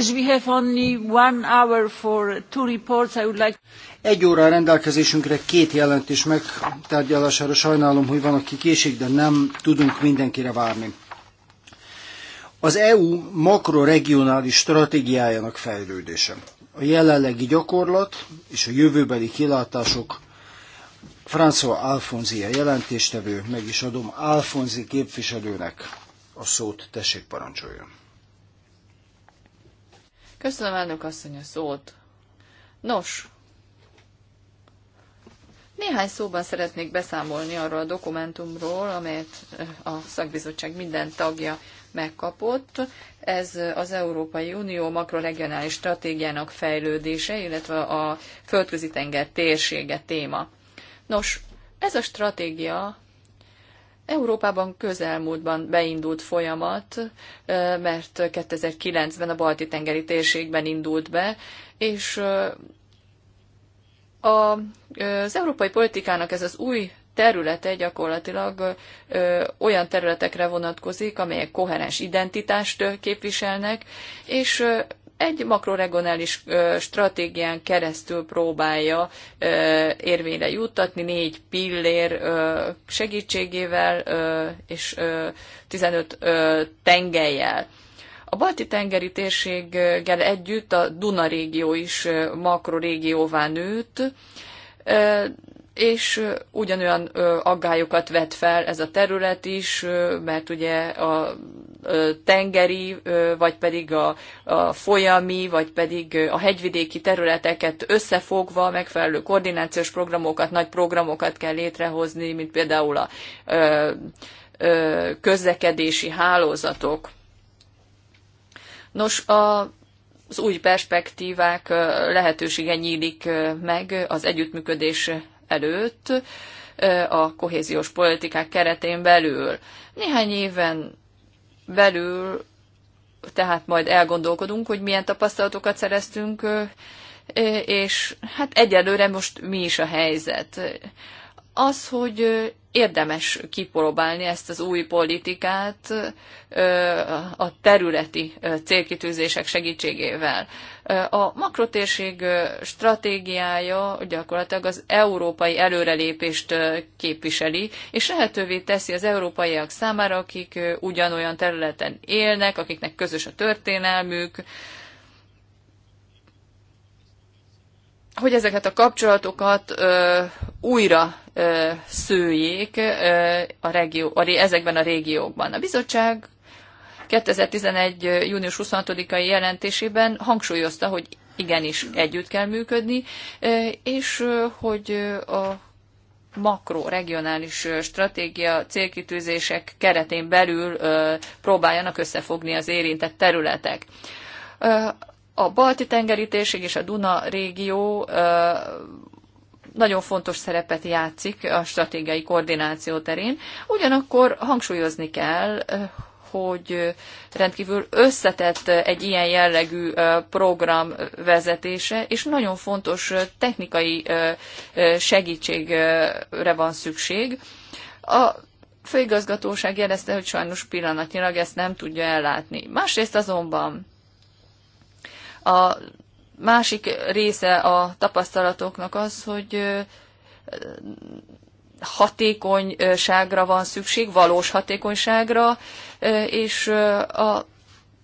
As we have only one hour for two reports, I would like... Egy óra rendelkezésünkre két jelentés megtárgyalására sajnálom, hogy van, aki késik, de nem tudunk mindenkire várni. Az EU makroregionális stratégiájának fejlődése. A jelenlegi gyakorlat és a jövőbeli kilátások François Alfonzi a jelentéstevő, meg is adom Alfonzi képviselőnek a szót, tessék parancsoljon. Köszönöm, elnök asszony, a szót. Nos, néhány szóban szeretnék beszámolni arról a dokumentumról, amelyet eh, a szakbizottság minden tagja megkapott. Ez az Európai Unió makroregionális stratégiának fejlődése, illetve a földközi tenger térsége téma. Nos, ez a stratégia Európában közelmúltban beindult folyamat, mert 2009-ben a balti tengeri térségben indult be, és az európai politikának ez az új területe gyakorlatilag ö, olyan területekre vonatkozik, amelyek koherens identitást képviselnek, és ö, egy makroregionális stratégián keresztül próbálja érvényre juttatni, négy pillér segítségével és 15 tengelyel. A balti tengeri térséggel együtt a Duna régió is makrorégióvá nőtt, és ugyanolyan aggályokat vet fel ez a terület is, mert ugye a tengeri, vagy pedig a, a folyami, vagy pedig a hegyvidéki területeket összefogva megfelelő koordinációs programokat, nagy programokat kell létrehozni, mint például a közlekedési hálózatok. Nos, a az új perspektívák lehetősége nyílik meg az együttműködés előtt a kohéziós politikák keretén belül. Néhány éven belül tehát majd elgondolkodunk, hogy milyen tapasztalatokat szereztünk, és hát egyelőre most mi is a helyzet. Az, hogy érdemes kipróbálni ezt az új politikát a területi célkitűzések segítségével. A makrotérség stratégiája gyakorlatilag az európai előrelépést képviseli, és lehetővé teszi az európaiak számára, akik ugyanolyan területen élnek, akiknek közös a történelmük, hogy ezeket a kapcsolatokat ö, újra ö, szőjék ö, a regió, a, ezekben a régiókban. A bizottság 2011. június 26-ai jelentésében hangsúlyozta, hogy igenis együtt kell működni, és hogy a makroregionális stratégia célkitűzések keretén belül próbáljanak összefogni az érintett területek. A balti tengerítésig térség és a Duna régió nagyon fontos szerepet játszik a stratégiai koordináció terén. Ugyanakkor hangsúlyozni kell, hogy rendkívül összetett egy ilyen jellegű program vezetése, és nagyon fontos technikai segítségre van szükség. A főigazgatóság jelezte, hogy sajnos pillanatnyilag ezt nem tudja ellátni. Másrészt azonban a másik része a tapasztalatoknak az, hogy hatékonyságra van szükség, valós hatékonyságra, és a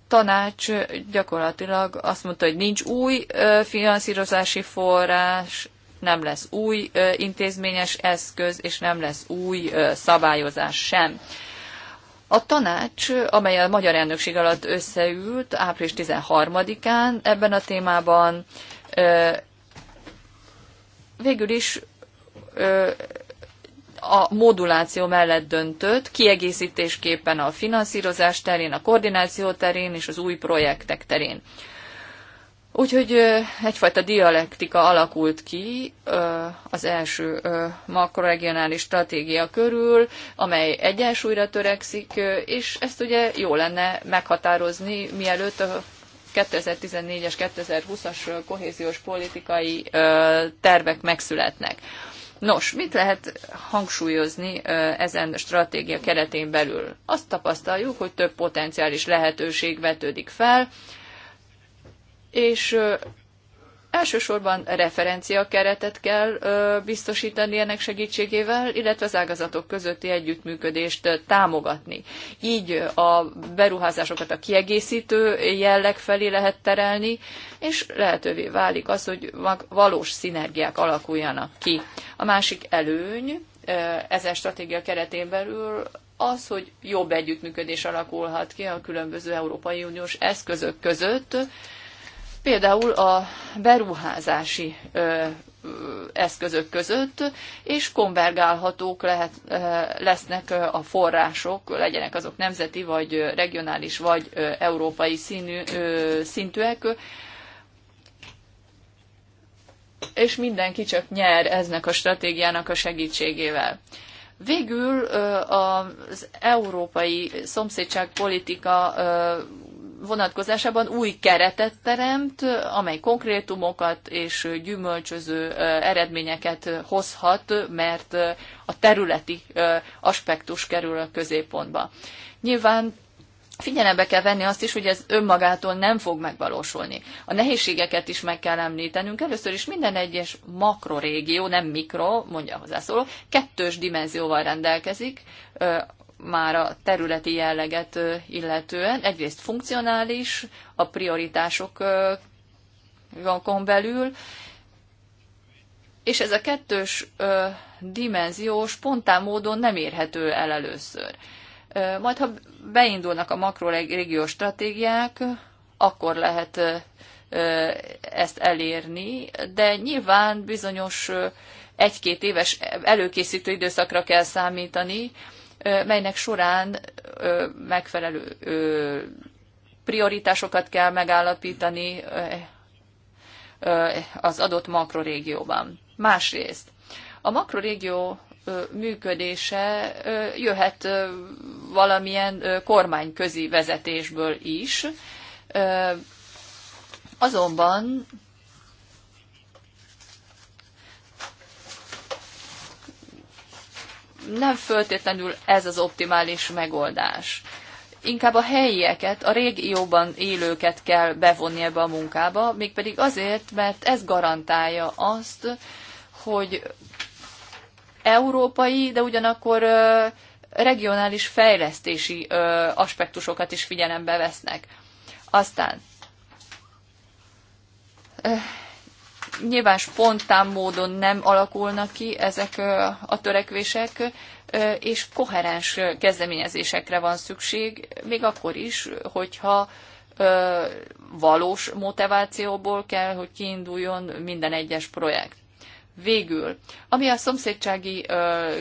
tanács gyakorlatilag azt mondta, hogy nincs új finanszírozási forrás, nem lesz új intézményes eszköz, és nem lesz új szabályozás sem. A tanács, amely a magyar elnökség alatt összeült április 13-án ebben a témában, végül is a moduláció mellett döntött, kiegészítésképpen a finanszírozás terén, a koordináció terén és az új projektek terén. Úgyhogy egyfajta dialektika alakult ki az első makroregionális stratégia körül, amely egyensúlyra törekszik, és ezt ugye jó lenne meghatározni, mielőtt a 2014-es, 2020-as kohéziós politikai tervek megszületnek. Nos, mit lehet hangsúlyozni ezen stratégia keretén belül? Azt tapasztaljuk, hogy több potenciális lehetőség vetődik fel, és elsősorban referencia keretet kell biztosítani ennek segítségével, illetve az ágazatok közötti együttműködést támogatni. Így a beruházásokat a kiegészítő jelleg felé lehet terelni, és lehetővé válik az, hogy valós szinergiák alakuljanak ki. A másik előny ezen stratégia keretén belül az, hogy jobb együttműködés alakulhat ki a különböző Európai Uniós eszközök között, például a beruházási eszközök között, és konvergálhatók lehet, lesznek a források, legyenek azok nemzeti, vagy regionális, vagy európai színű, szintűek, és mindenki csak nyer eznek a stratégiának a segítségével. Végül az európai szomszédságpolitika vonatkozásában új keretet teremt, amely konkrétumokat és gyümölcsöző eredményeket hozhat, mert a területi aspektus kerül a középpontba. Nyilván figyelembe kell venni azt is, hogy ez önmagától nem fog megvalósulni. A nehézségeket is meg kell említenünk. Először is minden egyes makrorégió, nem mikro, mondja a hozzászóló, kettős dimenzióval rendelkezik, már a területi jelleget illetően. Egyrészt funkcionális, a prioritásokon belül, és ez a kettős dimenzió spontán módon nem érhető el először. Majd, ha beindulnak a makroregió stratégiák, akkor lehet ezt elérni, de nyilván bizonyos egy-két éves előkészítő időszakra kell számítani, melynek során megfelelő prioritásokat kell megállapítani az adott makrorégióban. Másrészt, a makrorégió működése jöhet valamilyen kormányközi vezetésből is, azonban nem föltétlenül ez az optimális megoldás. Inkább a helyieket, a régióban élőket kell bevonni ebbe a munkába, mégpedig azért, mert ez garantálja azt, hogy európai, de ugyanakkor regionális fejlesztési aspektusokat is figyelembe vesznek. Aztán nyilván spontán módon nem alakulnak ki ezek a törekvések, és koherens kezdeményezésekre van szükség, még akkor is, hogyha valós motivációból kell, hogy kiinduljon minden egyes projekt. Végül, ami a szomszédsági ö,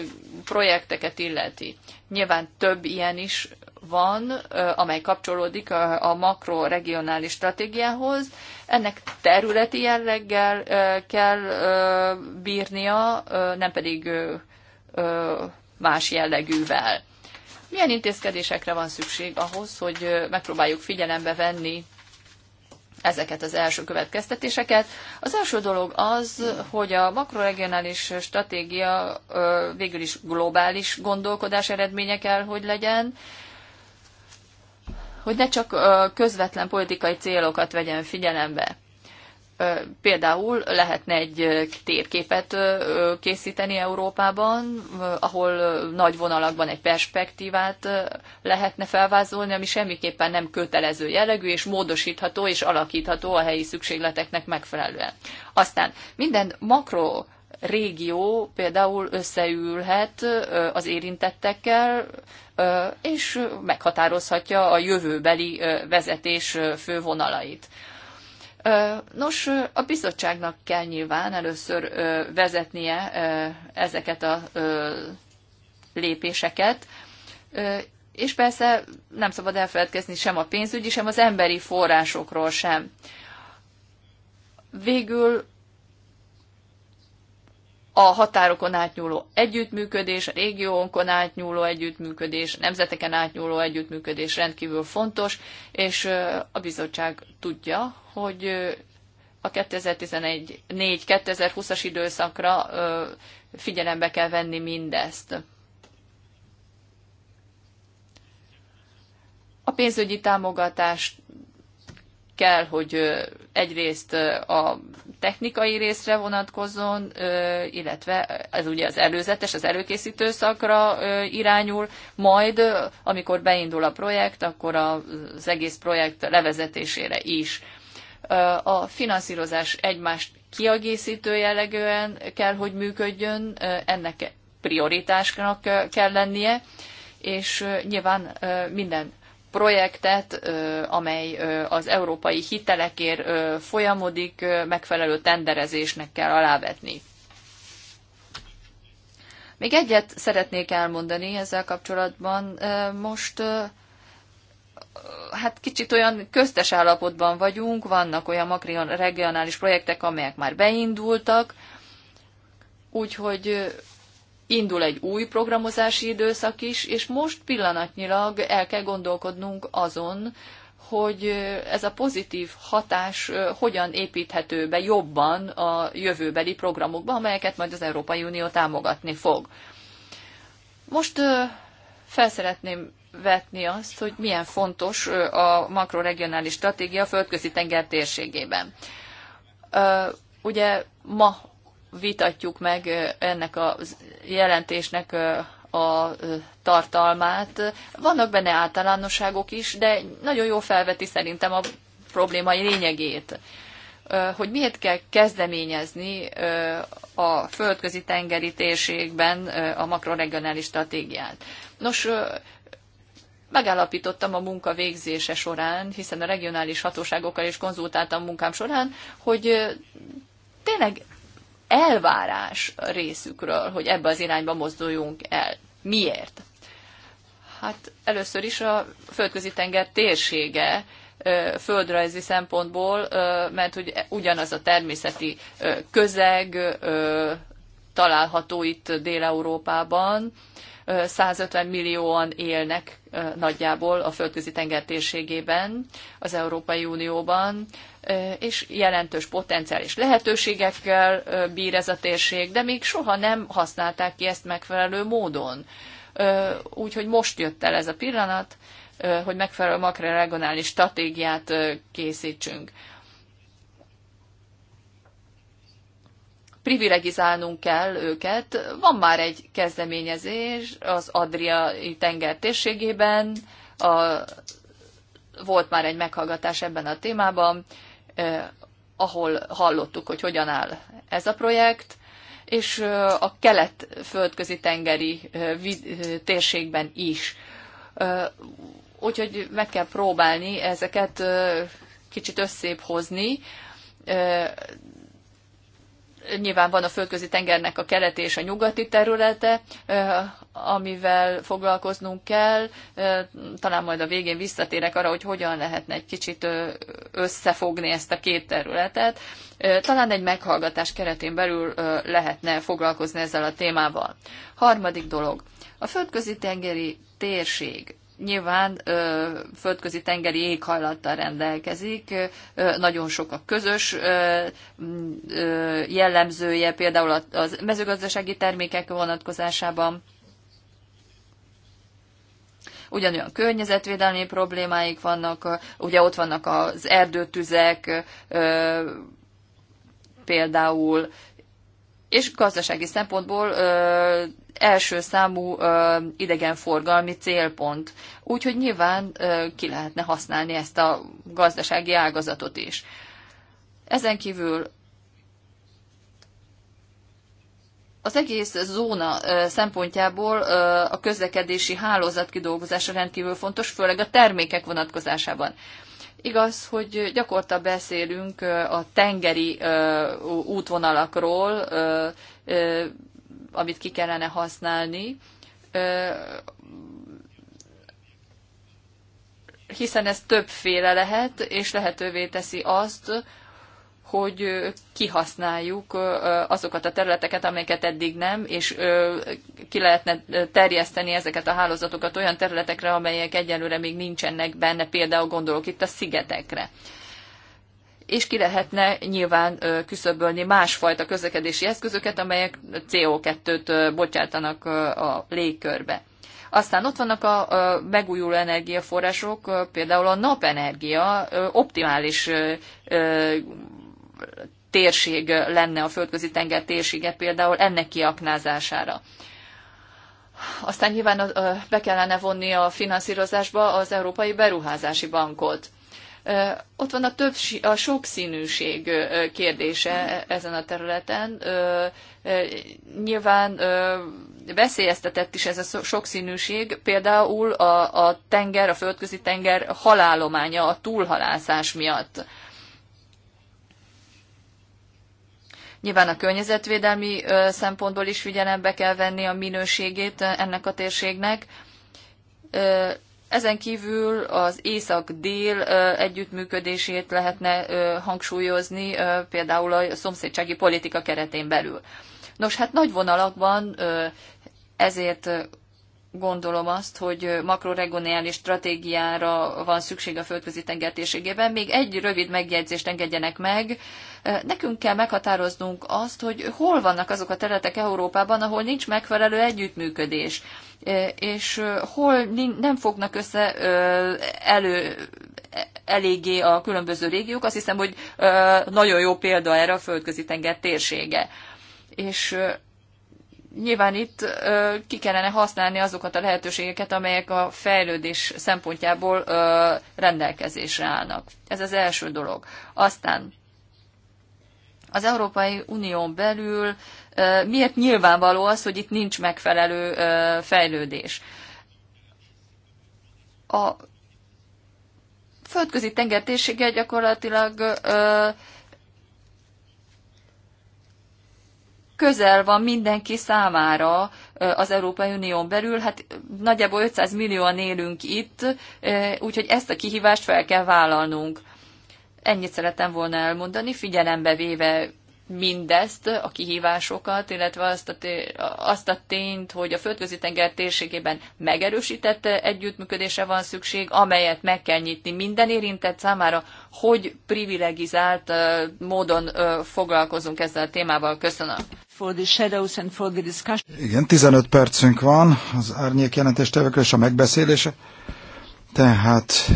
projekteket illeti, nyilván több ilyen is van, ö, amely kapcsolódik a, a makroregionális stratégiához. Ennek területi jelleggel ö, kell ö, bírnia, ö, nem pedig ö, ö, más jellegűvel. Milyen intézkedésekre van szükség ahhoz, hogy megpróbáljuk figyelembe venni ezeket az első következtetéseket. Az első dolog az, hogy a makroregionális stratégia végül is globális gondolkodás eredménye kell, hogy legyen, hogy ne csak közvetlen politikai célokat vegyen figyelembe. Például lehetne egy térképet készíteni Európában, ahol nagy vonalakban egy perspektívát lehetne felvázolni, ami semmiképpen nem kötelező jellegű, és módosítható és alakítható a helyi szükségleteknek megfelelően. Aztán minden makro régió például összeülhet az érintettekkel, és meghatározhatja a jövőbeli vezetés fővonalait. Nos, a bizottságnak kell nyilván először vezetnie ezeket a lépéseket, és persze nem szabad elfeledkezni sem a pénzügyi, sem az emberi forrásokról sem. Végül a határokon átnyúló együttműködés, a régiónkon átnyúló együttműködés, nemzeteken átnyúló együttműködés rendkívül fontos, és a bizottság tudja, hogy a 2014-2020-as időszakra figyelembe kell venni mindezt. A pénzügyi támogatást kell, hogy egyrészt a technikai részre vonatkozzon, illetve ez ugye az előzetes, az előkészítő szakra irányul, majd amikor beindul a projekt, akkor az egész projekt levezetésére is. A finanszírozás egymást kiegészítő jellegűen kell, hogy működjön, ennek prioritásnak kell lennie, és nyilván minden projektet, amely az európai hitelekért folyamodik, megfelelő tenderezésnek kell alávetni. Még egyet szeretnék elmondani ezzel kapcsolatban. Most hát kicsit olyan köztes állapotban vagyunk, vannak olyan regionális projektek, amelyek már beindultak, úgyhogy indul egy új programozási időszak is, és most pillanatnyilag el kell gondolkodnunk azon, hogy ez a pozitív hatás hogyan építhető be jobban a jövőbeli programokba, amelyeket majd az Európai Unió támogatni fog. Most felszeretném vetni azt, hogy milyen fontos a makroregionális stratégia a földközi tenger térségében. Ugye ma vitatjuk meg ennek a jelentésnek a tartalmát. Vannak benne általánosságok is, de nagyon jól felveti szerintem a problémai lényegét hogy miért kell kezdeményezni a földközi tengeri térségben a makroregionális stratégiát. Nos, megállapítottam a munka végzése során, hiszen a regionális hatóságokkal is konzultáltam munkám során, hogy tényleg elvárás részükről, hogy ebbe az irányba mozduljunk el. Miért? Hát először is a földközi tenger térsége földrajzi szempontból, mert hogy ugyanaz a természeti közeg található itt Dél-Európában. 150 millióan élnek nagyjából a földközi tenger térségében, az Európai Unióban és jelentős potenciális lehetőségekkel bír ez a térség, de még soha nem használták ki ezt megfelelő módon. Úgyhogy most jött el ez a pillanat, hogy megfelelő makroregionális stratégiát készítsünk. privilegizálnunk kell őket. Van már egy kezdeményezés az Adriai tenger térségében, a, volt már egy meghallgatás ebben a témában, ahol hallottuk, hogy hogyan áll ez a projekt, és a kelet-földközi tengeri térségben is. Úgyhogy meg kell próbálni ezeket kicsit összép hozni, nyilván van a földközi tengernek a keleti és a nyugati területe, amivel foglalkoznunk kell. Talán majd a végén visszatérek arra, hogy hogyan lehetne egy kicsit összefogni ezt a két területet. Talán egy meghallgatás keretén belül lehetne foglalkozni ezzel a témával. Harmadik dolog. A földközi tengeri térség nyilván ö, földközi tengeri éghajlattal rendelkezik, ö, nagyon sok a közös ö, ö, jellemzője, például a, a mezőgazdasági termékek vonatkozásában. Ugyanolyan környezetvédelmi problémáik vannak, ugye ott vannak az erdőtüzek, ö, például és gazdasági szempontból ö, első számú ö, idegenforgalmi célpont. Úgyhogy nyilván ö, ki lehetne használni ezt a gazdasági ágazatot is. Ezen kívül az egész zóna szempontjából a közlekedési hálózat kidolgozása rendkívül fontos, főleg a termékek vonatkozásában. Igaz, hogy gyakorta beszélünk a tengeri útvonalakról, amit ki kellene használni, hiszen ez többféle lehet, és lehetővé teszi azt, hogy kihasználjuk azokat a területeket, amelyeket eddig nem, és ki lehetne terjeszteni ezeket a hálózatokat olyan területekre, amelyek egyelőre még nincsenek benne, például gondolok itt a szigetekre és ki lehetne nyilván küszöbölni másfajta közlekedési eszközöket, amelyek CO2-t bocsátanak a légkörbe. Aztán ott vannak a megújuló energiaforrások, például a napenergia optimális térség lenne a földközi tenger térsége például ennek kiaknázására. Aztán nyilván be kellene vonni a finanszírozásba az Európai Beruházási Bankot. Ott van a, több, a sokszínűség kérdése ezen a területen. Nyilván veszélyeztetett is ez a sokszínűség, például a, a tenger, a földközi tenger halálománya a túlhalászás miatt Nyilván a környezetvédelmi szempontból is figyelembe kell venni a minőségét ennek a térségnek. Ezen kívül az észak-dél együttműködését lehetne hangsúlyozni, például a szomszédsági politika keretén belül. Nos, hát nagy vonalakban ezért gondolom azt, hogy makroregionális stratégiára van szükség a földközi tengertérségében. Még egy rövid megjegyzést engedjenek meg. Nekünk kell meghatároznunk azt, hogy hol vannak azok a területek Európában, ahol nincs megfelelő együttműködés, és hol nem fognak össze elő, eléggé a különböző régiók. Azt hiszem, hogy nagyon jó példa erre a földközi tenger térsége. És nyilván itt ki kellene használni azokat a lehetőségeket, amelyek a fejlődés szempontjából rendelkezésre állnak. Ez az első dolog. Aztán az Európai Unión belül miért nyilvánvaló az, hogy itt nincs megfelelő fejlődés? A földközi tengertérsége gyakorlatilag ö, közel van mindenki számára az Európai Unión belül, hát nagyjából 500 millióan élünk itt, úgyhogy ezt a kihívást fel kell vállalnunk. Ennyit szeretem volna elmondani, figyelembe véve mindezt, a kihívásokat, illetve azt a, azt a tényt, hogy a földközi tenger térségében megerősített együttműködése van szükség, amelyet meg kell nyitni minden érintett számára, hogy privilegizált módon foglalkozunk ezzel a témával. Köszönöm. Igen, 15 percünk van az árnyék jelentéstevőkről és a megbeszélése. Tehát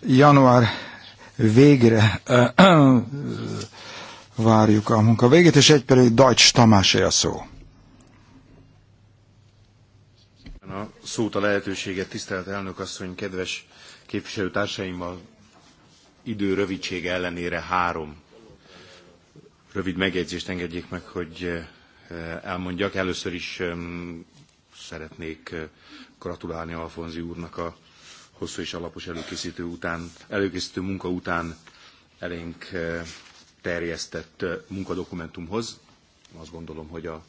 január végre ö, ö, várjuk a munka végét, és egy pedig Deutsch Tamásé a szó. A szót a lehetőséget, tisztelt elnök asszony, kedves képviselőtársaimmal idő rövidsége ellenére három rövid megjegyzést engedjék meg, hogy eh, eh, elmondjak. Először is eh, szeretnék gratulálni Alfonzi úrnak a hosszú és alapos előkészítő, után, előkészítő munka után elénk terjesztett munkadokumentumhoz. Azt gondolom, hogy a,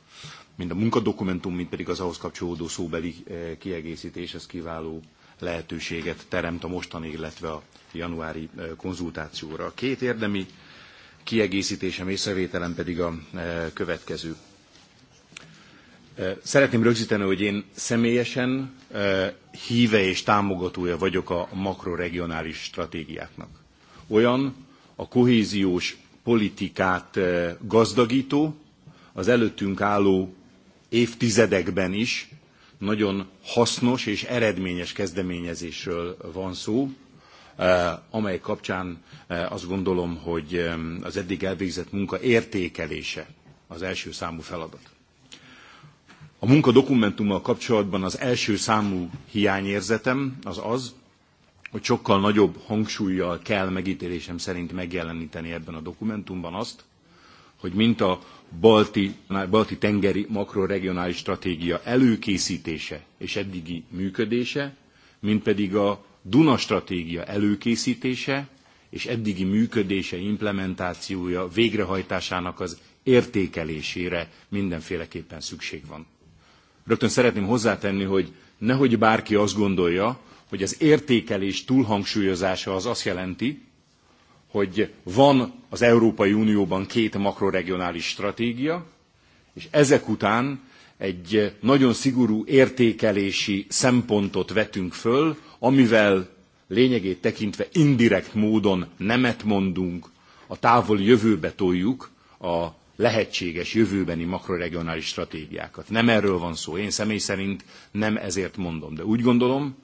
mind a munkadokumentum, mind pedig az ahhoz kapcsolódó szóbeli kiegészítés, ez kiváló lehetőséget teremt a mostani, illetve a januári konzultációra. Két érdemi kiegészítésem és szövételem pedig a e, következő. E, szeretném rögzíteni, hogy én személyesen e, híve és támogatója vagyok a makroregionális stratégiáknak. Olyan a kohéziós politikát gazdagító, az előttünk álló évtizedekben is nagyon hasznos és eredményes kezdeményezésről van szó, Eh, amely kapcsán eh, azt gondolom, hogy eh, az eddig elvégzett munka értékelése az első számú feladat. A munka dokumentummal kapcsolatban az első számú hiányérzetem az az, hogy sokkal nagyobb hangsúlyjal kell megítélésem szerint megjeleníteni ebben a dokumentumban azt, hogy mint a balti, balti tengeri makroregionális stratégia előkészítése és eddigi működése, mint pedig a Duna stratégia előkészítése és eddigi működése, implementációja, végrehajtásának az értékelésére mindenféleképpen szükség van. Rögtön szeretném hozzátenni, hogy nehogy bárki azt gondolja, hogy az értékelés túlhangsúlyozása az azt jelenti, hogy van az Európai Unióban két makroregionális stratégia, és ezek után egy nagyon szigorú értékelési szempontot vetünk föl, amivel lényegét tekintve indirekt módon nemet mondunk, a távol jövőbe toljuk a lehetséges jövőbeni makroregionális stratégiákat. Nem erről van szó. Én személy szerint nem ezért mondom, de úgy gondolom,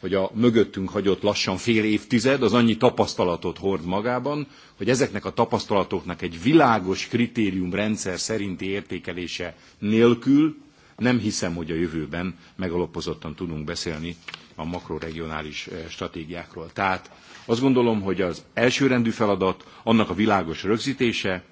hogy a mögöttünk hagyott lassan fél évtized az annyi tapasztalatot hord magában, hogy ezeknek a tapasztalatoknak egy világos kritériumrendszer szerinti értékelése nélkül nem hiszem, hogy a jövőben megalapozottan tudunk beszélni a makroregionális eh, stratégiákról. Tehát azt gondolom, hogy az elsőrendű feladat annak a világos rögzítése,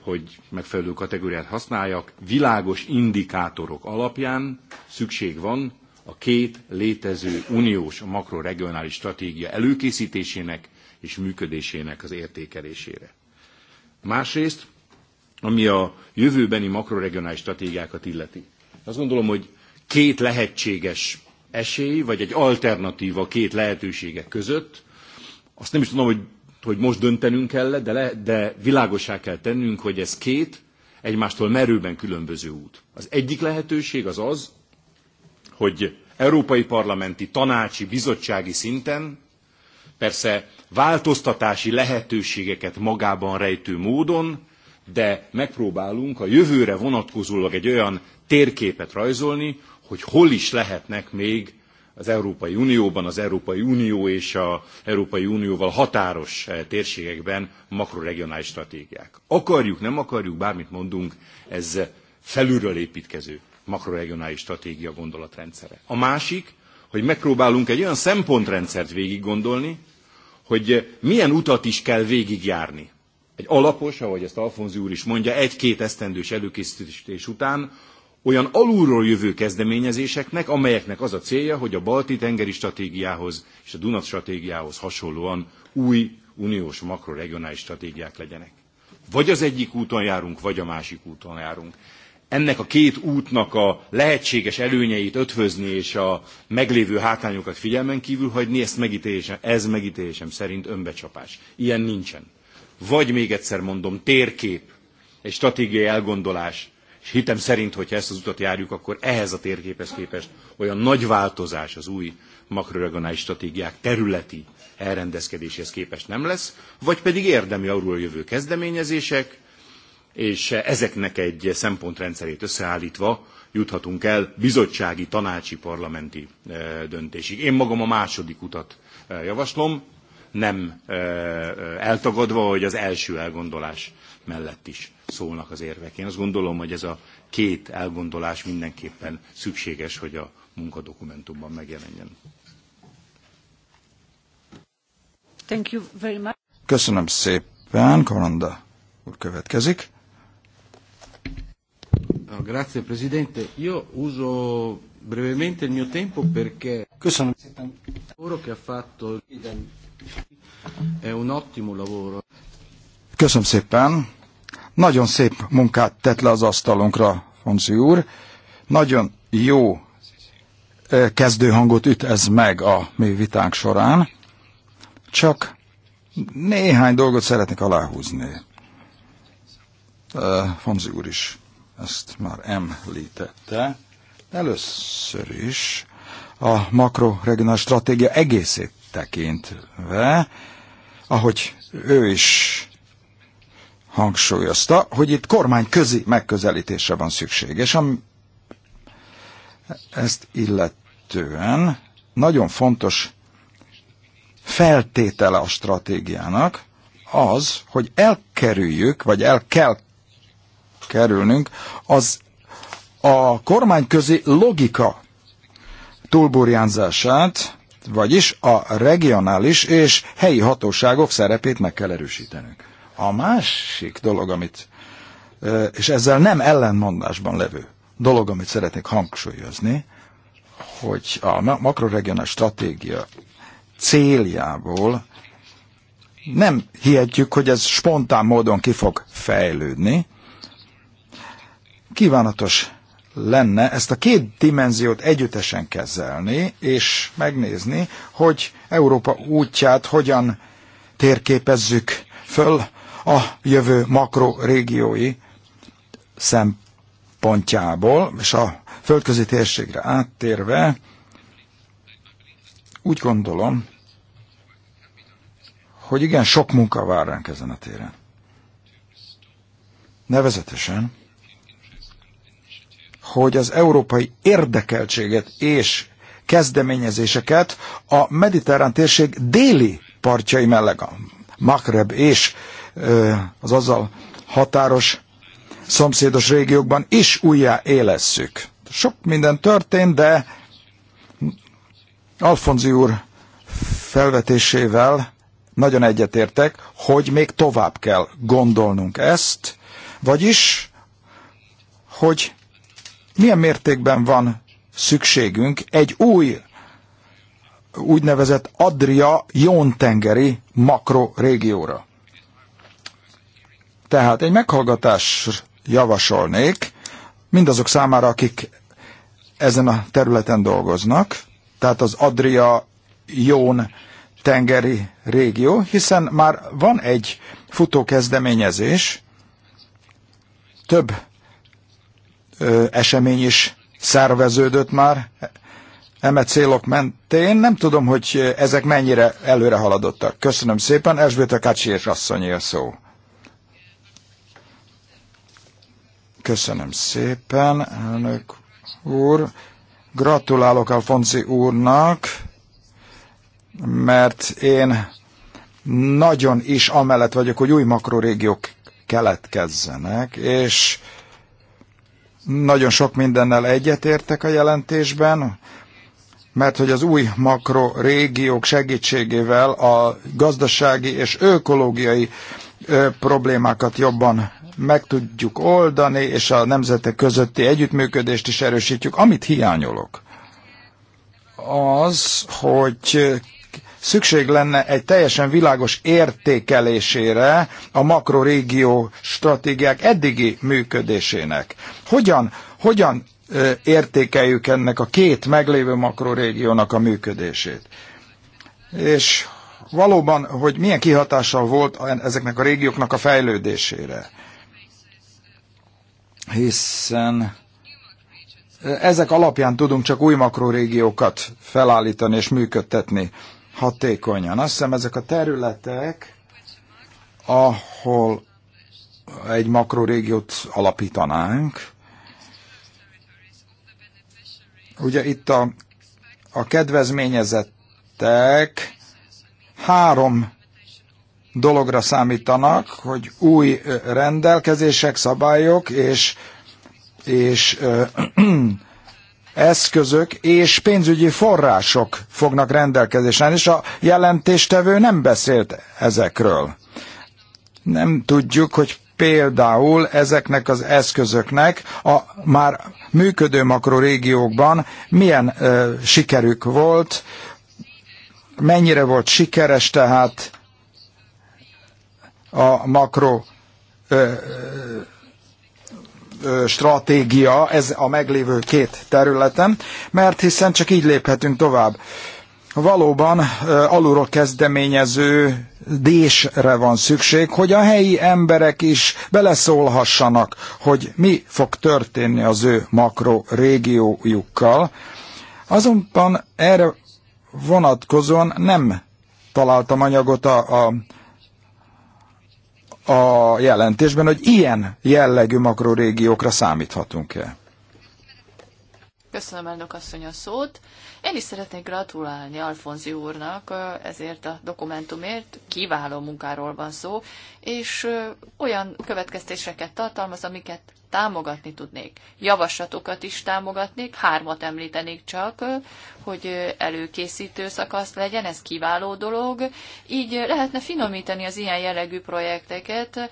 hogy megfelelő kategóriát használjak, világos indikátorok alapján szükség van a két létező uniós makroregionális stratégia előkészítésének és működésének az értékelésére. Másrészt, ami a jövőbeni makroregionális stratégiákat illeti. Azt gondolom, hogy két lehetséges esély, vagy egy alternatíva két lehetősége között, azt nem is tudom, hogy, hogy most döntenünk kell, de, le, de világosá kell tennünk, hogy ez két egymástól merőben különböző út. Az egyik lehetőség az az, hogy európai parlamenti, tanácsi, bizottsági szinten persze változtatási lehetőségeket magában rejtő módon, de megpróbálunk a jövőre vonatkozólag egy olyan térképet rajzolni, hogy hol is lehetnek még az Európai Unióban, az Európai Unió és az Európai Unióval határos eh, térségekben makroregionális stratégiák. Akarjuk, nem akarjuk, bármit mondunk, ez felülről építkező makroregionális stratégia gondolatrendszere. A másik, hogy megpróbálunk egy olyan szempontrendszert végiggondolni, hogy milyen utat is kell végigjárni. Egy alapos, ahogy ezt Alfonzi úr is mondja, egy-két esztendős előkészítés után olyan alulról jövő kezdeményezéseknek, amelyeknek az a célja, hogy a Balti-tengeri stratégiához és a Dunat stratégiához hasonlóan új uniós makroregionális stratégiák legyenek. Vagy az egyik úton járunk, vagy a másik úton járunk. Ennek a két útnak a lehetséges előnyeit ötvözni és a meglévő hátrányokat figyelmen kívül hagyni, ezt megítélésem, ez megítélésem szerint önbecsapás. Ilyen nincsen. Vagy még egyszer mondom, térkép, egy stratégiai elgondolás, és hitem szerint, hogyha ezt az utat járjuk, akkor ehhez a térképhez képest olyan nagy változás az új makroregionális stratégiák területi elrendezkedéséhez képest nem lesz, vagy pedig érdemi arról jövő kezdeményezések, és ezeknek egy szempontrendszerét összeállítva juthatunk el bizottsági, tanácsi, parlamenti eh, döntésig. Én magam a második utat eh, javaslom, nem eh, eltagadva, hogy az első elgondolás mellett is szólnak az érvek. Én azt gondolom, hogy ez a két elgondolás mindenképpen szükséges, hogy a munkadokumentumban megjelenjen. Thank you very much. Köszönöm szépen, Karanda úr következik. Ah, grazie Presidente, io uso brevemente il mio tempo perché Köszönöm szépen. lavoro che ha fatto è un ottimo lavoro. Köszönöm szépen. Nagyon szép munkát tett le az asztalunkra, Fonzi úr. Nagyon jó kezdőhangot üt ez meg a mi vitánk során. Csak néhány dolgot szeretnék aláhúzni. Fonzi úr is ezt már említette. Először is a makroregionális stratégia egészét tekintve, ahogy ő is hangsúlyozta, hogy itt kormányközi megközelítésre van szükség, és am, ezt illetően nagyon fontos feltétele a stratégiának az, hogy elkerüljük, vagy el kell kerülnünk, az a kormányközi logika túlburjánzását, vagyis a regionális és helyi hatóságok szerepét meg kell erősítenünk. A másik dolog, amit, és ezzel nem ellenmondásban levő dolog, amit szeretnék hangsúlyozni, hogy a makroregionális stratégia céljából nem hihetjük, hogy ez spontán módon ki fog fejlődni. Kívánatos lenne ezt a két dimenziót együttesen kezelni, és megnézni, hogy Európa útját hogyan térképezzük föl a jövő makrorégiói szempontjából, és a földközi térségre áttérve, úgy gondolom, hogy igen, sok munka vár ránk ezen a téren. Nevezetesen, hogy az európai érdekeltséget és kezdeményezéseket a mediterrán térség déli partjai mellett, a Makreb és az azzal határos szomszédos régiókban is újjá élesszük. Sok minden történt, de Alfonzi úr felvetésével nagyon egyetértek, hogy még tovább kell gondolnunk ezt, vagyis, hogy milyen mértékben van szükségünk egy új úgynevezett Adria jóntengeri makrorégióra. Tehát egy meghallgatás javasolnék mindazok számára, akik ezen a területen dolgoznak, tehát az Adria Jón tengeri régió, hiszen már van egy futókezdeményezés, több ö, esemény is szerveződött már eme célok mentén. Nem tudom, hogy ezek mennyire előre haladottak. Köszönöm szépen, Esbőt a Kacsi és asszonyi a szó. Köszönöm szépen, elnök úr. Gratulálok Alfonzi úrnak, mert én nagyon is amellett vagyok, hogy új makrorégiók keletkezzenek, és nagyon sok mindennel egyetértek a jelentésben, mert hogy az új makrorégiók segítségével a gazdasági és ökológiai ö, problémákat jobban meg tudjuk oldani, és a nemzetek közötti együttműködést is erősítjük. Amit hiányolok, az, hogy szükség lenne egy teljesen világos értékelésére a makrorégió stratégiák eddigi működésének. Hogyan, hogyan értékeljük ennek a két meglévő makrorégiónak a működését? És valóban, hogy milyen kihatással volt ezeknek a régióknak a fejlődésére hiszen ezek alapján tudunk csak új makrorégiókat felállítani és működtetni hatékonyan. Azt hiszem ezek a területek, ahol egy makrorégiót alapítanánk, ugye itt a, a kedvezményezettek három dologra számítanak, hogy új rendelkezések, szabályok és, és ö, ö, eszközök és pénzügyi források fognak rendelkezésre, és a jelentéstevő nem beszélt ezekről. Nem tudjuk, hogy például ezeknek az eszközöknek a már működő makrorégiókban milyen ö, sikerük volt, mennyire volt sikeres tehát a makro ö, ö, stratégia, ez a meglévő két területen, mert hiszen csak így léphetünk tovább. Valóban alulról kezdeményező désre van szükség, hogy a helyi emberek is beleszólhassanak, hogy mi fog történni az ő régiójukkal. Azonban erre vonatkozóan nem találtam anyagot a, a a jelentésben, hogy ilyen jellegű makrorégiókra számíthatunk-e. Köszönöm elnök asszony a szót. Én is szeretnék gratulálni Alfonzi úrnak ezért a dokumentumért, kiváló munkáról van szó, és olyan következtéseket tartalmaz, amiket támogatni tudnék. Javaslatokat is támogatnék, hármat említenék csak, hogy előkészítő szakasz legyen, ez kiváló dolog. Így lehetne finomítani az ilyen jellegű projekteket,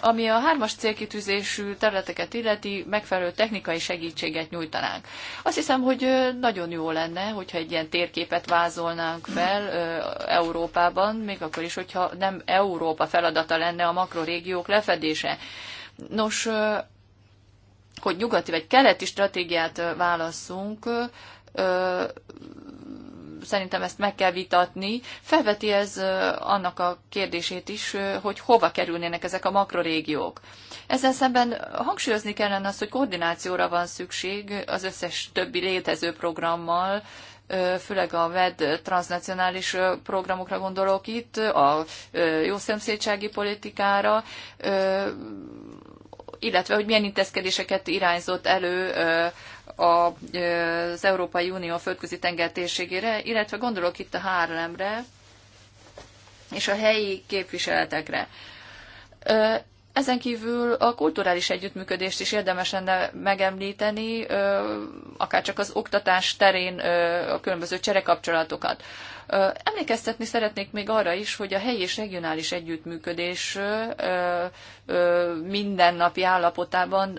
ami a hármas célkitűzésű területeket illeti, megfelelő technikai segítséget nyújtanánk. Azt hiszem, hogy nagyon jó lenne, lenne, hogyha egy ilyen térképet vázolnánk fel Európában, még akkor is, hogyha nem Európa feladata lenne a makrorégiók lefedése. Nos, hogy nyugati vagy keleti stratégiát válasszunk, szerintem ezt meg kell vitatni. Felveti ez annak a kérdését is, hogy hova kerülnének ezek a makrorégiók. Ezen szemben hangsúlyozni kellene azt, hogy koordinációra van szükség az összes többi létező programmal, főleg a VED transnacionális programokra gondolok itt, a jó politikára, illetve hogy milyen intézkedéseket irányzott elő az Európai Unió földközi térségére, illetve gondolok itt a Hárlemre és a helyi képviseletekre. Ezen kívül a kulturális együttműködést is érdemes lenne megemlíteni, akár csak az oktatás terén a különböző cserekapcsolatokat. Emlékeztetni szeretnék még arra is, hogy a helyi és regionális együttműködés mindennapi állapotában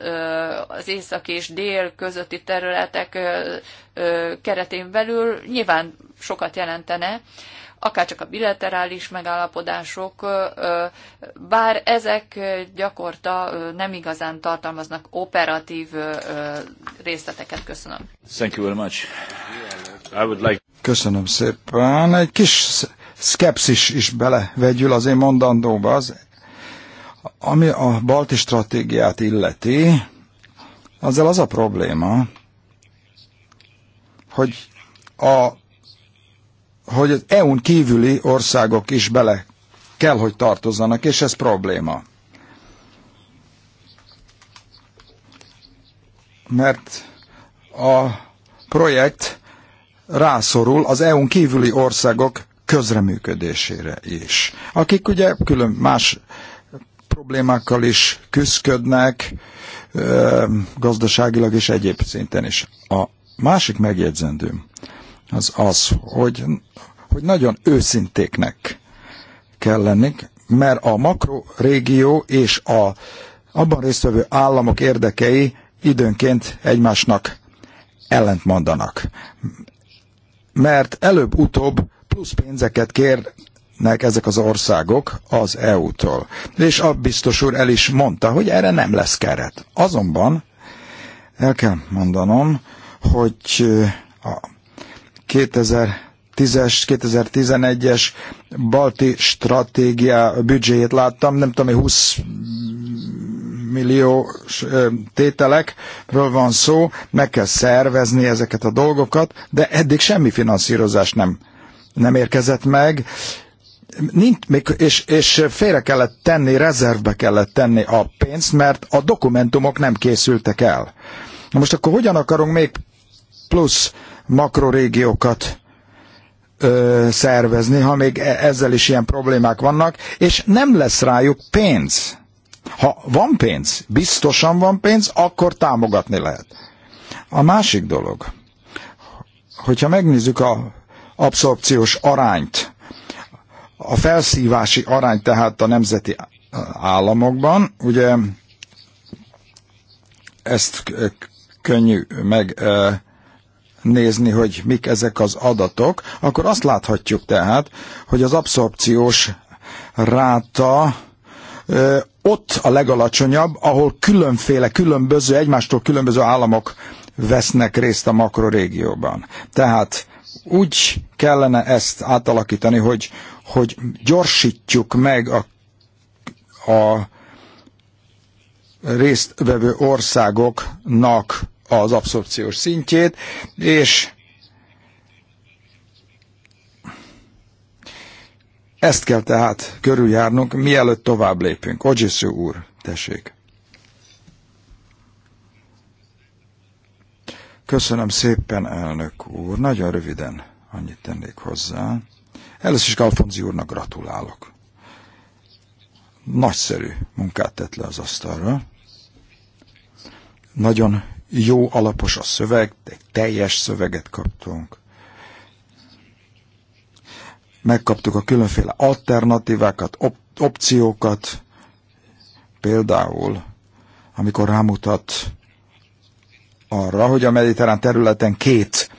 az észak és dél közötti területek keretén belül nyilván sokat jelentene, akárcsak a bilaterális megállapodások, bár ezek gyakorta nem igazán tartalmaznak operatív részleteket. Köszönöm. Thank you very much. I would like... Köszönöm szépen. Egy kis szkepszis is belevegyül az én mondandóba, az, ami a balti stratégiát illeti, azzal az a probléma, hogy a hogy az EU-n kívüli országok is bele kell, hogy tartozzanak, és ez probléma. Mert a projekt rászorul az EU-n kívüli országok közreműködésére is, akik ugye külön más problémákkal is küzdködnek, gazdaságilag és egyéb szinten is. A másik megjegyzendőm az az, hogy, hogy nagyon őszintéknek kell lenni, mert a makrorégió és a abban résztvevő államok érdekei időnként egymásnak ellentmondanak. Mert előbb-utóbb plusz pénzeket kérnek ezek az országok az EU-tól. És a biztos úr el is mondta, hogy erre nem lesz keret. Azonban el kell mondanom, hogy a 2010-es, 2011-es balti stratégia büdzséjét láttam, nem tudom, hogy 20 millió tételekről van szó, meg kell szervezni ezeket a dolgokat, de eddig semmi finanszírozás nem, nem érkezett meg, Nincs, és, és félre kellett tenni, rezervbe kellett tenni a pénzt, mert a dokumentumok nem készültek el. Na most akkor hogyan akarunk még plusz makrorégiókat ö, szervezni, ha még e- ezzel is ilyen problémák vannak, és nem lesz rájuk pénz. Ha van pénz, biztosan van pénz, akkor támogatni lehet. A másik dolog, hogyha megnézzük a abszorpciós arányt, a felszívási arány tehát a nemzeti államokban, ugye ezt könnyű meg nézni, hogy mik ezek az adatok, akkor azt láthatjuk tehát, hogy az abszorpciós ráta ö, ott a legalacsonyabb, ahol különféle, különböző, egymástól különböző államok vesznek részt a makrorégióban. Tehát úgy kellene ezt átalakítani, hogy, hogy gyorsítjuk meg a, a résztvevő országoknak az abszorpciós szintjét, és ezt kell tehát körüljárnunk, mielőtt tovább lépünk. Ogyisző úr, tessék. Köszönöm szépen, elnök úr. Nagyon röviden annyit tennék hozzá. Először is Galfonzi úrnak gratulálok. Nagyszerű munkát tett le az asztalra. Nagyon jó alapos a szöveg, de egy teljes szöveget kaptunk. Megkaptuk a különféle alternatívákat, op- opciókat, például, amikor rámutat arra, hogy a mediterrán területen két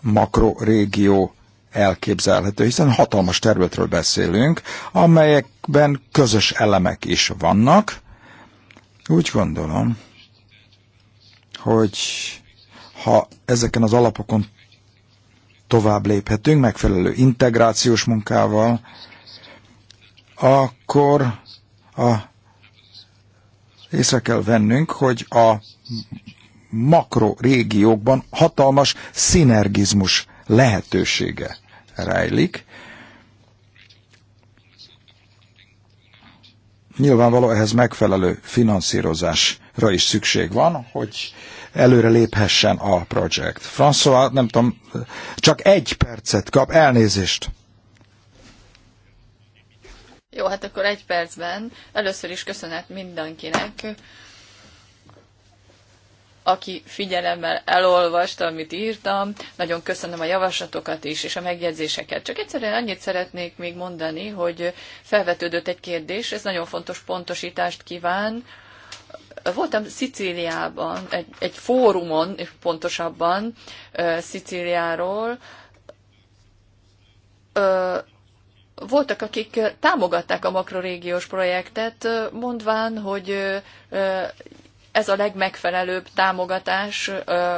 makrorégió elképzelhető, hiszen hatalmas területről beszélünk, amelyekben közös elemek is vannak. Úgy gondolom, hogy ha ezeken az alapokon tovább léphetünk, megfelelő integrációs munkával, akkor a, észre kell vennünk, hogy a makro régiókban hatalmas szinergizmus lehetősége rejlik. Nyilvánvaló ehhez megfelelő finanszírozás ra is szükség van, hogy előre léphessen a projekt. François, nem tudom, csak egy percet kap, elnézést. Jó, hát akkor egy percben. Először is köszönet mindenkinek, aki figyelemmel elolvasta, amit írtam. Nagyon köszönöm a javaslatokat is, és a megjegyzéseket. Csak egyszerűen annyit szeretnék még mondani, hogy felvetődött egy kérdés, ez nagyon fontos pontosítást kíván, Voltam Szicíliában, egy, egy fórumon, pontosabban Szicíliáról. Voltak, akik támogatták a makrorégiós projektet, mondván, hogy ez a legmegfelelőbb támogatás,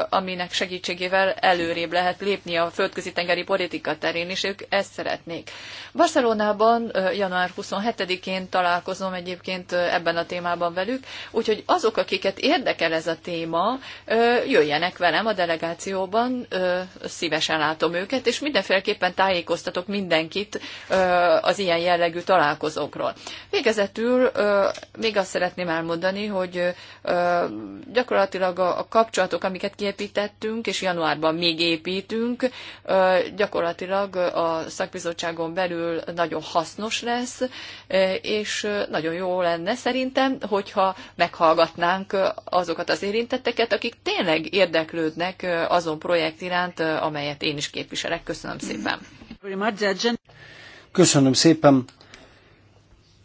aminek segítségével előrébb lehet lépni a földközi tengeri politika terén, és ők ezt szeretnék. Barcelonában január 27-én találkozom egyébként ebben a témában velük, úgyhogy azok, akiket érdekel ez a téma, jöjjenek velem a delegációban, szívesen látom őket, és mindenféleképpen tájékoztatok mindenkit az ilyen jellegű találkozókról. Végezetül még azt szeretném elmondani, hogy gyakorlatilag a kapcsolatok, amiket kiépítettünk, és januárban még építünk, gyakorlatilag a szakbizottságon belül nagyon hasznos lesz, és nagyon jó lenne szerintem, hogyha meghallgatnánk azokat az érintetteket, akik tényleg érdeklődnek azon projekt iránt, amelyet én is képviselek. Köszönöm szépen! Köszönöm szépen!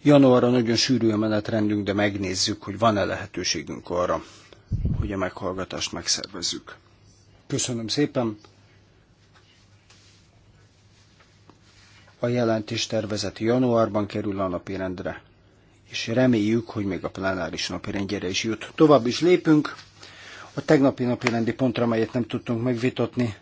Januárra nagyon sűrű a menetrendünk, de megnézzük, hogy van-e lehetőségünk arra, hogy a meghallgatást megszervezzük. Köszönöm szépen! A jelentés tervezett januárban kerül a napirendre, és reméljük, hogy még a plenáris napirendjére is jut. Tovább is lépünk. A tegnapi napirendi pontra, melyet nem tudtunk megvitatni,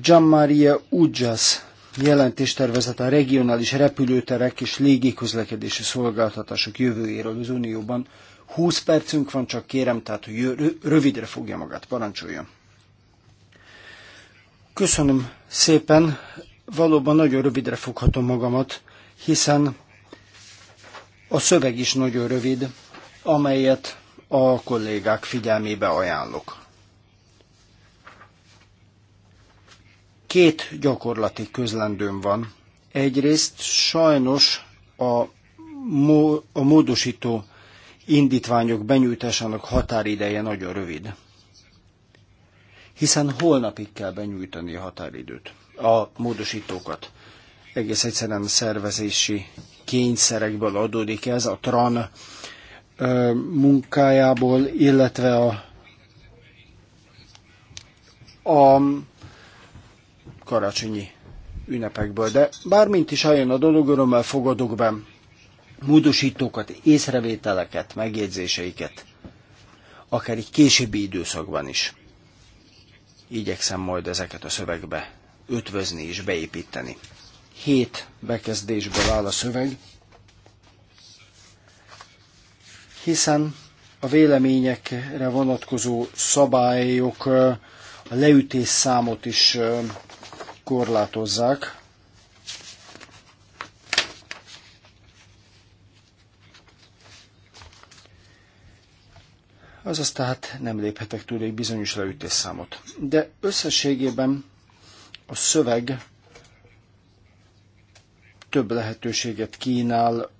Gianmaria Ugyas jelentéstervezet a regionális repülőterek és légiközlekedési szolgáltatások jövőjéről az Unióban. 20 percünk van, csak kérem, tehát hogy rövidre fogja magát, parancsoljon. Köszönöm szépen, valóban nagyon rövidre foghatom magamat, hiszen a szöveg is nagyon rövid, amelyet a kollégák figyelmébe ajánlok. Két gyakorlati közlendőm van. Egyrészt sajnos a, mó, a módosító indítványok benyújtásának határideje nagyon rövid. Hiszen holnapig kell benyújtani a határidőt, a módosítókat. Egész egyszerűen szervezési kényszerekből adódik ez, a TRAN munkájából, illetve a, a karácsonyi ünnepekből. De bármint is álljon a dolog, örömmel fogadok be módosítókat, észrevételeket, megjegyzéseiket, akár egy későbbi időszakban is. Igyekszem majd ezeket a szövegbe ötvözni és beépíteni. Hét bekezdésből áll a szöveg, hiszen a véleményekre vonatkozó szabályok a leütés számot is korlátozzák. Azaz tehát nem léphetek túl egy bizonyos leütésszámot. De összességében a szöveg több lehetőséget kínál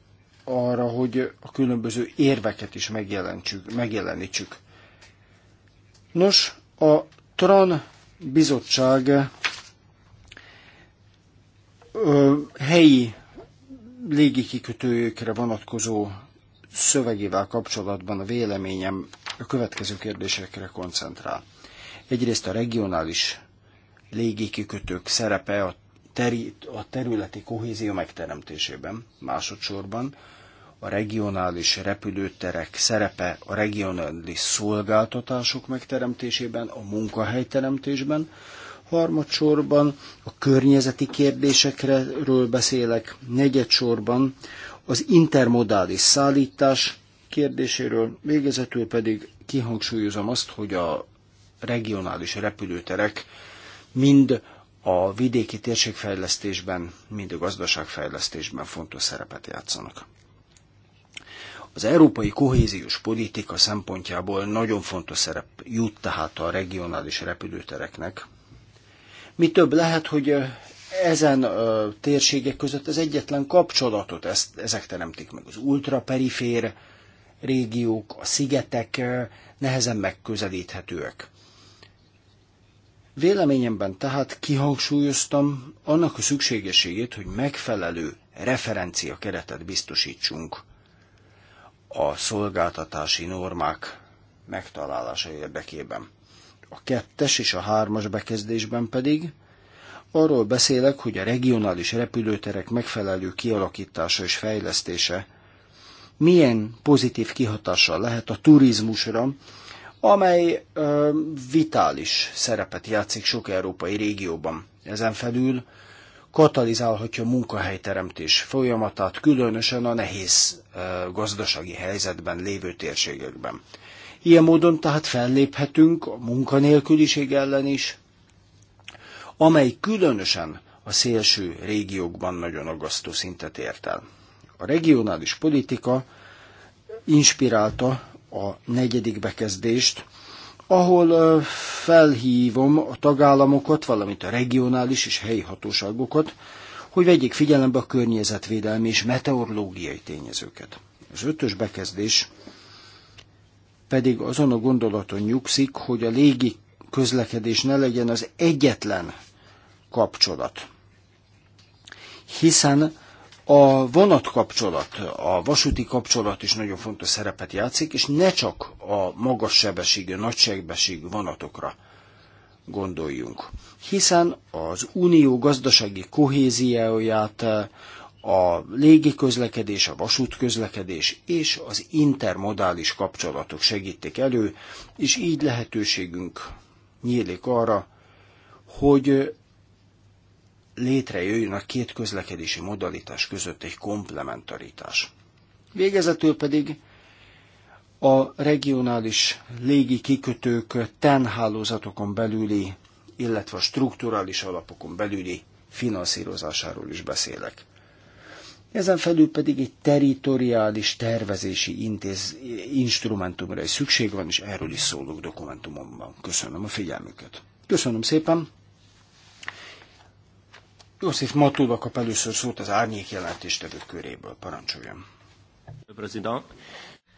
arra, hogy a különböző érveket is megjelenítsük. Nos, a TRAN bizottság helyi légikikötőjökre vonatkozó szövegével kapcsolatban a véleményem a következő kérdésekre koncentrál. Egyrészt a regionális légikikötők szerepe a, teri, a területi kohézió megteremtésében, másodszorban a regionális repülőterek szerepe a regionális szolgáltatások megteremtésében, a munkahelyteremtésben, harmadsorban a környezeti kérdésekről beszélek, negyedsorban az intermodális szállítás kérdéséről, végezetül pedig kihangsúlyozom azt, hogy a regionális repülőterek mind a vidéki térségfejlesztésben, mind a gazdaságfejlesztésben fontos szerepet játszanak. Az európai kohéziós politika szempontjából nagyon fontos szerep jut tehát a regionális repülőtereknek, mi több lehet, hogy ezen a térségek között az egyetlen kapcsolatot ezt, ezek teremtik meg. Az ultraperifér régiók, a szigetek nehezen megközelíthetőek. Véleményemben tehát kihangsúlyoztam annak a szükségességét, hogy megfelelő referencia keretet biztosítsunk a szolgáltatási normák megtalálása érdekében a kettes és a hármas bekezdésben pedig arról beszélek, hogy a regionális repülőterek megfelelő kialakítása és fejlesztése milyen pozitív kihatással lehet a turizmusra, amely ö, vitális szerepet játszik sok európai régióban. Ezen felül katalizálhatja a munkahelyteremtés folyamatát, különösen a nehéz ö, gazdasági helyzetben lévő térségekben. Ilyen módon tehát felléphetünk a munkanélküliség ellen is, amely különösen a szélső régiókban nagyon aggasztó szintet ért el. A regionális politika inspirálta a negyedik bekezdést, ahol felhívom a tagállamokat, valamint a regionális és helyi hatóságokat, hogy vegyék figyelembe a környezetvédelmi és meteorológiai tényezőket. Az ötös bekezdés pedig azon a gondolaton nyugszik, hogy a légi közlekedés ne legyen az egyetlen kapcsolat. Hiszen a vonatkapcsolat, a vasúti kapcsolat is nagyon fontos szerepet játszik, és ne csak a magas sebességű, nagy sebességű vonatokra gondoljunk. Hiszen az unió gazdasági kohéziáját, a légi közlekedés, a vasútközlekedés és az intermodális kapcsolatok segítik elő, és így lehetőségünk nyílik arra, hogy létrejöjjön a két közlekedési modalitás között egy komplementaritás. Végezetül pedig a regionális légi kikötők TEN hálózatokon belüli, illetve a strukturális alapokon belüli finanszírozásáról is beszélek. Ezen felül pedig egy teritoriális tervezési intéz, instrumentumra is szükség van, és erről is szólok dokumentumomban. Köszönöm a figyelmüket. Köszönöm szépen. József Matulva kap először szót az árnyék jelentéstevők köréből. Parancsoljam.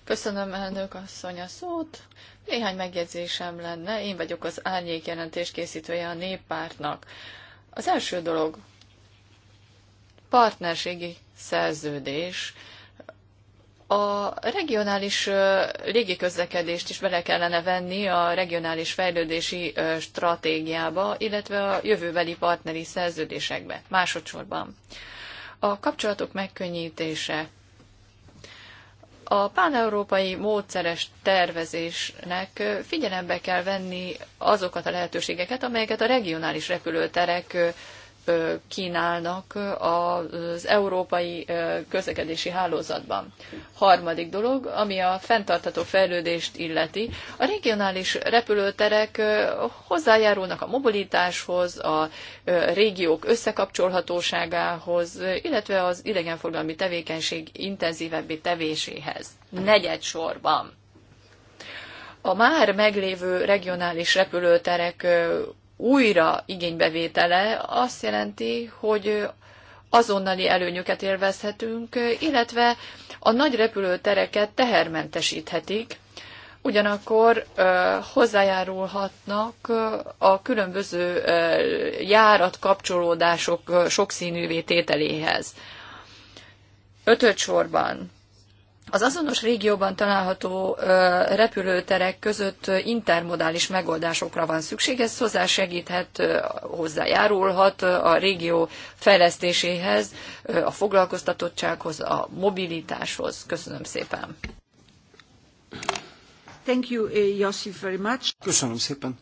Köszönöm, elnök asszony, a szót. Néhány megjegyzésem lenne. Én vagyok az árnyék jelentés készítője a néppártnak. Az első dolog, partnerségi szerződés a regionális légiközlekedést is bele kellene venni a regionális fejlődési stratégiába, illetve a jövőbeli partneri szerződésekbe. Másodszorban a kapcsolatok megkönnyítése. A páneurópai módszeres tervezésnek figyelembe kell venni azokat a lehetőségeket, amelyeket a regionális repülőterek kínálnak az európai közlekedési hálózatban. Harmadik dolog, ami a fenntartató fejlődést illeti, a regionális repülőterek hozzájárulnak a mobilitáshoz, a régiók összekapcsolhatóságához, illetve az idegenforgalmi tevékenység intenzívebbi tevéséhez. Negyed sorban. A már meglévő regionális repülőterek újra igénybevétele azt jelenti, hogy azonnali előnyöket élvezhetünk, illetve a nagy repülőtereket tehermentesíthetik, ugyanakkor hozzájárulhatnak a különböző járat kapcsolódások sokszínűvé tételéhez. sorban az azonos régióban található repülőterek között intermodális megoldásokra van szükség, ez hozzá segíthet, hozzájárulhat a régió fejlesztéséhez, a foglalkoztatottsághoz, a mobilitáshoz. Köszönöm szépen. Thank you, Yossif, eh, very much. Köszönöm szépen.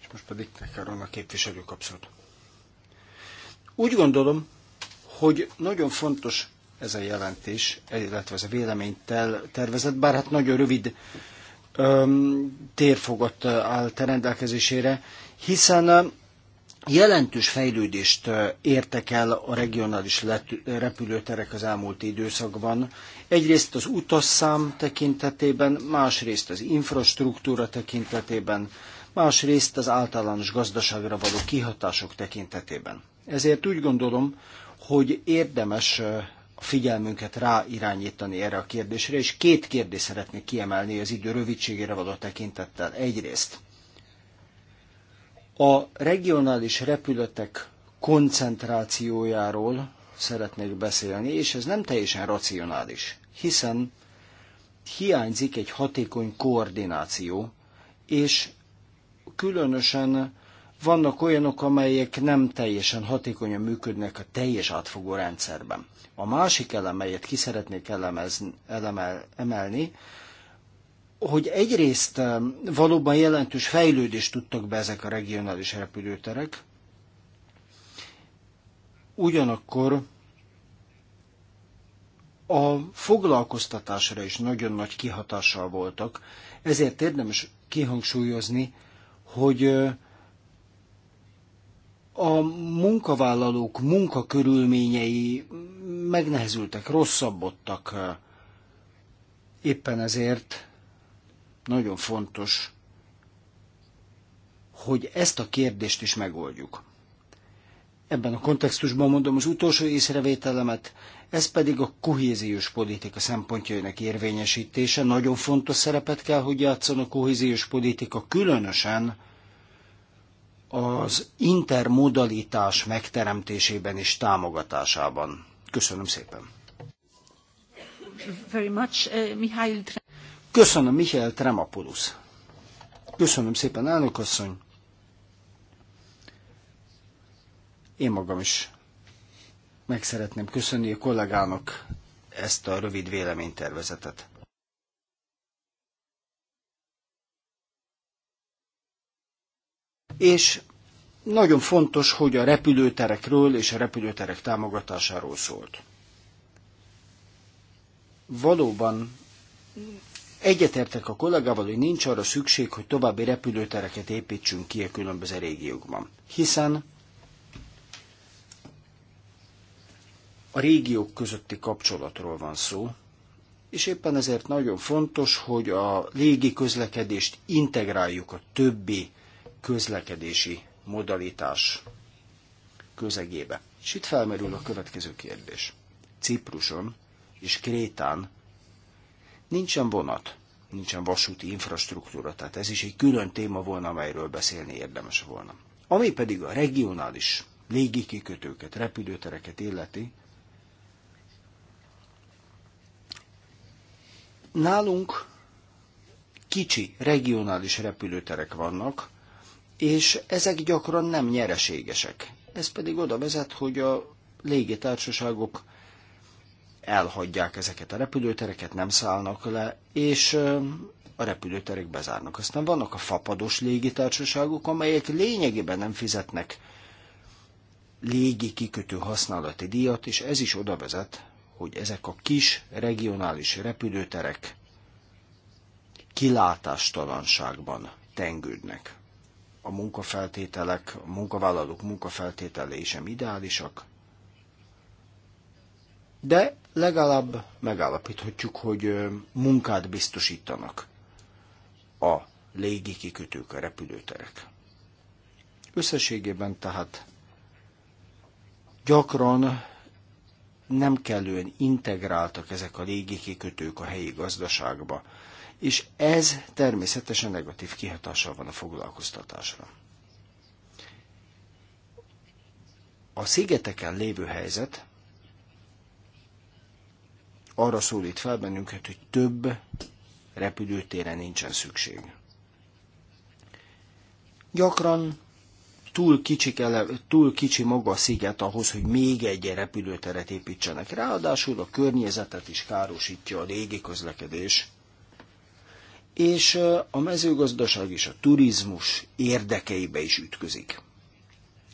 És most pedig a képviselő Úgy gondolom, hogy nagyon fontos ez a jelentés, illetve ez a véleménytel, tervezett, bár hát nagyon rövid öm, térfogat állt a rendelkezésére, hiszen jelentős fejlődést értek el a regionális repülőterek az elmúlt időszakban. Egyrészt az utasszám tekintetében, másrészt az infrastruktúra tekintetében, másrészt az általános gazdaságra való kihatások tekintetében. Ezért úgy gondolom, hogy érdemes a figyelmünket ráirányítani erre a kérdésre, és két kérdést szeretnék kiemelni az idő rövidségére való tekintettel. Egyrészt a regionális repületek koncentrációjáról szeretnék beszélni, és ez nem teljesen racionális, hiszen hiányzik egy hatékony koordináció, és különösen vannak olyanok, amelyek nem teljesen hatékonyan működnek a teljes átfogó rendszerben. A másik elem, melyet ki szeretnék elemezni, elemel, emelni, hogy egyrészt eh, valóban jelentős fejlődést tudtak be ezek a regionális repülőterek, ugyanakkor a foglalkoztatásra is nagyon nagy kihatással voltak, ezért érdemes kihangsúlyozni, hogy eh, a munkavállalók munkakörülményei megnehezültek, rosszabbodtak. Éppen ezért nagyon fontos, hogy ezt a kérdést is megoldjuk. Ebben a kontextusban mondom az utolsó észrevételemet, ez pedig a kohéziós politika szempontjainak érvényesítése. Nagyon fontos szerepet kell, hogy játszon a kohéziós politika, különösen az intermodalitás megteremtésében és támogatásában. Köszönöm szépen. Very much, uh, Mihail Köszönöm, Mihály Tremapolusz. Köszönöm szépen, elnök asszony. Én magam is meg szeretném köszönni a kollégának ezt a rövid véleménytervezetet. és nagyon fontos, hogy a repülőterekről és a repülőterek támogatásáról szólt. Valóban egyetértek a kollégával, hogy nincs arra szükség, hogy további repülőtereket építsünk ki a különböző régiókban, hiszen a régiók közötti kapcsolatról van szó, és éppen ezért nagyon fontos, hogy a légi közlekedést integráljuk a többi közlekedési modalitás közegébe. És itt felmerül a következő kérdés. Cipruson és Krétán nincsen vonat, nincsen vasúti infrastruktúra, tehát ez is egy külön téma volna, amelyről beszélni érdemes volna. Ami pedig a regionális légikikötőket, repülőtereket illeti, nálunk kicsi regionális repülőterek vannak, és ezek gyakran nem nyereségesek. Ez pedig oda vezet, hogy a légitársaságok elhagyják ezeket a repülőtereket, nem szállnak le, és a repülőterek bezárnak. Aztán vannak a fapados légitársaságok, amelyek lényegében nem fizetnek légi kikötő használati díjat, és ez is oda vezet, hogy ezek a kis regionális repülőterek kilátástalanságban tengődnek a munkafeltételek, a munkavállalók munkafeltételei sem ideálisak, de legalább megállapíthatjuk, hogy munkát biztosítanak a légi kikötők, a repülőterek. Összességében tehát gyakran nem kellően integráltak ezek a légi kikötők a helyi gazdaságba, és ez természetesen negatív kihatással van a foglalkoztatásra. A szigeteken lévő helyzet arra szólít fel bennünket, hogy több repülőtére nincsen szükség. Gyakran túl, kicsi, kele, túl kicsi maga a sziget ahhoz, hogy még egy repülőteret építsenek. Ráadásul a környezetet is károsítja a légi közlekedés és a mezőgazdaság és a turizmus érdekeibe is ütközik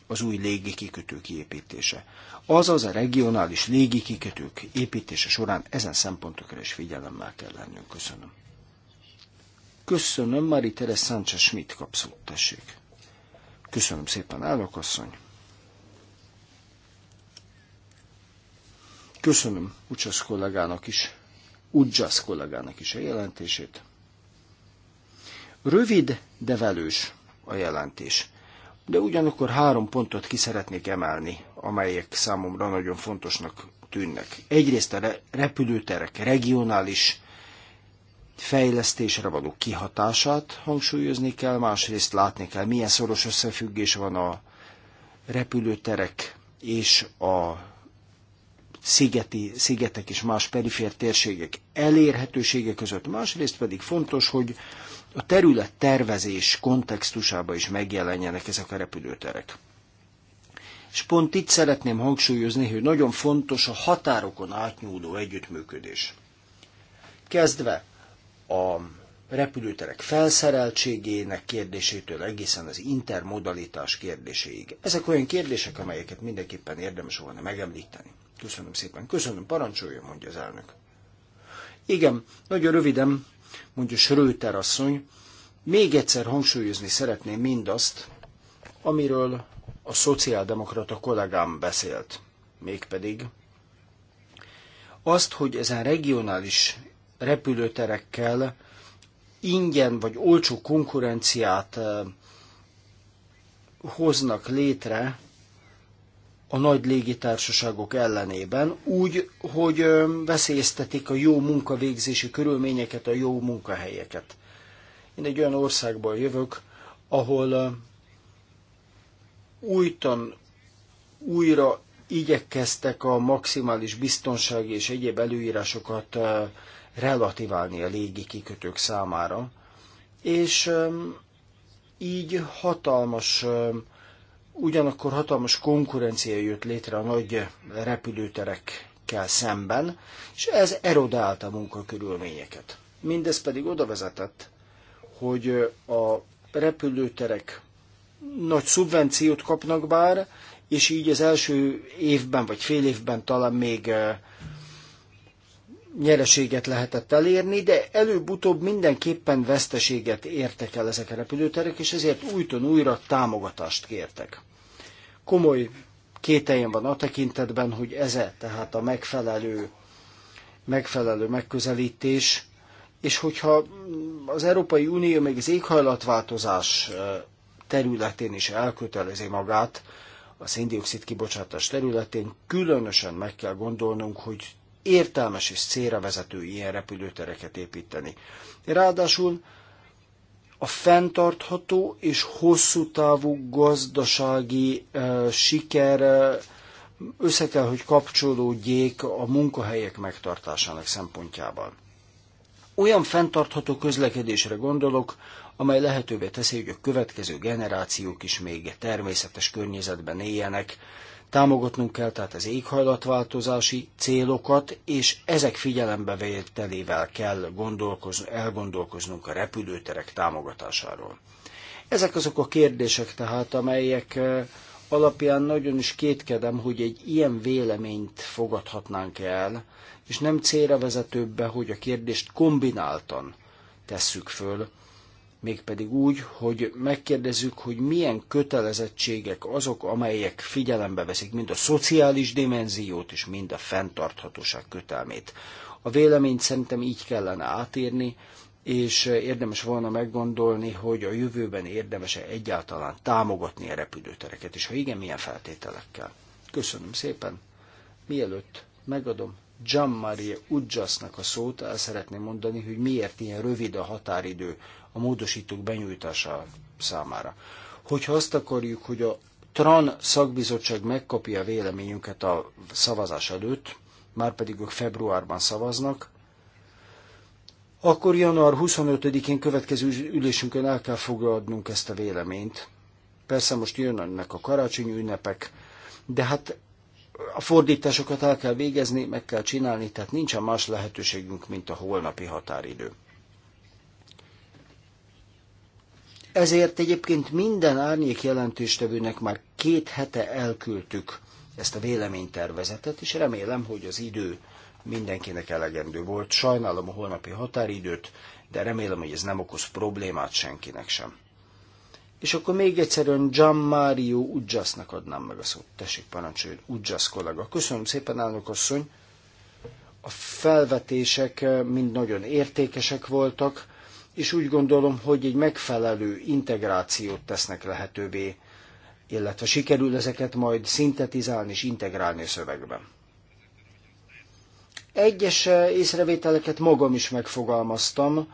az új légikikötő kiépítése. Azaz a regionális légikikötők építése során ezen szempontokra is figyelemmel kell lennünk. Köszönöm. Köszönöm, Mari Teres Sánchez Schmidt kapszót, tessék. Köszönöm szépen, állakasszony. Köszönöm Ucsasz kollégának is, Ucsasz kollégának is a jelentését. Rövid, de velős a jelentés. De ugyanakkor három pontot ki szeretnék emelni, amelyek számomra nagyon fontosnak tűnnek. Egyrészt a repülőterek regionális fejlesztésre való kihatását hangsúlyozni kell, másrészt látni kell, milyen szoros összefüggés van a repülőterek és a szigeti, szigetek és más perifér térségek elérhetősége között. Másrészt pedig fontos, hogy a terület tervezés kontextusába is megjelenjenek ezek a repülőterek. És pont itt szeretném hangsúlyozni, hogy nagyon fontos a határokon átnyúló együttműködés. Kezdve a repülőterek felszereltségének kérdésétől egészen az intermodalitás kérdéséig. Ezek olyan kérdések, amelyeket mindenképpen érdemes volna megemlíteni. Köszönöm szépen. Köszönöm, parancsoljon, mondja az elnök. Igen, nagyon röviden mondja Schröter asszony, még egyszer hangsúlyozni szeretném mindazt, amiről a szociáldemokrata kollégám beszélt. Mégpedig azt, hogy ezen regionális repülőterekkel ingyen vagy olcsó konkurenciát eh, hoznak létre a nagy légitársaságok ellenében, úgy, hogy veszélyeztetik a jó munkavégzési körülményeket, a jó munkahelyeket. Én egy olyan országból jövök, ahol újtan újra igyekeztek a maximális biztonsági és egyéb előírásokat relativálni a légi kikötők számára, és így hatalmas ugyanakkor hatalmas konkurencia jött létre a nagy repülőterekkel szemben, és ez erodálta a munkakörülményeket. Mindez pedig oda vezetett, hogy a repülőterek nagy szubvenciót kapnak bár, és így az első évben vagy fél évben talán még eh, nyereséget lehetett elérni, de előbb-utóbb mindenképpen veszteséget értek el ezek a repülőterek, és ezért újton újra támogatást kértek. Komoly kételjen van a tekintetben, hogy ez -e tehát a megfelelő, megfelelő megközelítés, és hogyha az Európai Unió még az éghajlatváltozás területén is elkötelezi magát, a széndiokszid kibocsátás területén különösen meg kell gondolnunk, hogy értelmes és célra vezető ilyen repülőtereket építeni. Ráadásul a fenntartható és hosszú távú gazdasági uh, siker uh, össze kell, hogy kapcsolódjék a munkahelyek megtartásának szempontjában. Olyan fenntartható közlekedésre gondolok, amely lehetővé teszi, hogy a következő generációk is még természetes környezetben éljenek, Támogatnunk kell tehát az éghajlatváltozási célokat, és ezek figyelembevételével kell elgondolkoznunk a repülőterek támogatásáról. Ezek azok a kérdések tehát, amelyek eh, alapján nagyon is kétkedem, hogy egy ilyen véleményt fogadhatnánk el, és nem célra be, hogy a kérdést kombináltan tesszük föl, mégpedig úgy, hogy megkérdezzük, hogy milyen kötelezettségek azok, amelyek figyelembe veszik mind a szociális dimenziót és mind a fenntarthatóság kötelmét. A véleményt szerintem így kellene átírni, és érdemes volna meggondolni, hogy a jövőben érdemes-e egyáltalán támogatni a repülőtereket, és ha igen, milyen feltételekkel. Köszönöm szépen. Mielőtt megadom Gian Maria Udjasnak a szót, el szeretném mondani, hogy miért ilyen rövid a határidő a módosítók benyújtása számára. Hogyha azt akarjuk, hogy a TRAN szakbizottság megkapja véleményünket a szavazás előtt, már pedig ők februárban szavaznak, akkor január 25-én következő ülésünkön el kell fogadnunk ezt a véleményt. Persze most jönnek a karácsonyi ünnepek, de hát a fordításokat el kell végezni, meg kell csinálni, tehát nincsen más lehetőségünk, mint a holnapi határidő. Ezért egyébként minden árnyék jelentéstevőnek már két hete elküldtük ezt a véleménytervezetet, és remélem, hogy az idő mindenkinek elegendő volt. Sajnálom a holnapi határidőt, de remélem, hogy ez nem okoz problémát senkinek sem. És akkor még egyszerűen Gian Mario Ugyasznak adnám meg a szót. Tessék, parancsoljon, Ugyasz kollega. Köszönöm szépen, elnök asszony. A felvetések mind nagyon értékesek voltak és úgy gondolom, hogy egy megfelelő integrációt tesznek lehetővé, illetve sikerül ezeket majd szintetizálni és integrálni a szövegben. Egyes eh, észrevételeket magam is megfogalmaztam,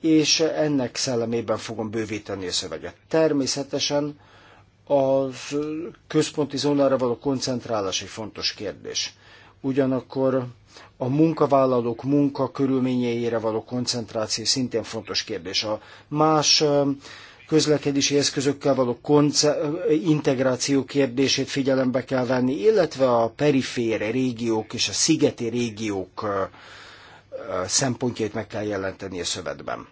és ennek szellemében fogom bővíteni a szöveget. Természetesen a központi zónára való koncentrálás egy fontos kérdés. Ugyanakkor a munkavállalók munkakörülményeire való koncentráció szintén fontos kérdés. A más közlekedési eszközökkel való integráció kérdését figyelembe kell venni, illetve a perifére régiók és a szigeti régiók szempontjait meg kell jelenteni a szövetben.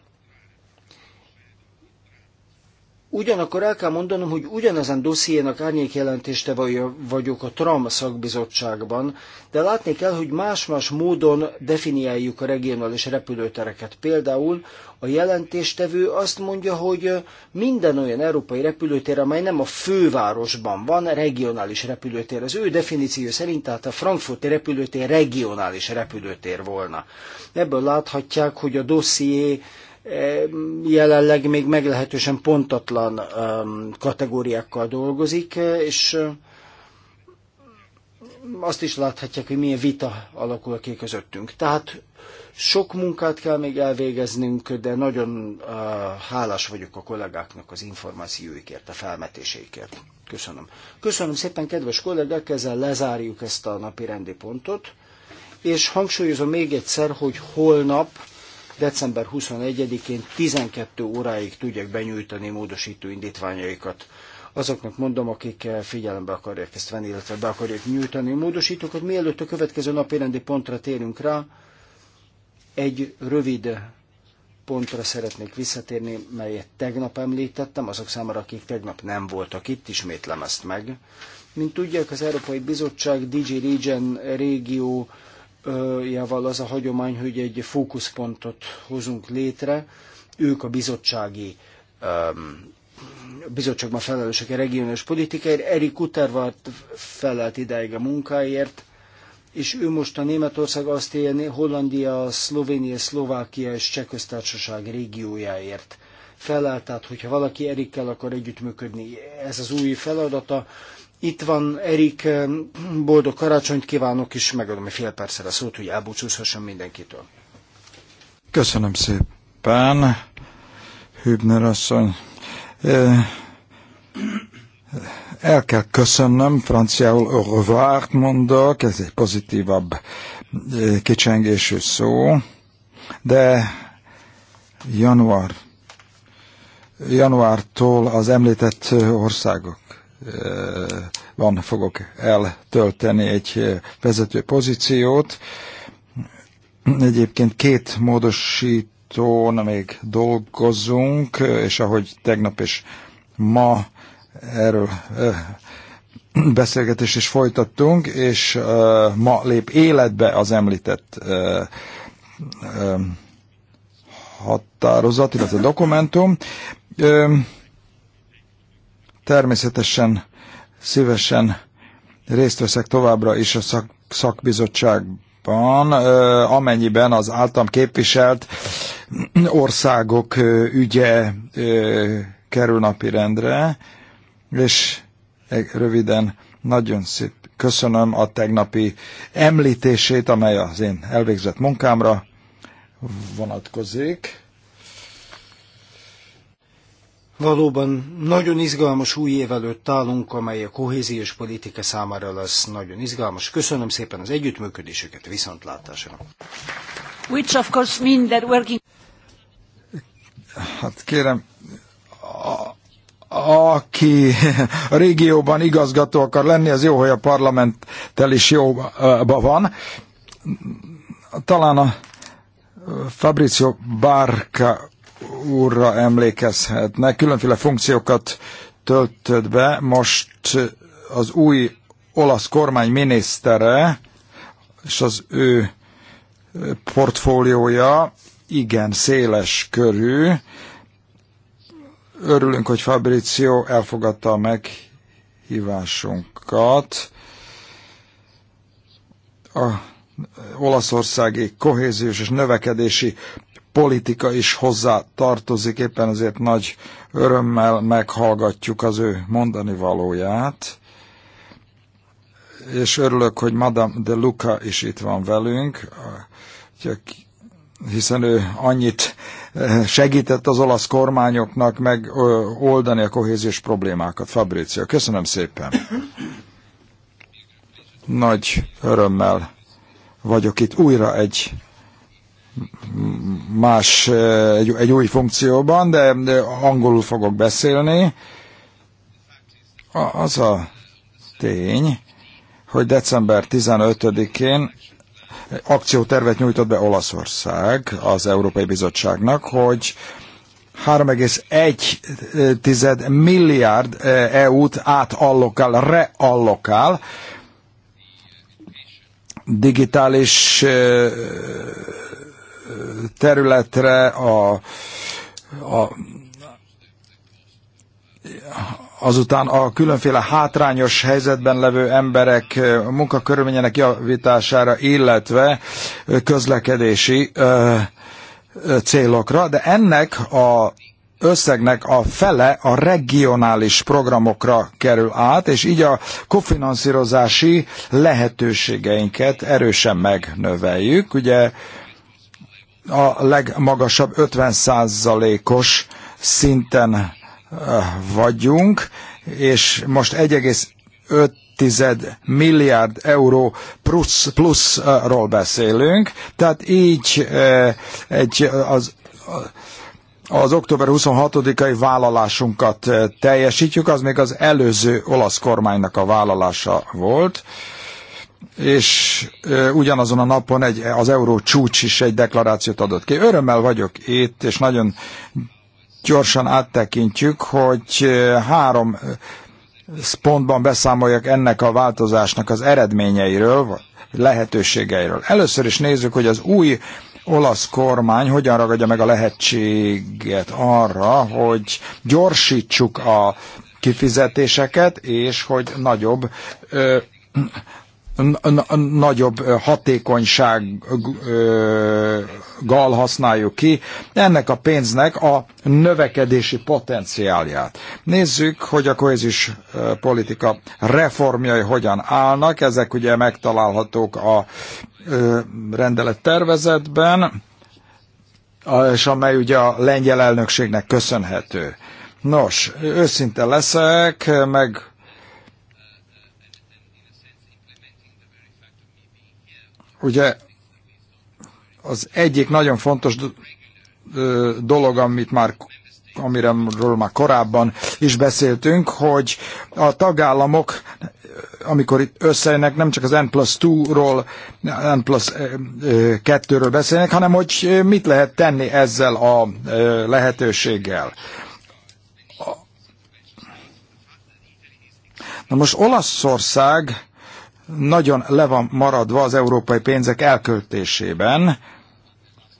Ugyanakkor el kell mondanom, hogy ugyanezen dossziénak árnyék jelentéste vagyok a TRAM szakbizottságban, de látni kell, hogy más-más módon definiáljuk a regionális repülőtereket. Például a jelentéstevő azt mondja, hogy minden olyan európai repülőtér, amely nem a fővárosban van, regionális repülőtér. Az ő definíció szerint, tehát a frankfurti repülőtér regionális repülőtér volna. Ebből láthatják, hogy a dosszié jelenleg még meglehetősen pontatlan kategóriákkal dolgozik, és azt is láthatják, hogy milyen vita alakul ki közöttünk. Tehát sok munkát kell még elvégeznünk, de nagyon hálás vagyok a kollégáknak az információikért, a felmetéseikért. Köszönöm. Köszönöm szépen, kedves kollégák, ezzel lezárjuk ezt a napi rendi pontot, és hangsúlyozom még egyszer, hogy holnap december 21-én 12 óráig tudják benyújtani módosító indítványaikat. Azoknak mondom, akik eh, figyelembe akarják ezt venni, illetve be akarják nyújtani módosítókat, mielőtt a következő napi rendi pontra térünk rá, egy rövid pontra szeretnék visszatérni, melyet tegnap említettem, azok számára, akik tegnap nem voltak itt, ismétlem ezt meg. Mint tudják, az Európai Bizottság DG Region régió jával az a hagyomány, hogy egy fókuszpontot hozunk létre. Ők a bizottsági bizottságban felelősek a regionális politikáért. Erik Kutervart felelt ideig a munkáért, és ő most a Németország azt élni Hollandia, Szlovénia, Szlovákia és Csehköztársaság régiójáért felállt, tehát hogyha valaki Erikkel akar együttműködni, ez az új feladata, itt van Erik, boldog karácsonyt kívánok, és megadom egy fél percre szót, hogy elbúcsúzhassam mindenkitől. Köszönöm szépen, Hübner asszony. El kell köszönnöm, franciául au revoir mondok, ez egy pozitívabb kicsengésű szó, de január januártól az említett országok van fogok eltölteni egy vezető pozíciót. Egyébként két módosítón még dolgozunk, és ahogy tegnap és ma erről beszélgetést is folytattunk, és ma lép életbe az említett határozat, illetve dokumentum. Természetesen szívesen részt veszek továbbra is a szak, szakbizottságban, amennyiben az általam képviselt országok ügye kerül napirendre, és röviden nagyon szép köszönöm a tegnapi említését, amely az én elvégzett munkámra vonatkozik. Valóban nagyon izgalmas új év előtt állunk, amely a kohéziós politika számára lesz nagyon izgalmas. Köszönöm szépen az együttműködésüket, viszontlátásra. Which of course mean that working... Hát kérem, a, aki a régióban igazgató akar lenni, az jó, hogy a parlamenttel is jóba van. Talán a Fabrizio Barca úrra emlékezhetnek. Különféle funkciókat töltött be. Most az új olasz kormány minisztere és az ő portfóliója igen széles körű. Örülünk, hogy Fabrizio elfogadta a meghívásunkat. A olaszországi kohéziós és növekedési politika is hozzá tartozik, éppen ezért nagy örömmel meghallgatjuk az ő mondani valóját. És örülök, hogy Madame de Luca is itt van velünk, hiszen ő annyit eh, segített az olasz kormányoknak meg oldani a kohéziós problémákat. Fabrizio, köszönöm szépen. Nagy örömmel vagyok itt újra egy más, eh, egy, egy új funkcióban, de, de angolul fogok beszélni. Az a tény, hogy december 15-én akciótervet nyújtott be Olaszország az Európai Bizottságnak, hogy 3,1 milliárd EU-t eh, átallokál, reallokál digitális eh, területre, a, a, azután a különféle hátrányos helyzetben levő emberek munkakörülményének javítására, illetve közlekedési ö, célokra, de ennek a összegnek a fele a regionális programokra kerül át, és így a kofinanszírozási lehetőségeinket erősen megnöveljük. Ugye a legmagasabb 50%-os szinten eh, vagyunk, és most 1,5 milliárd euró plusz, pluszról beszélünk, tehát így eh, egy, az, az október 26-ai vállalásunkat eh, teljesítjük, az még az előző olasz kormánynak a vállalása volt, és ugyanazon a napon egy, az euró csúcs is egy deklarációt adott ki. Örömmel vagyok itt, és nagyon gyorsan áttekintjük, hogy három pontban beszámoljak ennek a változásnak az eredményeiről, vagy lehetőségeiről. Először is nézzük, hogy az új olasz kormány hogyan ragadja meg a lehetséget arra, hogy gyorsítsuk a kifizetéseket, és hogy nagyobb ö, nagyobb hatékonysággal használjuk ki ennek a pénznek a növekedési potenciálját. Nézzük, hogy a kohézis politika reformjai hogyan állnak. Ezek ugye megtalálhatók a rendelet tervezetben, és amely ugye a lengyel elnökségnek köszönhető. Nos, őszinte leszek, meg Ugye az egyik nagyon fontos dolog, amit már amire már korábban is beszéltünk, hogy a tagállamok, amikor itt összejönnek, nem csak az N plusz 2-ról, N plusz 2-ről beszélnek, hanem hogy mit lehet tenni ezzel a lehetőséggel. Na most Olaszország nagyon le van maradva az európai pénzek elköltésében,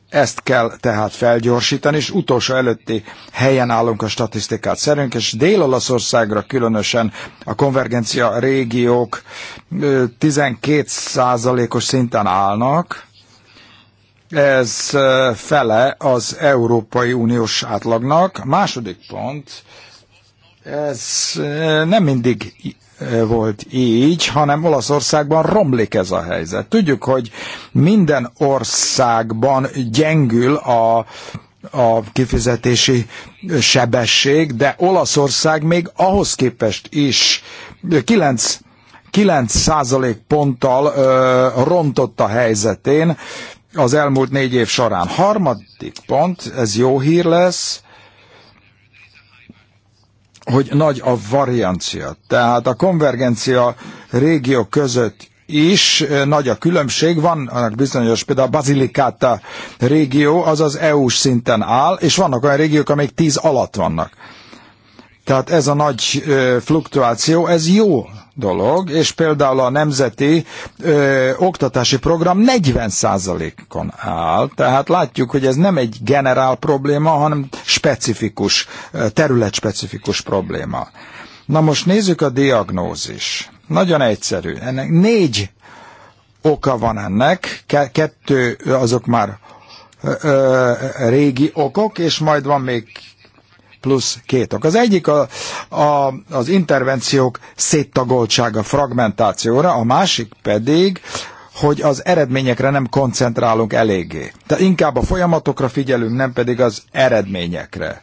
ezt kell tehát felgyorsítani, és utolsó előtti helyen állunk a statisztikát szerint, és Dél-Olaszországra különösen a konvergencia régiók 12%-os szinten állnak, ez fele az Európai Uniós átlagnak. Második pont, ez nem mindig Eh, volt így, hanem Olaszországban romlik ez a helyzet. Tudjuk, hogy minden országban gyengül a a kifizetési sebesség, de Olaszország még ahhoz képest is 9, 9 ponttal ö, eh, rontott a helyzetén az elmúlt négy év során. Harmadik pont, ez jó hír lesz, hogy nagy a variancia. Tehát a konvergencia régió között is eh, nagy a különbség, van. annak bizonyos, például a Basilicata régió, az az EU-s szinten áll, és vannak olyan régiók, amelyek tíz alatt vannak. Tehát ez a nagy ö, fluktuáció, ez jó dolog, és például a nemzeti ö, oktatási program 40%-on áll, tehát látjuk, hogy ez nem egy generál probléma, hanem specifikus, területspecifikus probléma. Na most nézzük a diagnózis. Nagyon egyszerű. Ennek négy oka van ennek, kettő azok már ö, régi okok, és majd van még plusz két ok. Az egyik a, a, az intervenciók széttagoltsága, fragmentációra, a másik pedig, hogy az eredményekre nem koncentrálunk eléggé. De inkább a folyamatokra figyelünk, nem pedig az eredményekre.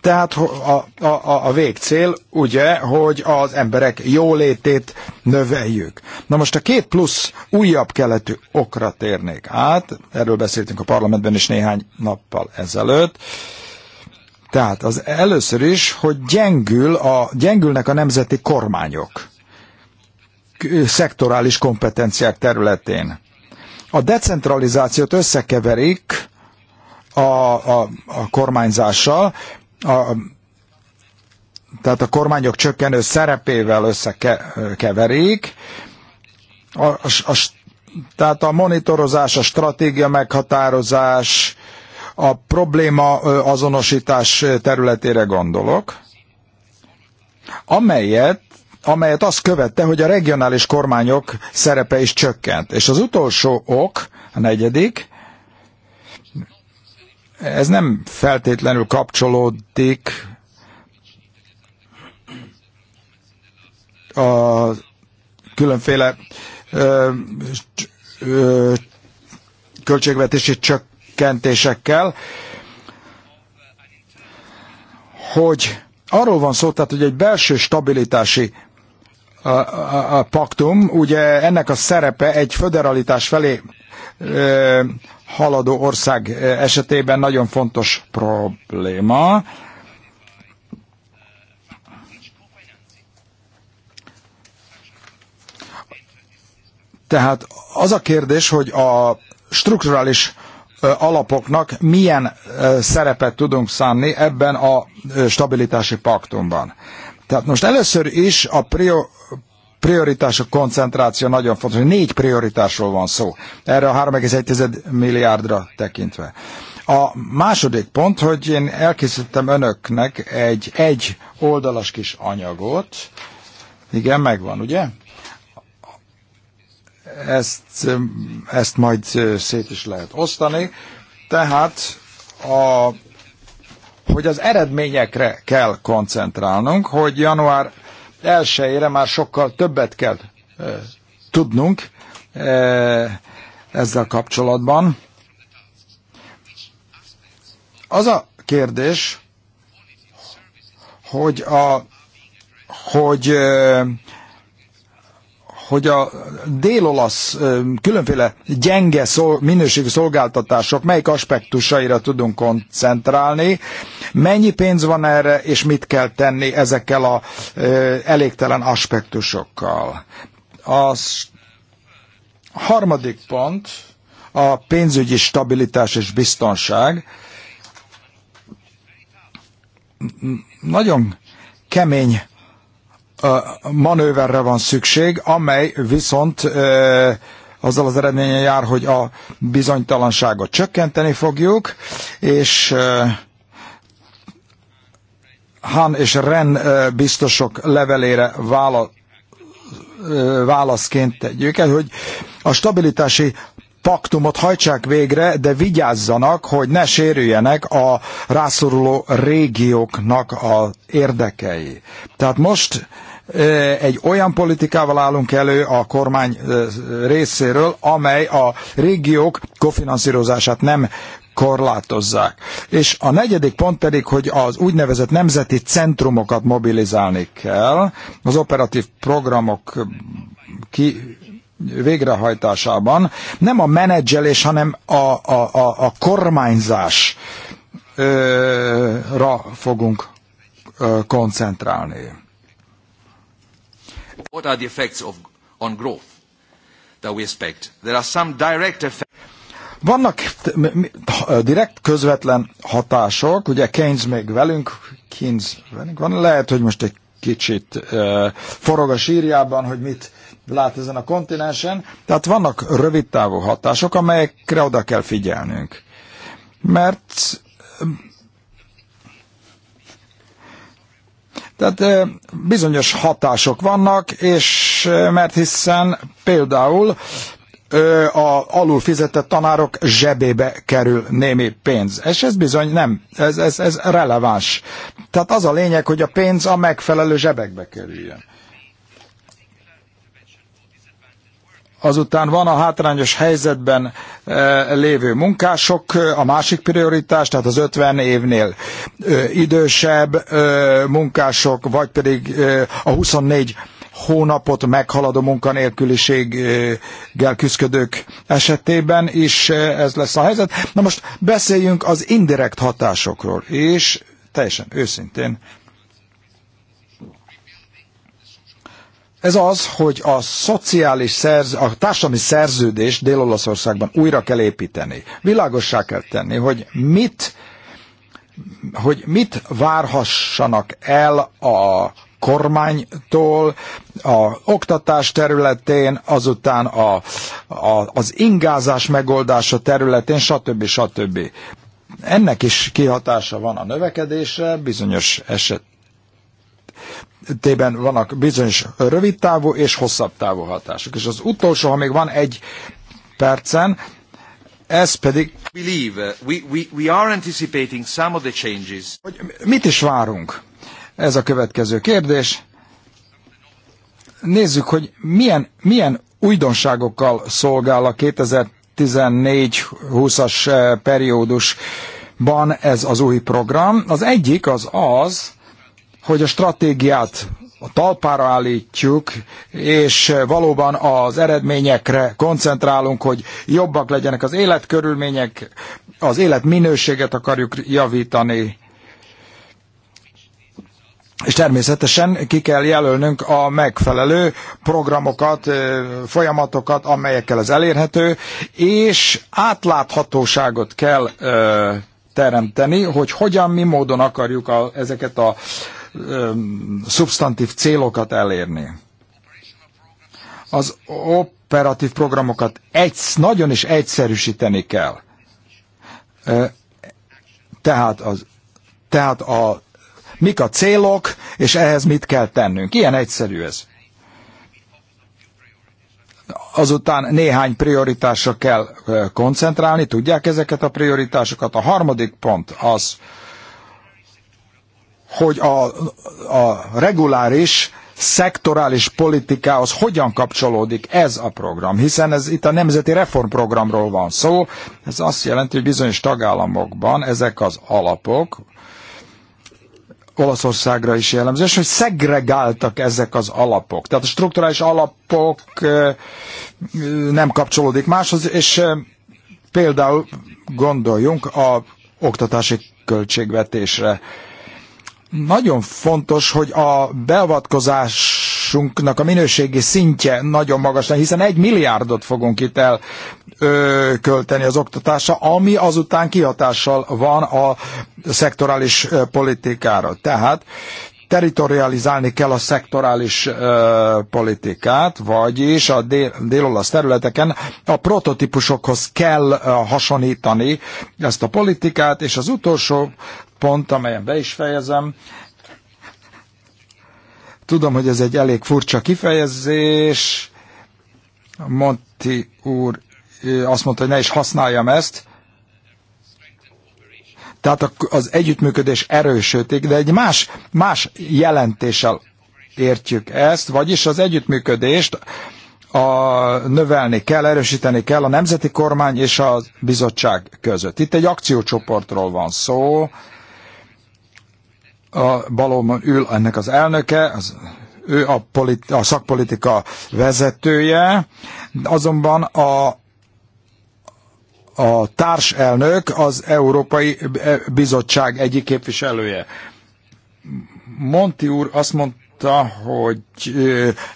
Tehát a, a, a végcél ugye, hogy az emberek jólétét növeljük. Na most a két plusz újabb keletű okra térnék át, erről beszéltünk a parlamentben is néhány nappal ezelőtt, tehát az először is, hogy gyengül a, gyengülnek a nemzeti kormányok szektorális kompetenciák területén. A decentralizációt összekeverik a, a, a kormányzással, a, tehát a kormányok csökkenő szerepével összekeverik, a, a, a, tehát a monitorozás, a stratégia meghatározás, a probléma azonosítás területére gondolok, amelyet amelyet azt követte, hogy a regionális kormányok szerepe is csökkent. És az utolsó ok, a negyedik, ez nem feltétlenül kapcsolódik a különféle ö, ö, költségvetési csökkentés csökkentésekkel, hogy arról van szó, tehát, hogy egy belső stabilitási a, a, a paktum, ugye ennek a szerepe egy föderalitás felé ö, haladó ország esetében nagyon fontos probléma. Tehát az a kérdés, hogy a strukturális alapoknak milyen szerepet tudunk szánni ebben a stabilitási paktumban. Tehát most először is a prioritások koncentráció nagyon fontos, hogy négy prioritásról van szó, erre a 3,1 milliárdra tekintve. A második pont, hogy én elkészítettem önöknek egy egy oldalas kis anyagot, igen, megvan, ugye? ezt, ezt majd szét is lehet osztani. Tehát a, hogy az eredményekre kell koncentrálnunk, hogy január 1-ére már sokkal többet kell e, tudnunk e, ezzel kapcsolatban. Az a kérdés, hogy a hogy hogy a délolasz különféle gyenge szol, minőségű szolgáltatások melyik aspektusaira tudunk koncentrálni, mennyi pénz van erre, és mit kell tenni ezekkel a elégtelen aspektusokkal. A harmadik pont a pénzügyi stabilitás és biztonság. Nagyon kemény manőverre van szükség, amely viszont azzal az eredménye jár, hogy a bizonytalanságot csökkenteni fogjuk, és Han és Ren biztosok levelére válaszként tegyük el, hogy a stabilitási paktumot hajtsák végre, de vigyázzanak, hogy ne sérüljenek a rászoruló régióknak a érdekei. Tehát most egy olyan politikával állunk elő a kormány részéről, amely a régiók kofinanszírozását nem korlátozzák. És a negyedik pont pedig, hogy az úgynevezett nemzeti centrumokat mobilizálni kell, az operatív programok ki végrehajtásában nem a menedzselés, hanem a, a, a, a kormányzásra fogunk koncentrálni. What are the effects of, on growth that we expect? There are some direct effects. Vannak direkt közvetlen hatások, ugye Keynes még velünk, Keynes velünk van, lehet, hogy most egy kicsit uh, forog a sírjában, hogy mit uh, lát ezen a kontinensen. Tehát vannak rövidtávú hatások, amelyekre oda kell figyelnünk. Mert Tehát bizonyos hatások vannak, és mert hiszen például a alul fizetett tanárok zsebébe kerül némi pénz. És ez bizony nem, ez, ez, ez releváns. Tehát az a lényeg, hogy a pénz a megfelelő zsebekbe kerüljön. Azután van a hátrányos helyzetben e, lévő munkások, e, a másik prioritás, tehát az 50 évnél e, idősebb munkások, vagy pedig a 24 hónapot meghaladó munkanélküliséggel küzdködők esetében is ez lesz a helyzet. Na most beszéljünk az indirekt hatásokról, és teljesen őszintén ez az, hogy a szociális szerz, a társadalmi szerződést Dél-Olaszországban újra kell építeni. Világossá kell tenni, hogy mit, hogy mit várhassanak el a kormánytól, a oktatás területén, azután a, a, az ingázás megoldása területén, stb. stb. Ennek is kihatása van a növekedésre, bizonyos eset tekintetében vannak bizonyos rövid távú és hosszabb távú hatások. És az utolsó, ha még van egy percen, ez pedig... Believe, we, we, we are anticipating some of the changes. Hogy mit is várunk? Ez a következő kérdés. Nézzük, hogy milyen, milyen újdonságokkal szolgál a 2014-20-as eh, periódusban ez az új program. Az egyik az az, hogy a stratégiát a talpára állítjuk, és valóban az eredményekre koncentrálunk, hogy jobbak legyenek az életkörülmények, az életminőséget akarjuk javítani. És természetesen ki kell jelölnünk a megfelelő programokat, folyamatokat, amelyekkel ez elérhető, és átláthatóságot kell teremteni, hogy hogyan, mi módon akarjuk a, ezeket a szubstantív célokat elérni. Az operatív programokat egy, nagyon is egyszerűsíteni kell. Tehát, az, tehát a, mik a célok, és ehhez mit kell tennünk. Ilyen egyszerű ez azután néhány prioritásra kell koncentrálni, tudják ezeket a prioritásokat. A harmadik pont az, hogy a, a reguláris szektorális politikához hogyan kapcsolódik ez a program, hiszen ez itt a nemzeti reformprogramról van szó, ez azt jelenti, hogy bizonyos tagállamokban ezek az alapok, Olaszországra is jellemző, és hogy szegregáltak ezek az alapok. Tehát a strukturális alapok nem kapcsolódik máshoz, és például gondoljunk a oktatási költségvetésre. Nagyon fontos, hogy a beavatkozásunknak a minőségi szintje nagyon magas, hiszen egy milliárdot fogunk itt el ö, költeni az oktatásra, ami azután kihatással van a szektorális politikára. Tehát territorializálni kell a szektorális ö, politikát, vagyis a dél, dél-olasz területeken a prototípusokhoz kell ö, hasonlítani ezt a politikát, és az utolsó pont, amelyen be is fejezem. Tudom, hogy ez egy elég furcsa kifejezés. Monti úr azt mondta, hogy ne is használjam ezt. Tehát az együttműködés erősödik, de egy más, más jelentéssel értjük ezt, vagyis az együttműködést a, növelni kell, erősíteni kell a nemzeti kormány és a bizottság között. Itt egy akciócsoportról van szó, a balomon ül ennek az elnöke, az, ő a, politi- a szakpolitika vezetője, azonban a a társelnök az Európai Bizottság egyik képviselője. Monti úr azt mondta, hogy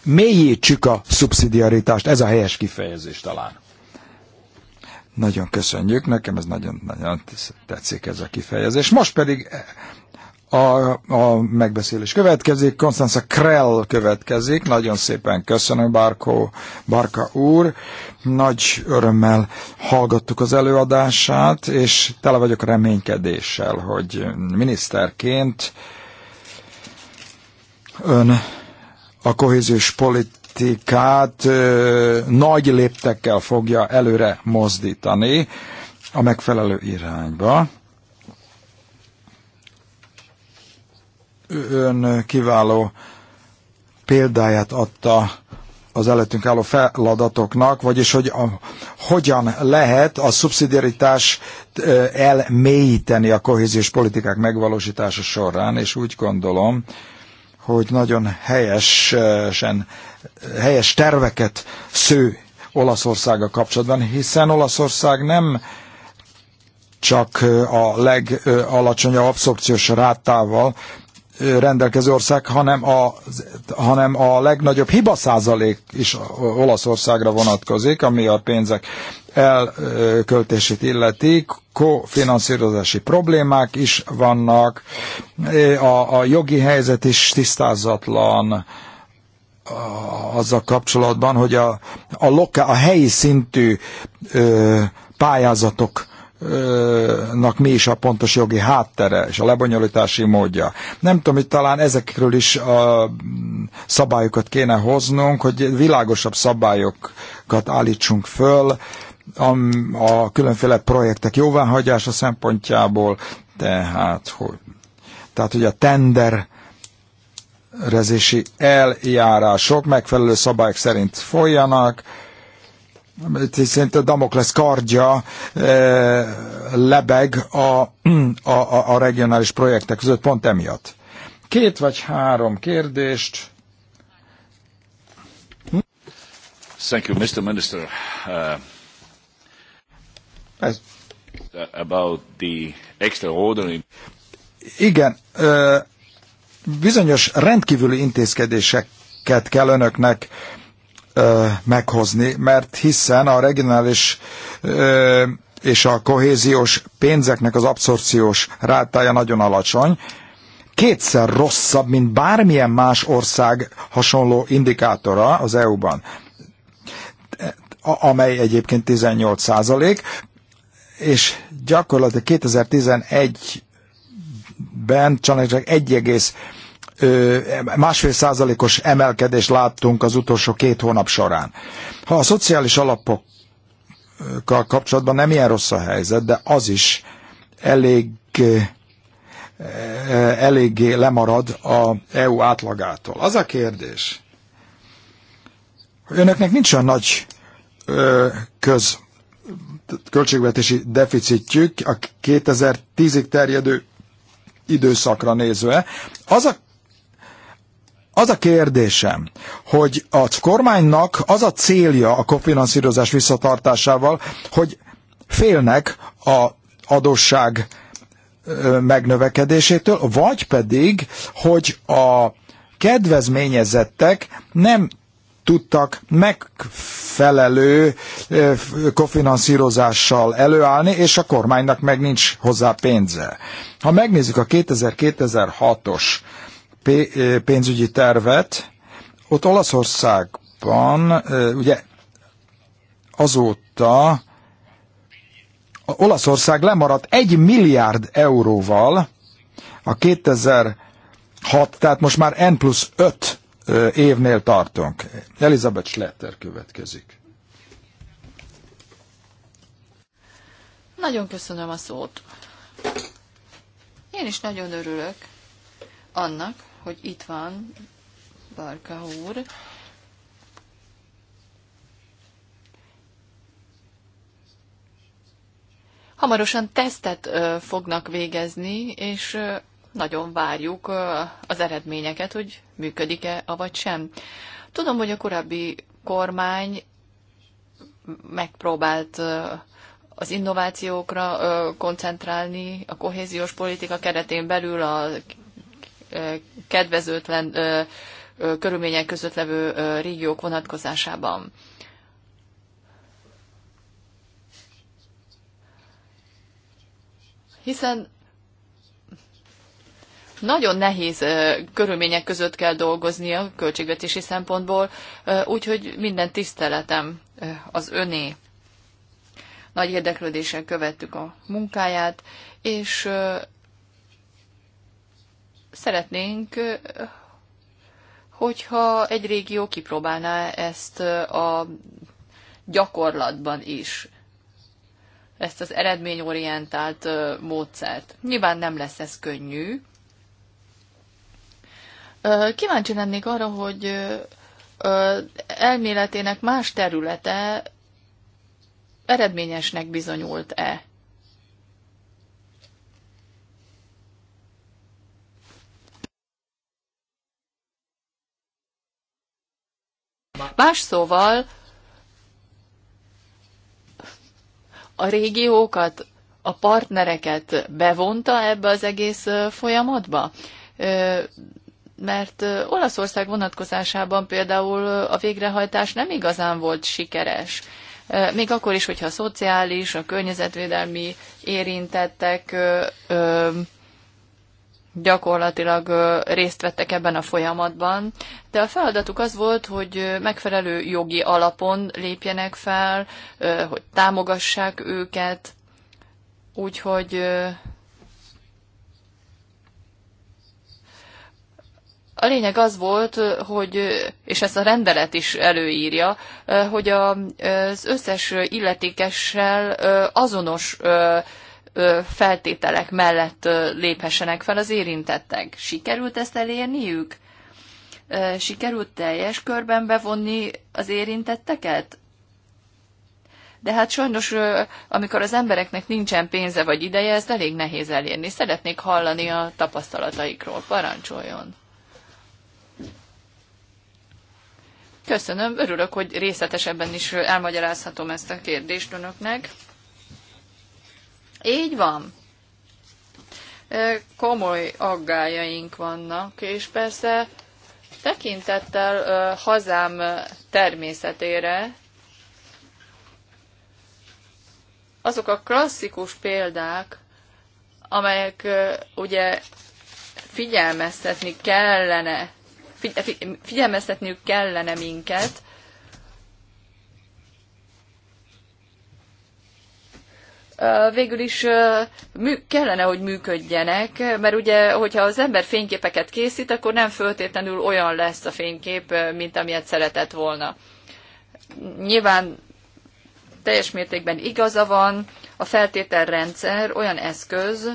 mélyítsük a szubszidiaritást, ez a helyes kifejezés talán. Nagyon köszönjük, nekem ez nagyon-nagyon tetszik ez a kifejezés. Most pedig a, a megbeszélés következik, Konstanza Krell következik, nagyon szépen köszönöm Barko, Barka úr, nagy örömmel hallgattuk az előadását, és tele vagyok reménykedéssel, hogy miniszterként ön a kohéziós politikát ö, nagy léptekkel fogja előre mozdítani a megfelelő irányba ön kiváló példáját adta az előttünk álló feladatoknak, vagyis hogy a, hogyan lehet a szubszidiaritás elmélyíteni a kohéziós politikák megvalósítása során, és úgy gondolom, hogy nagyon helyesen, helyes terveket sző Olaszországa kapcsolatban, hiszen Olaszország nem csak a legalacsonyabb abszorpciós rátával rendelkező ország, hanem a, hanem a legnagyobb hiba százalék is Olaszországra vonatkozik, ami a pénzek elköltését illeti, kofinanszírozási problémák is vannak, a, a jogi helyzet is tisztázatlan, azzal kapcsolatban, hogy a, a, loka, a helyi szintű ö, pályázatok nak mi is a pontos jogi háttere és a lebonyolítási módja. Nem tudom, hogy talán ezekről is a mm, szabályokat kéne hoznunk, hogy világosabb szabályokat állítsunk föl a, a különféle projektek jóváhagyása szempontjából, tehát hogy, tehát, hogy a tender rezési eljárások megfelelő szabályok szerint folyanak, szerint a Damoklesz kardja eh, lebeg a, a, a regionális projektek között pont emiatt. Két vagy három kérdést. Thank you, Mr. Minister. Uh, Ez. Eh, about the extraordinary... Igen, bizonyos rendkívüli intézkedéseket kell önöknek meghozni, mert hiszen a regionális és a kohéziós pénzeknek az abszorciós rátája nagyon alacsony, kétszer rosszabb, mint bármilyen más ország hasonló indikátora az EU-ban, amely egyébként 18 százalék, és gyakorlatilag 2011-ben csak másfél százalékos emelkedést láttunk az utolsó két hónap során. Ha a szociális alapokkal kapcsolatban nem ilyen rossz a helyzet, de az is elég eléggé lemarad a EU átlagától. Az a kérdés, hogy önöknek nincs olyan nagy köz költségvetési deficitjük a 2010-ig terjedő időszakra nézve. Az a az a kérdésem, hogy a kormánynak az a célja a kofinanszírozás visszatartásával, hogy félnek a adósság megnövekedésétől, vagy pedig, hogy a kedvezményezettek nem tudtak megfelelő kofinanszírozással előállni, és a kormánynak meg nincs hozzá pénze. Ha megnézzük a 2000-2006-os pénzügyi tervet. Ott Olaszországban, ugye azóta Olaszország lemaradt egy milliárd euróval a 2006, tehát most már N plusz 5 évnél tartunk. Elizabeth Schletter következik. Nagyon köszönöm a szót. Én is nagyon örülök annak, hogy itt van Barka úr. Hamarosan tesztet fognak végezni, és nagyon várjuk az eredményeket, hogy működik-e, avagy sem. Tudom, hogy a korábbi kormány megpróbált az innovációkra koncentrálni a kohéziós politika keretén belül a kedvezőtlen körülmények között levő régiók vonatkozásában. Hiszen nagyon nehéz körülmények között kell dolgozni a költségvetési szempontból, úgyhogy minden tiszteletem az öné. Nagy érdeklődéssel követtük a munkáját, és szeretnénk, hogyha egy régió kipróbálná ezt a gyakorlatban is, ezt az eredményorientált módszert. Nyilván nem lesz ez könnyű. Kíváncsi lennék arra, hogy elméletének más területe eredményesnek bizonyult-e. Más szóval a régiókat, a partnereket bevonta ebbe az egész folyamatba? Mert Olaszország vonatkozásában például a végrehajtás nem igazán volt sikeres. Még akkor is, hogyha a szociális, a környezetvédelmi érintettek gyakorlatilag részt vettek ebben a folyamatban, de a feladatuk az volt, hogy megfelelő jogi alapon lépjenek fel, hogy támogassák őket, úgyhogy A lényeg az volt, hogy, és ezt a rendelet is előírja, hogy az összes illetékessel azonos feltételek mellett léphessenek fel az érintettek. Sikerült ezt elérniük? Sikerült teljes körben bevonni az érintetteket? De hát sajnos, amikor az embereknek nincsen pénze vagy ideje, ez elég nehéz elérni. Szeretnék hallani a tapasztalataikról. Parancsoljon! Köszönöm, örülök, hogy részletesebben is elmagyarázhatom ezt a kérdést önöknek. Így van. Komoly aggájaink vannak, és persze tekintettel hazám természetére azok a klasszikus példák, amelyek ugye figyelmeztetni kellene, figyelmeztetniük kellene minket, végül is kellene, hogy működjenek, mert ugye, hogyha az ember fényképeket készít, akkor nem föltétlenül olyan lesz a fénykép, mint amilyet szeretett volna. Nyilván teljes mértékben igaza van, a feltételrendszer olyan eszköz,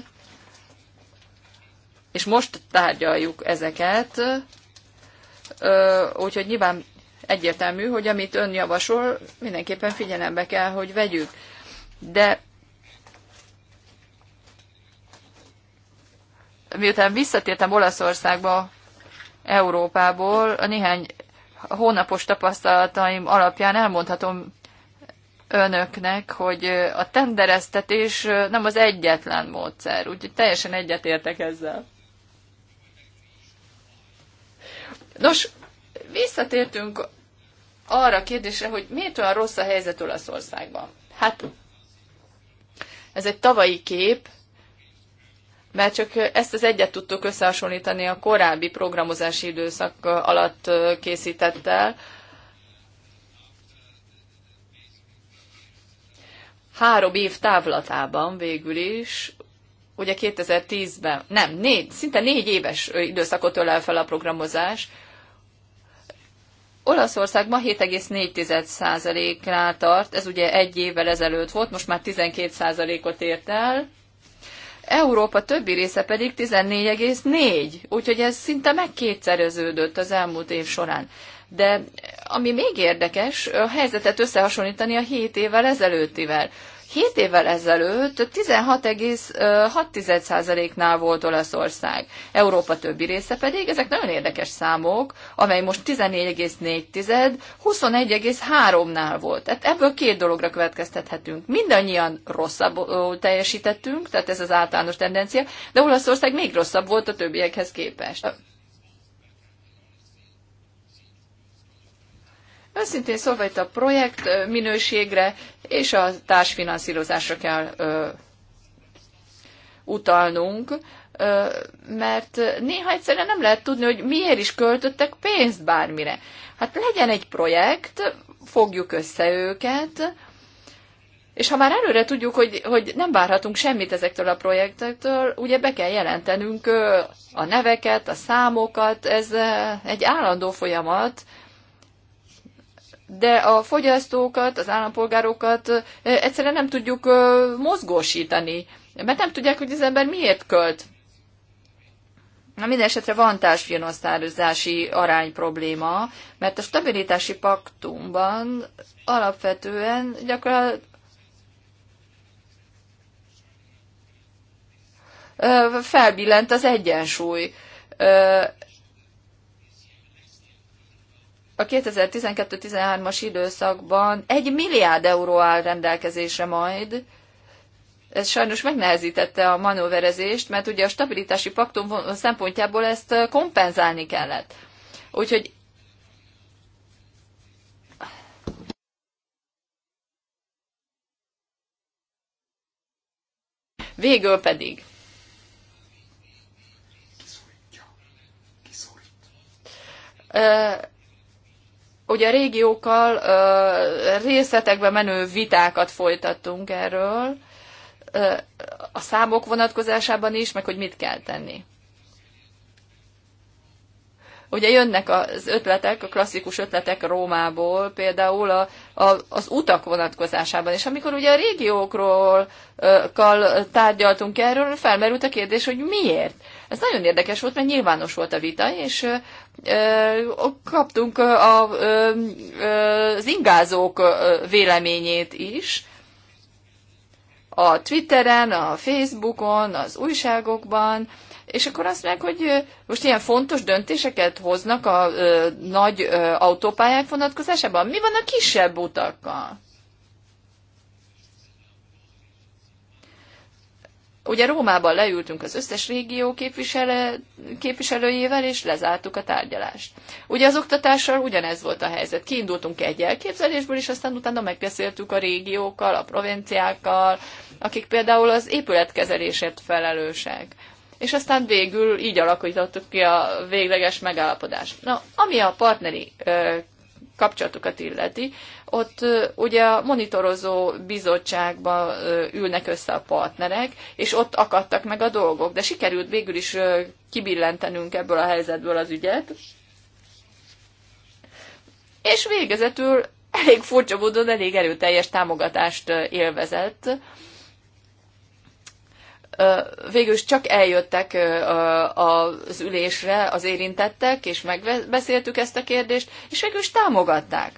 és most tárgyaljuk ezeket, úgyhogy nyilván egyértelmű, hogy amit ön javasol, mindenképpen figyelembe kell, hogy vegyük. De miután visszatértem Olaszországba, Európából, a néhány hónapos tapasztalataim alapján elmondhatom önöknek, hogy a tendereztetés nem az egyetlen módszer, úgyhogy teljesen egyetértek ezzel. Nos, visszatértünk arra a kérdésre, hogy miért olyan rossz a helyzet Olaszországban. Hát ez egy tavalyi kép, mert csak ezt az egyet tudtuk összehasonlítani a korábbi programozási időszak alatt készítettel. Három év távlatában végül is, ugye 2010-ben, nem, négy, szinte négy éves időszakot ölel fel a programozás, Olaszország ma 7,4%-nál tart, ez ugye egy évvel ezelőtt volt, most már 12%-ot ért el, Európa többi része pedig 14,4, úgyhogy ez szinte megkétszereződött az elmúlt év során. De ami még érdekes, a helyzetet összehasonlítani a 7 évvel ezelőttivel. 7 évvel ezelőtt 16,6%-nál volt Olaszország, Európa többi része pedig, ezek nagyon érdekes számok, amely most 14,4, 21,3-nál volt. Tehát ebből két dologra következtethetünk. Mindannyian rosszabb teljesítettünk, tehát ez az általános tendencia, de Olaszország még rosszabb volt a többiekhez képest. Őszintén szólva itt a projekt minőségre és a társfinanszírozásra kell ö, utalnunk, ö, mert néha egyszerűen nem lehet tudni, hogy miért is költöttek pénzt bármire. Hát legyen egy projekt, fogjuk össze őket, és ha már előre tudjuk, hogy, hogy nem várhatunk semmit ezektől a projektektől, ugye be kell jelentenünk a neveket, a számokat, ez egy állandó folyamat, de a fogyasztókat, az állampolgárokat egyszerűen nem tudjuk mozgósítani, mert nem tudják, hogy az ember miért költ. Na minden esetre van társfinanszározási arány probléma, mert a stabilitási paktumban alapvetően gyakorlatilag felbillent az egyensúly a 2012-13-as időszakban egy milliárd euró áll rendelkezésre majd. Ez sajnos megnehezítette a manőverezést, mert ugye a stabilitási paktum szempontjából ezt kompenzálni kellett. Úgyhogy Végül pedig ugye a régiókkal részletekbe menő vitákat folytattunk erről, a számok vonatkozásában is, meg hogy mit kell tenni. Ugye jönnek az ötletek, a klasszikus ötletek Rómából, például a, a, az utak vonatkozásában, és amikor ugye a régiókról kal tárgyaltunk erről, felmerült a kérdés, hogy miért. Ez nagyon érdekes volt, mert nyilvános volt a vita, és kaptunk a, az ingázók véleményét is. A Twitteren, a Facebookon, az újságokban, és akkor azt meg, hogy most ilyen fontos döntéseket hoznak a ö, nagy ö, autópályák vonatkozásában. Mi van a kisebb utakkal? Ugye Rómában leültünk az összes régió képviselő, képviselőjével, és lezártuk a tárgyalást. Ugye az oktatással ugyanez volt a helyzet. Kiindultunk egy elképzelésből, és aztán utána megbeszéltük a régiókkal, a provinciákkal, akik például az épületkezelésért felelősek. És aztán végül így alakítottuk ki a végleges megállapodást. Na, ami a partneri ö, kapcsolatokat illeti, ott ugye a monitorozó bizottságban ülnek össze a partnerek, és ott akadtak meg a dolgok, de sikerült végül is kibillentenünk ebből a helyzetből az ügyet. És végezetül elég furcsa módon elég erőteljes támogatást élvezett. Végül csak eljöttek az ülésre az érintettek, és megbeszéltük ezt a kérdést, és végül is támogatták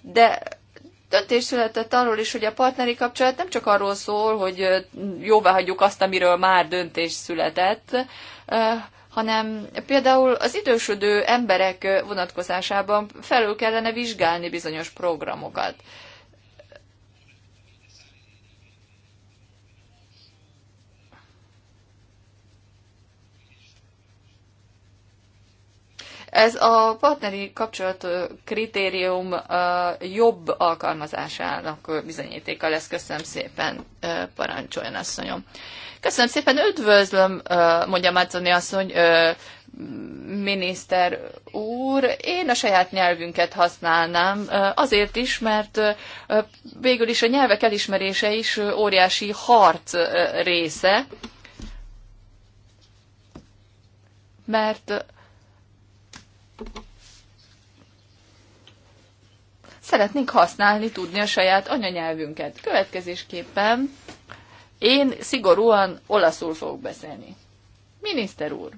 de döntés született arról is, hogy a partneri kapcsolat nem csak arról szól, hogy jóvá hagyjuk azt, amiről már döntés született, hanem például az idősödő emberek vonatkozásában felül kellene vizsgálni bizonyos programokat. Ez a partneri kapcsolat kritérium jobb alkalmazásának bizonyítéka lesz. Köszönöm szépen, parancsoljon asszonyom. Köszönöm szépen, üdvözlöm, mondja Máconi asszony, miniszter úr, én a saját nyelvünket használnám, azért is, mert végül is a nyelvek elismerése is óriási harc része, mert szeretnénk használni, tudni a saját anyanyelvünket. Következésképpen én szigorúan olaszul fogok beszélni. Miniszter úr,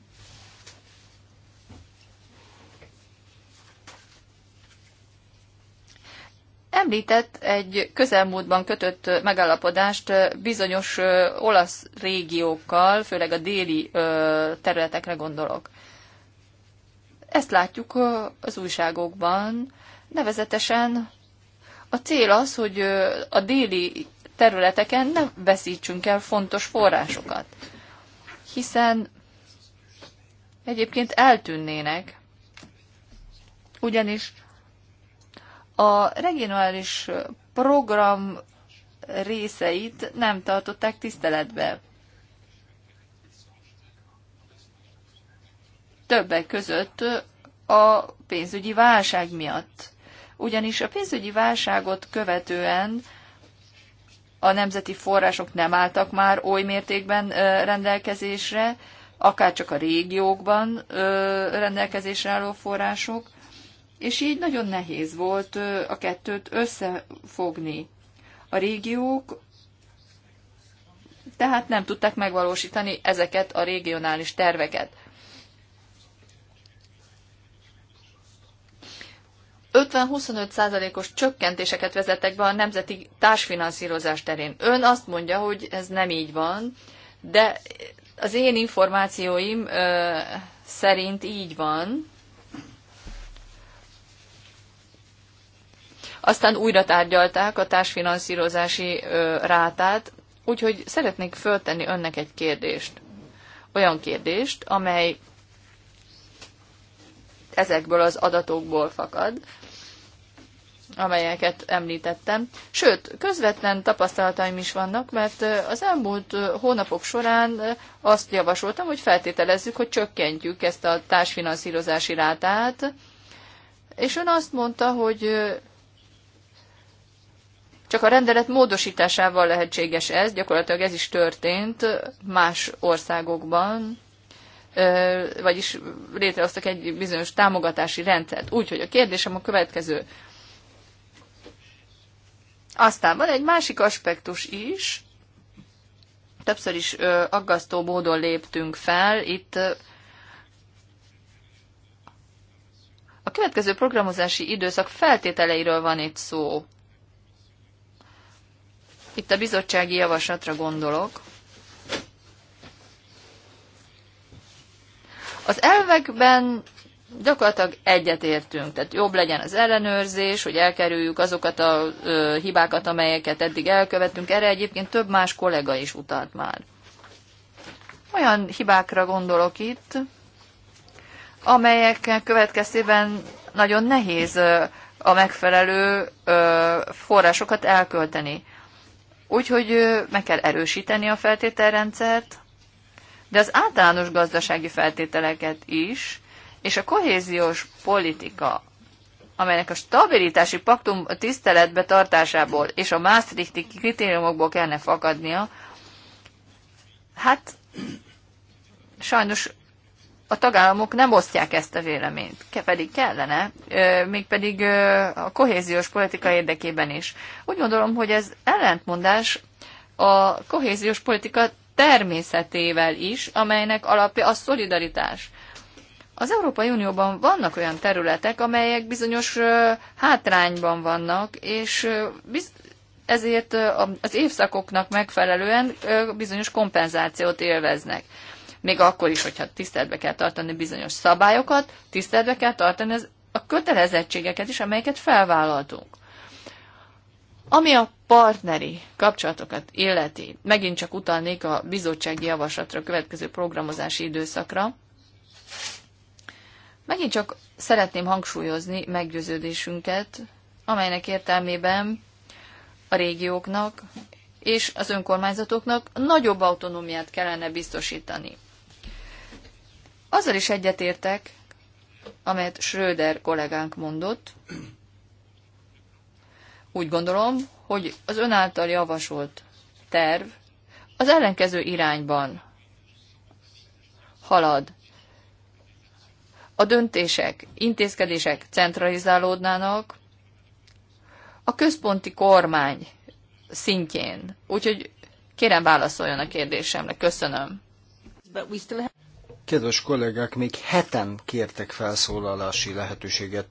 Említett egy közelmúltban kötött megállapodást bizonyos olasz régiókkal, főleg a déli területekre gondolok. Ezt látjuk az újságokban, Nevezetesen a cél az, hogy a déli területeken ne veszítsünk el fontos forrásokat, hiszen egyébként eltűnnének, ugyanis a regionális program részeit nem tartották tiszteletbe. Többek között a pénzügyi válság miatt ugyanis a pénzügyi válságot követően a nemzeti források nem álltak már oly mértékben rendelkezésre, akár csak a régiókban rendelkezésre álló források, és így nagyon nehéz volt a kettőt összefogni. A régiók tehát nem tudták megvalósítani ezeket a regionális terveket. 50-25 százalékos csökkentéseket vezettek be a nemzeti társfinanszírozás terén. Ön azt mondja, hogy ez nem így van, de az én információim ö, szerint így van. Aztán újra tárgyalták a társfinanszírozási ö, rátát, úgyhogy szeretnék föltenni önnek egy kérdést. Olyan kérdést, amely ezekből az adatokból fakad amelyeket említettem. Sőt, közvetlen tapasztalataim is vannak, mert az elmúlt hónapok során azt javasoltam, hogy feltételezzük, hogy csökkentjük ezt a társfinanszírozási rátát, és ön azt mondta, hogy csak a rendelet módosításával lehetséges ez, gyakorlatilag ez is történt más országokban, vagyis létrehoztak egy bizonyos támogatási rendszert. Úgyhogy a kérdésem a következő. Aztán van egy másik aspektus is, többször is ö, aggasztó módon léptünk fel, itt ö, a következő programozási időszak feltételeiről van itt szó. Itt a bizottsági javaslatra gondolok. Az elvekben gyakorlatilag egyetértünk. Tehát jobb legyen az ellenőrzés, hogy elkerüljük azokat a ö, hibákat, amelyeket eddig elkövettünk. Erre egyébként több más kollega is utalt már. Olyan hibákra gondolok itt, amelyek következtében nagyon nehéz a megfelelő forrásokat elkölteni. Úgyhogy meg kell erősíteni a feltételrendszert, de az általános gazdasági feltételeket is, és a kohéziós politika, amelynek a stabilitási paktum tiszteletbe tartásából és a Maastrichti kritériumokból kellene fakadnia, hát sajnos a tagállamok nem osztják ezt a véleményt, pedig kellene, mégpedig a kohéziós politika érdekében is. Úgy gondolom, hogy ez ellentmondás a kohéziós politika természetével is, amelynek alapja a szolidaritás. Az Európai Unióban vannak olyan területek, amelyek bizonyos hátrányban vannak, és ezért az évszakoknak megfelelően bizonyos kompenzációt élveznek. Még akkor is, hogyha tiszteletbe kell tartani bizonyos szabályokat, tiszteletbe kell tartani az, a kötelezettségeket is, amelyeket felvállaltunk. Ami a partneri kapcsolatokat illeti, megint csak utalnék a bizottsági javaslatra a következő programozási időszakra, Megint csak szeretném hangsúlyozni meggyőződésünket, amelynek értelmében a régióknak és az önkormányzatoknak nagyobb autonómiát kellene biztosítani. Azzal is egyetértek, amelyet Schröder kollégánk mondott. Úgy gondolom, hogy az ön által javasolt terv az ellenkező irányban halad a döntések, intézkedések centralizálódnának a központi kormány szintjén. Úgyhogy kérem válaszoljon a kérdésemre. Köszönöm. Kedves kollégák, még heten kértek felszólalási lehetőséget,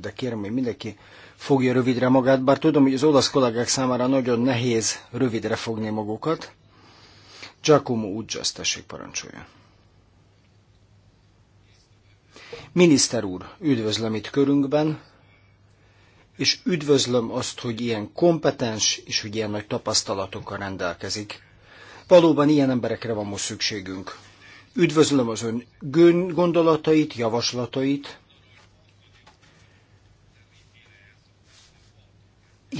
de kérem, hogy mindenki fogja rövidre magát, bár tudom, hogy az olasz kollégák számára nagyon nehéz rövidre fogni magukat. Giacomo úgy azt tessék parancsoljon. Miniszter úr, üdvözlöm itt körünkben, és üdvözlöm azt, hogy ilyen kompetens és hogy ilyen nagy tapasztalatokkal rendelkezik. Valóban ilyen emberekre van most szükségünk. Üdvözlöm az ön gondolatait, javaslatait,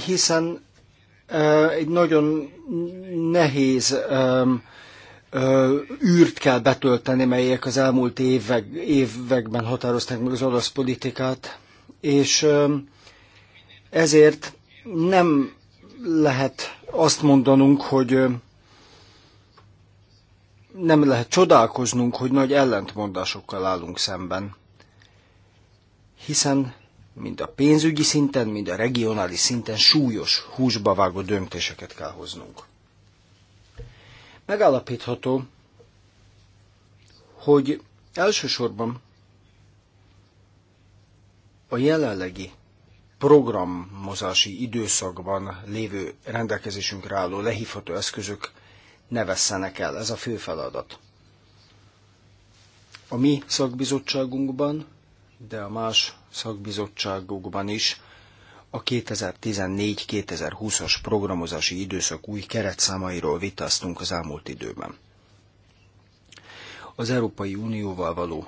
hiszen egy nagyon nehéz űrt kell betölteni, melyek az elmúlt évek, években határozták meg az orosz politikát, és ezért nem lehet azt mondanunk, hogy nem lehet csodálkoznunk, hogy nagy ellentmondásokkal állunk szemben, hiszen mind a pénzügyi szinten, mind a regionális szinten súlyos, húsba vágó döntéseket kell hoznunk. Megállapítható, hogy elsősorban a jelenlegi programozási időszakban lévő rendelkezésünkre álló lehívható eszközök ne vesszenek el. Ez a fő feladat. A mi szakbizottságunkban, de a más szakbizottságokban is a 2014-2020-as programozási időszak új keretszámairól vitáztunk az elmúlt időben. Az Európai Unióval való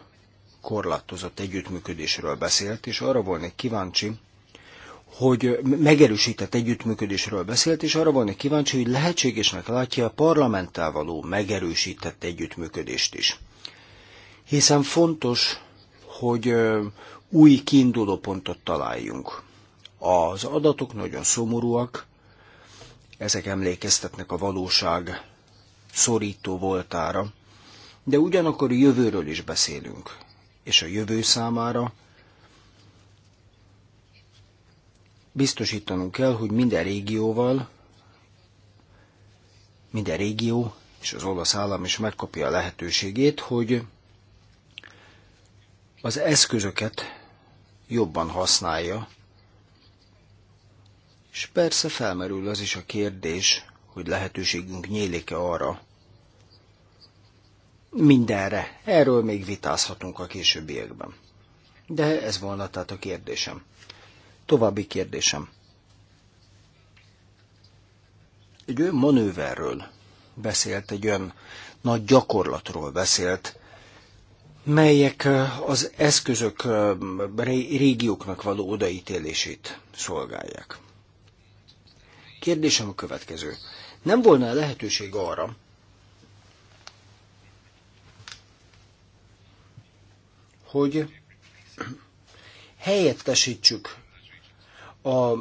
korlátozott együttműködésről beszélt, és arra volnék kíváncsi, hogy megerősített együttműködésről beszélt, és arra volnék kíváncsi, hogy lehetségesnek látja a parlamenttel való megerősített együttműködést is. Hiszen fontos, hogy új kiindulópontot találjunk. Az adatok nagyon szomorúak, ezek emlékeztetnek a valóság szorító voltára, de ugyanakkor jövőről is beszélünk, és a jövő számára biztosítanunk kell, hogy minden régióval, minden régió és az olasz állam is megkapja a lehetőségét, hogy az eszközöket jobban használja, és persze felmerül az is a kérdés, hogy lehetőségünk nyílik-e arra, mindenre. Erről még vitázhatunk a későbbiekben. De ez volna tehát a kérdésem. További kérdésem. Egy olyan manőverről beszélt, egy olyan nagy gyakorlatról beszélt, melyek az eszközök régióknak való odaítélését szolgálják. Kérdésem a következő. Nem volna -e lehetőség arra, hogy helyettesítsük a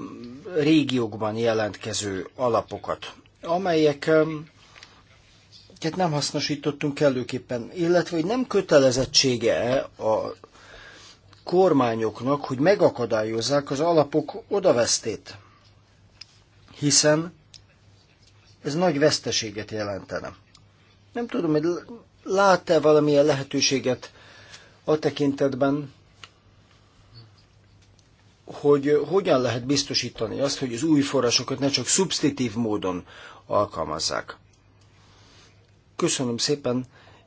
régiókban jelentkező alapokat, amelyek amiket um, nem hasznosítottunk kellőképpen, illetve hogy nem kötelezettsége -e a kormányoknak, hogy megakadályozzák az alapok odavesztét hiszen ez nagy veszteséget jelentene. Nem tudom, hogy lát-e valamilyen lehetőséget a tekintetben, hogy hogyan lehet biztosítani azt, hogy az új forrásokat ne csak szubstitív módon alkalmazzák. Köszönöm szépen,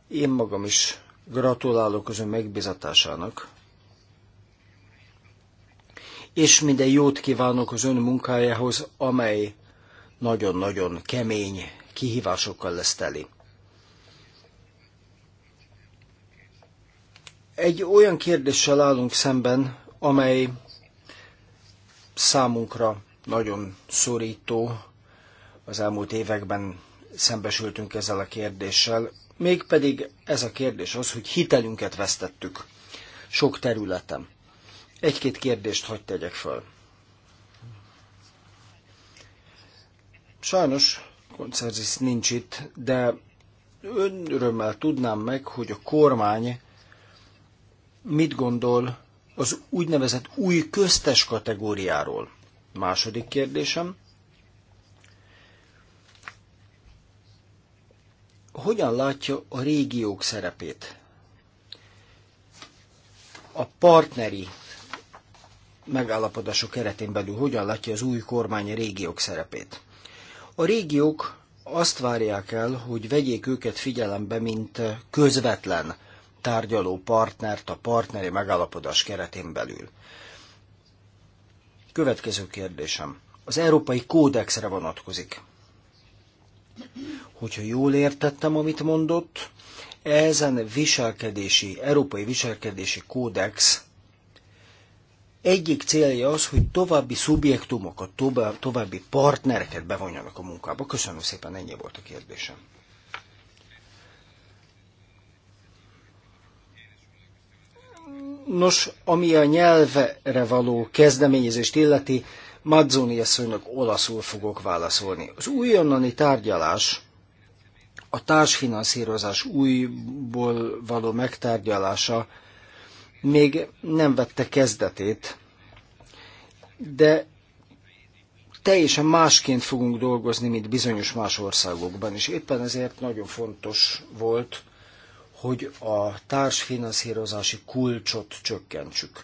én magam is gratulálok az ön megbizatásának és minden jót kívánok az ön munkájához, amely nagyon-nagyon kemény kihívásokkal lesz teli. Egy olyan kérdéssel állunk szemben, amely számunkra nagyon szorító. Az elmúlt években szembesültünk ezzel a kérdéssel, mégpedig ez a kérdés az, hogy hitelünket vesztettük sok területen. Egy-két kérdést hagyd tegyek fel. Sajnos koncerzis nincs itt, de ön örömmel tudnám meg, hogy a kormány mit gondol az úgynevezett új köztes kategóriáról. Második kérdésem. Hogyan látja a régiók szerepét? A partneri megállapodások keretén belül hogyan látja az új kormány a régiók szerepét. A régiók azt várják el, hogy vegyék őket figyelembe, mint közvetlen tárgyaló partnert a partneri megállapodás keretén belül. Következő kérdésem. Az Európai Kódexre vonatkozik. Hogyha jól értettem, amit mondott, ezen viselkedési, Európai Viselkedési Kódex egyik célja az, hogy további szubjektumokat, további partnereket bevonjanak a munkába. Köszönöm szépen, ennyi volt a kérdésem. Nos, ami a nyelvre való kezdeményezést illeti, Mazzoni asszonynak olaszul fogok válaszolni. Az újonnani tárgyalás, a társfinanszírozás újból való megtárgyalása még nem vette kezdetét, de teljesen másként fogunk dolgozni, mint bizonyos más országokban, és éppen ezért nagyon fontos volt, hogy a társfinanszírozási kulcsot csökkentsük.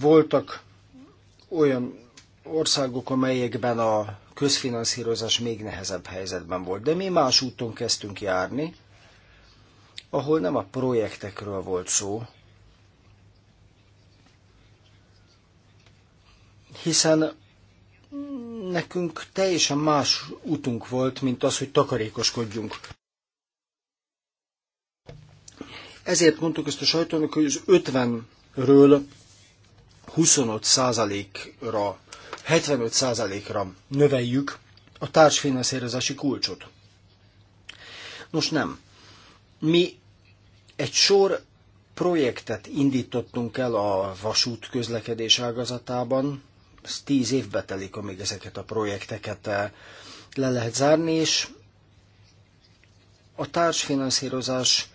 Voltak olyan országok, amelyekben a közfinanszírozás még nehezebb helyzetben volt, de mi más úton kezdtünk járni, ahol nem a projektekről volt szó, hiszen nekünk teljesen más útunk volt, mint az, hogy takarékoskodjunk. Ezért mondtuk ezt a sajtónak, hogy az 50-ről 25%-ra, 75%-ra növeljük a társfinanszírozási kulcsot. Nos nem. Mi egy sor projektet indítottunk el a vasút közlekedés ágazatában, ez tíz évbe telik, amíg ezeket a projekteket eh, le lehet zárni, és a társfinanszírozás,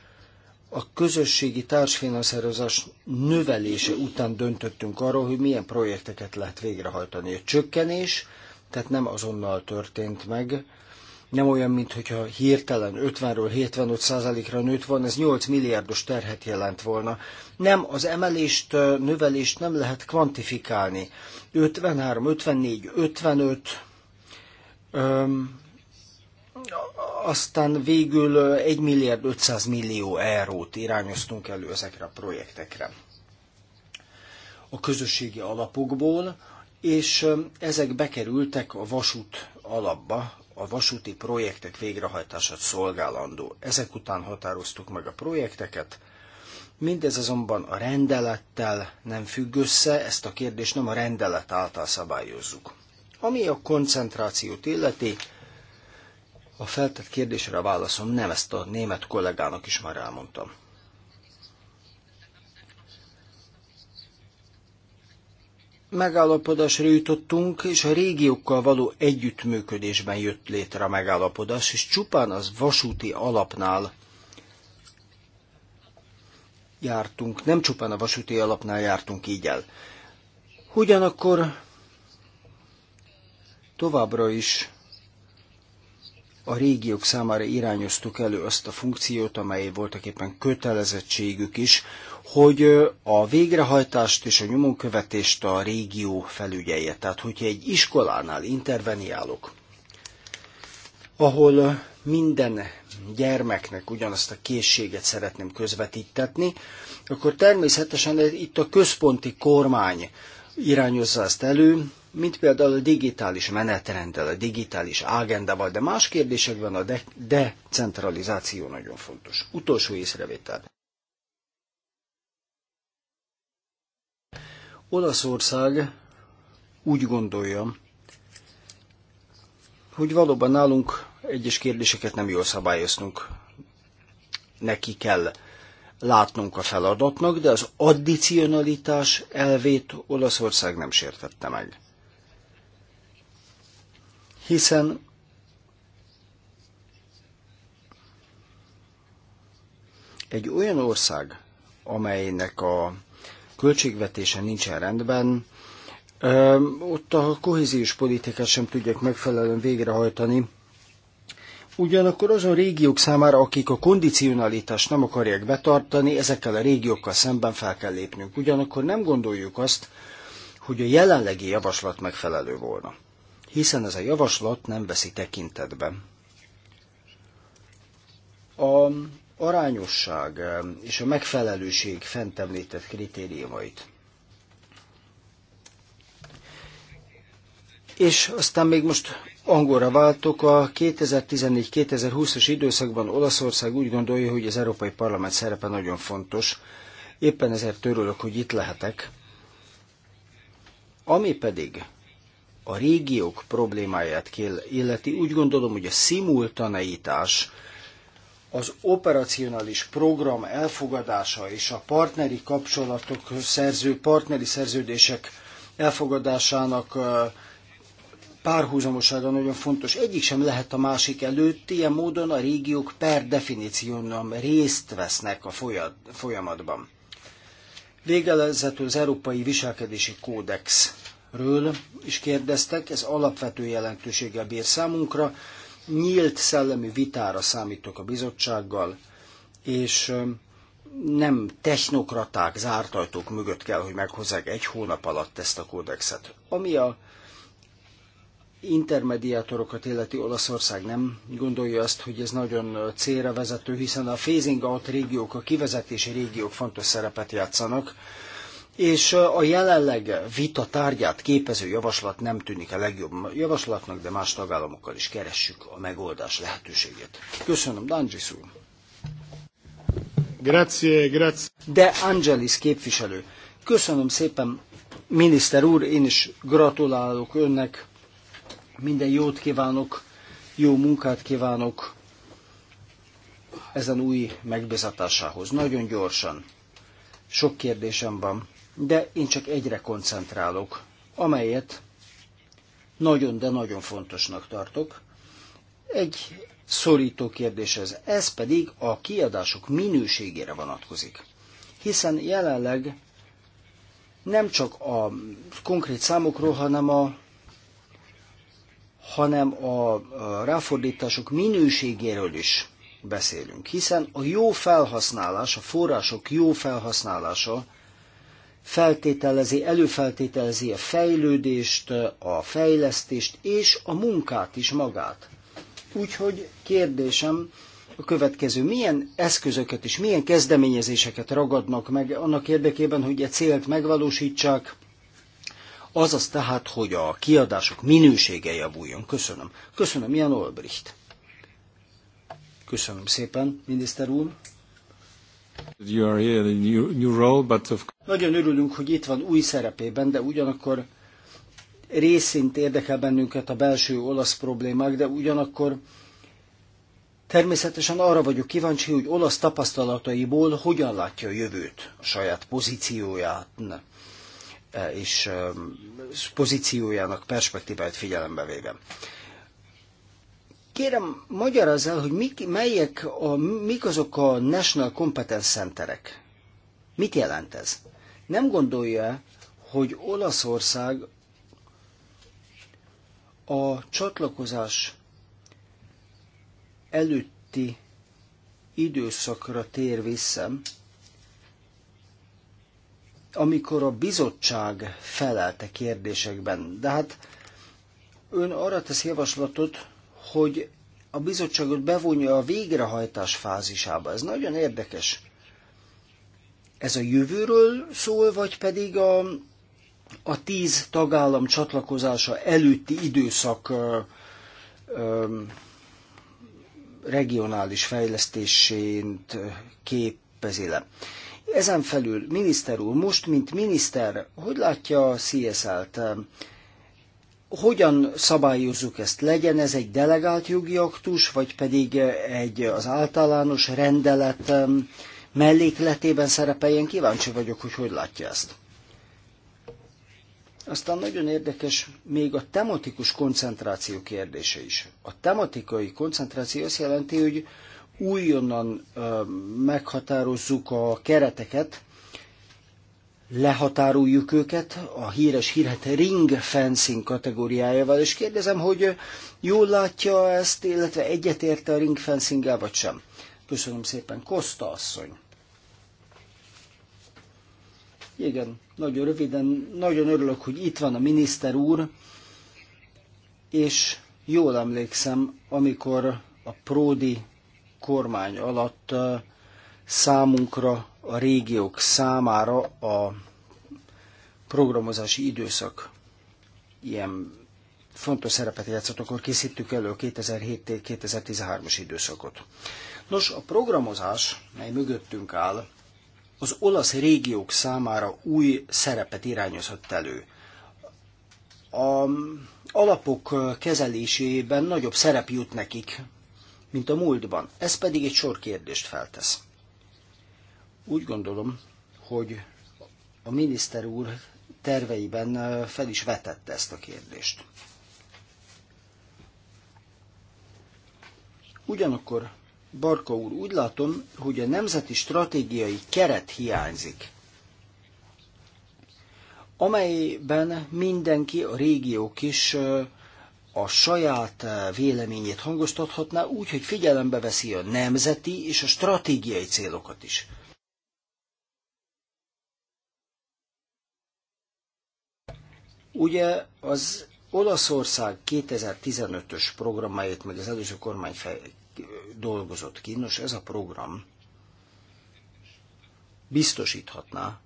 a közösségi társfinanszírozás növelése után döntöttünk arról, hogy milyen projekteket lehet végrehajtani. A csökkenés, tehát nem azonnal történt meg, nem olyan, mint hogyha hirtelen 50-ről 75 százalékra nőtt volna, ez 8 milliárdos terhet jelent volna. Nem, az emelést, növelést nem lehet kvantifikálni. 53, 54, 55, öm, aztán végül 1 milliárd 500 millió eurót irányoztunk elő ezekre a projektekre a közösségi alapokból, és ezek bekerültek a vasút alapba, a vasúti projektek végrehajtását szolgálandó. Ezek után határoztuk meg a projekteket, Mindez azonban a rendelettel nem függ össze, ezt a kérdést nem a rendelet által szabályozzuk. Ami a koncentrációt illeti, a feltett kérdésre a válaszom nem ezt a német kollégának is már elmondtam. megállapodásra jutottunk, és a régiókkal való együttműködésben jött létre a megállapodás, és csupán az vasúti alapnál jártunk, nem csupán a vasúti alapnál jártunk így el. Ugyanakkor továbbra is a régiók számára irányoztuk elő azt a funkciót, amely voltak éppen kötelezettségük is, hogy a végrehajtást és a nyomonkövetést a régió felügyelje. Tehát, hogyha egy iskolánál interveniálok, ahol minden gyermeknek ugyanazt a készséget szeretném közvetítetni, akkor természetesen itt a központi kormány irányozza ezt elő, mint például a digitális menetrenddel, a digitális ágendával, de más kérdésekben a de- decentralizáció nagyon fontos. Utolsó észrevétel. Olaszország úgy gondolja, hogy valóban nálunk egyes kérdéseket nem jól szabályoznunk. Neki kell látnunk a feladatnak, de az addicionalitás elvét Olaszország nem sértette meg. Hiszen egy olyan ország, amelynek a költségvetése nincsen rendben, ott a kohéziós politikát sem tudják megfelelően végrehajtani. Ugyanakkor azon régiók számára, akik a kondicionalitást nem akarják betartani, ezekkel a régiókkal szemben fel kell lépnünk. Ugyanakkor nem gondoljuk azt, hogy a jelenlegi javaslat megfelelő volna, hiszen ez a javaslat nem veszi tekintetbe. A arányosság eh, és a megfelelőség fent említett kritériumait. És aztán még most angolra váltok, a 2014-2020-as időszakban Olaszország úgy gondolja, hogy az Európai Parlament szerepe nagyon fontos. Éppen ezért örülök, hogy itt lehetek. Ami pedig a régiók problémáját kell illeti, úgy gondolom, hogy a szimultaneitás az operacionális program elfogadása és a partneri kapcsolatok szerző, partneri szerződések elfogadásának párhuzamosága nagyon fontos. Egyik sem lehet a másik előtt, ilyen módon a régiók per definíciónam részt vesznek a folyamatban. Végelezetül az Európai Viselkedési Kódexről is kérdeztek, ez alapvető jelentőséggel bír számunkra, nyílt szellemi vitára számítok a bizottsággal, és nem technokraták zárt ajtók mögött kell, hogy meghozzák egy hónap alatt ezt a kódexet. Ami a intermediátorokat illeti Olaszország nem gondolja azt, hogy ez nagyon célra vezető, hiszen a phasing out régiók, a kivezetési régiók fontos szerepet játszanak és a jelenleg vita tárgyát képező javaslat nem tűnik a legjobb javaslatnak, de más tagállamokkal is keressük a megoldás lehetőségét. Köszönöm, Dangis úr! Grazie, grazie. De Angelis képviselő, köszönöm szépen, miniszter úr, én is gratulálok önnek, minden jót kívánok, jó munkát kívánok ezen új megbizatásához. Nagyon gyorsan. Sok kérdésem van de én csak egyre koncentrálok, amelyet nagyon, de nagyon fontosnak tartok. Egy szorító kérdés ez, ez pedig a kiadások minőségére vonatkozik. Hiszen jelenleg nem csak a konkrét számokról, hanem a hanem a ráfordítások minőségéről is beszélünk, hiszen a jó felhasználás, a források jó felhasználása feltételezi, előfeltételezi a fejlődést, a fejlesztést és a munkát is magát. Úgyhogy kérdésem a következő. Milyen eszközöket és milyen kezdeményezéseket ragadnak meg annak érdekében, hogy a e célt megvalósítsák, azaz tehát, hogy a kiadások minősége javuljon. Köszönöm. Köszönöm, Jan Olbricht. Köszönöm szépen, miniszter úr. You are here in new, new role, but of... Nagyon örülünk, hogy itt van új szerepében, de ugyanakkor részint érdekel bennünket a belső olasz problémák, de ugyanakkor természetesen arra vagyok kíváncsi, hogy olasz tapasztalataiból hogyan látja a jövőt, a saját pozícióját eh, és eh, pozíciójának perspektíváját figyelembe véve. Kérem, magyarázza, el, hogy mik, melyek a, mik azok a National Competence Centerek. Mit jelent ez? Nem gondolja, hogy Olaszország a csatlakozás előtti időszakra tér vissza, amikor a bizottság felelte kérdésekben. De hát ön arra tesz javaslatot, hogy a bizottságot bevonja a végrehajtás fázisába. Ez nagyon érdekes. Ez a jövőről szól, vagy pedig a, a tíz tagállam csatlakozása előtti időszak ö, ö, regionális fejlesztését képezi le. Ezen felül, miniszter úr, most, mint miniszter, hogy látja a CSL-t? hogyan szabályozzuk ezt? Legyen ez egy delegált jogi aktus, vagy pedig eh, egy az általános rendelet mellékletében szerepeljen? Kíváncsi vagyok, hogy hogy látja ezt. Aztán nagyon érdekes még a tematikus koncentráció kérdése is. A tematikai koncentráció azt jelenti, hogy újonnan meghatározzuk a kereteket, lehatároljuk őket a híres hírhet ring fencing kategóriájával, és kérdezem, hogy jól látja ezt, illetve egyetérte a ring fencing vagy sem. Köszönöm szépen. Kosta asszony. Igen, nagyon röviden, nagyon örülök, hogy itt van a miniszter úr, és jól emlékszem, amikor a Pródi kormány alatt uh, számunkra a régiók számára a programozási időszak ilyen fontos szerepet játszott, akkor készítük elő 2007-2013-as időszakot. Nos, a programozás, mely mögöttünk áll, az olasz régiók számára új szerepet irányozott elő. A alapok kezelésében nagyobb szerep jut nekik, mint a múltban. Ez pedig egy sor kérdést feltesz. Úgy gondolom, hogy a miniszter úr terveiben fel is vetette ezt a kérdést. Ugyanakkor, Barka úr, úgy látom, hogy a nemzeti stratégiai keret hiányzik, amelyben mindenki, a régiók is a saját véleményét hangoztathatná úgy, hogy figyelembe veszi a nemzeti és a stratégiai célokat is. Ugye az Olaszország 2015-ös programáért meg az előző kormány fej, dolgozott ki, nos ez a program biztosíthatná,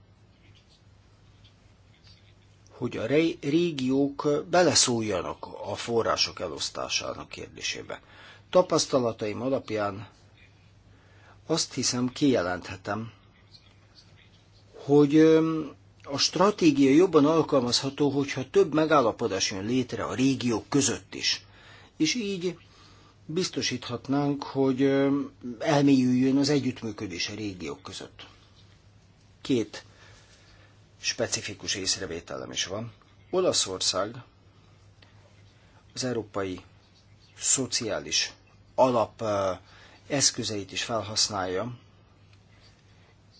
hogy a régiók beleszóljanak a források elosztásának kérdésébe. Tapasztalataim alapján azt hiszem kijelenthetem, hogy a stratégia jobban alkalmazható, hogyha több megállapodás jön létre a régiók között is. És így biztosíthatnánk, hogy elmélyüljön az együttműködés a régiók között. Két specifikus észrevételem is van. Olaszország az európai szociális alap eszközeit is felhasználja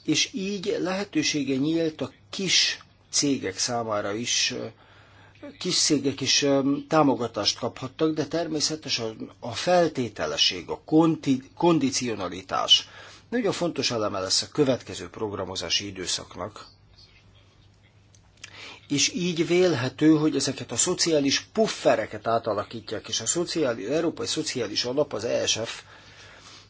és így lehetősége nyílt a kis cégek számára is, kis cégek is támogatást kaphattak, de természetesen a feltételesség, a konti, kondicionalitás nagyon fontos eleme lesz a következő programozási időszaknak, és így vélhető, hogy ezeket a szociális puffereket átalakítják, és a szociális, az Európai Szociális Alap, az ESF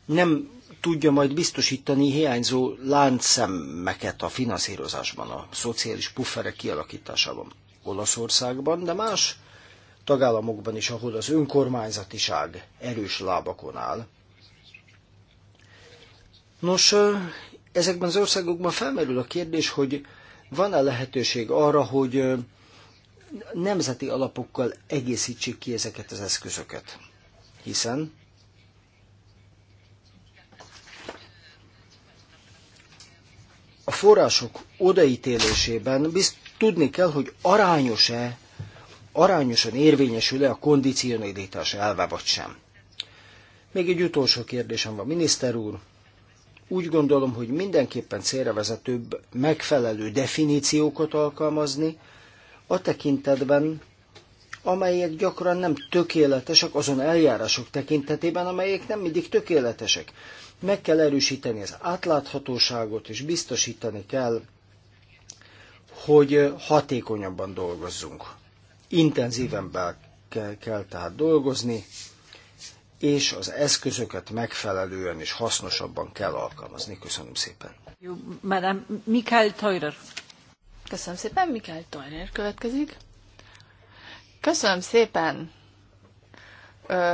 nem tudja majd biztosítani hiányzó láncszemeket a finanszírozásban, a szociális pufferek kialakításában Olaszországban, de más tagállamokban is, ahol az önkormányzatiság erős lábakon áll. Nos, ezekben az országokban felmerül a kérdés, hogy van-e lehetőség arra, hogy nemzeti alapokkal egészítsék ki ezeket az eszközöket. Hiszen a források odaítélésében bizt, tudni kell, hogy arányos-e, arányosan érvényesül-e a kondicionalitás elve vagy sem. Még egy utolsó kérdésem van, miniszter úr. Úgy gondolom, hogy mindenképpen célra vezetőbb megfelelő definíciókat alkalmazni, a tekintetben, amelyek gyakran nem tökéletesek, azon eljárások tekintetében, amelyek nem mindig tökéletesek. Meg kell erősíteni az átláthatóságot, és biztosítani kell, hogy hatékonyabban dolgozzunk. Intenzívenben kell, kell tehát dolgozni, és az eszközöket megfelelően és hasznosabban kell alkalmazni. Köszönöm szépen. Jó, Madame Mikael Teurer. Köszönöm szépen, Mikael Teurer következik. Köszönöm szépen,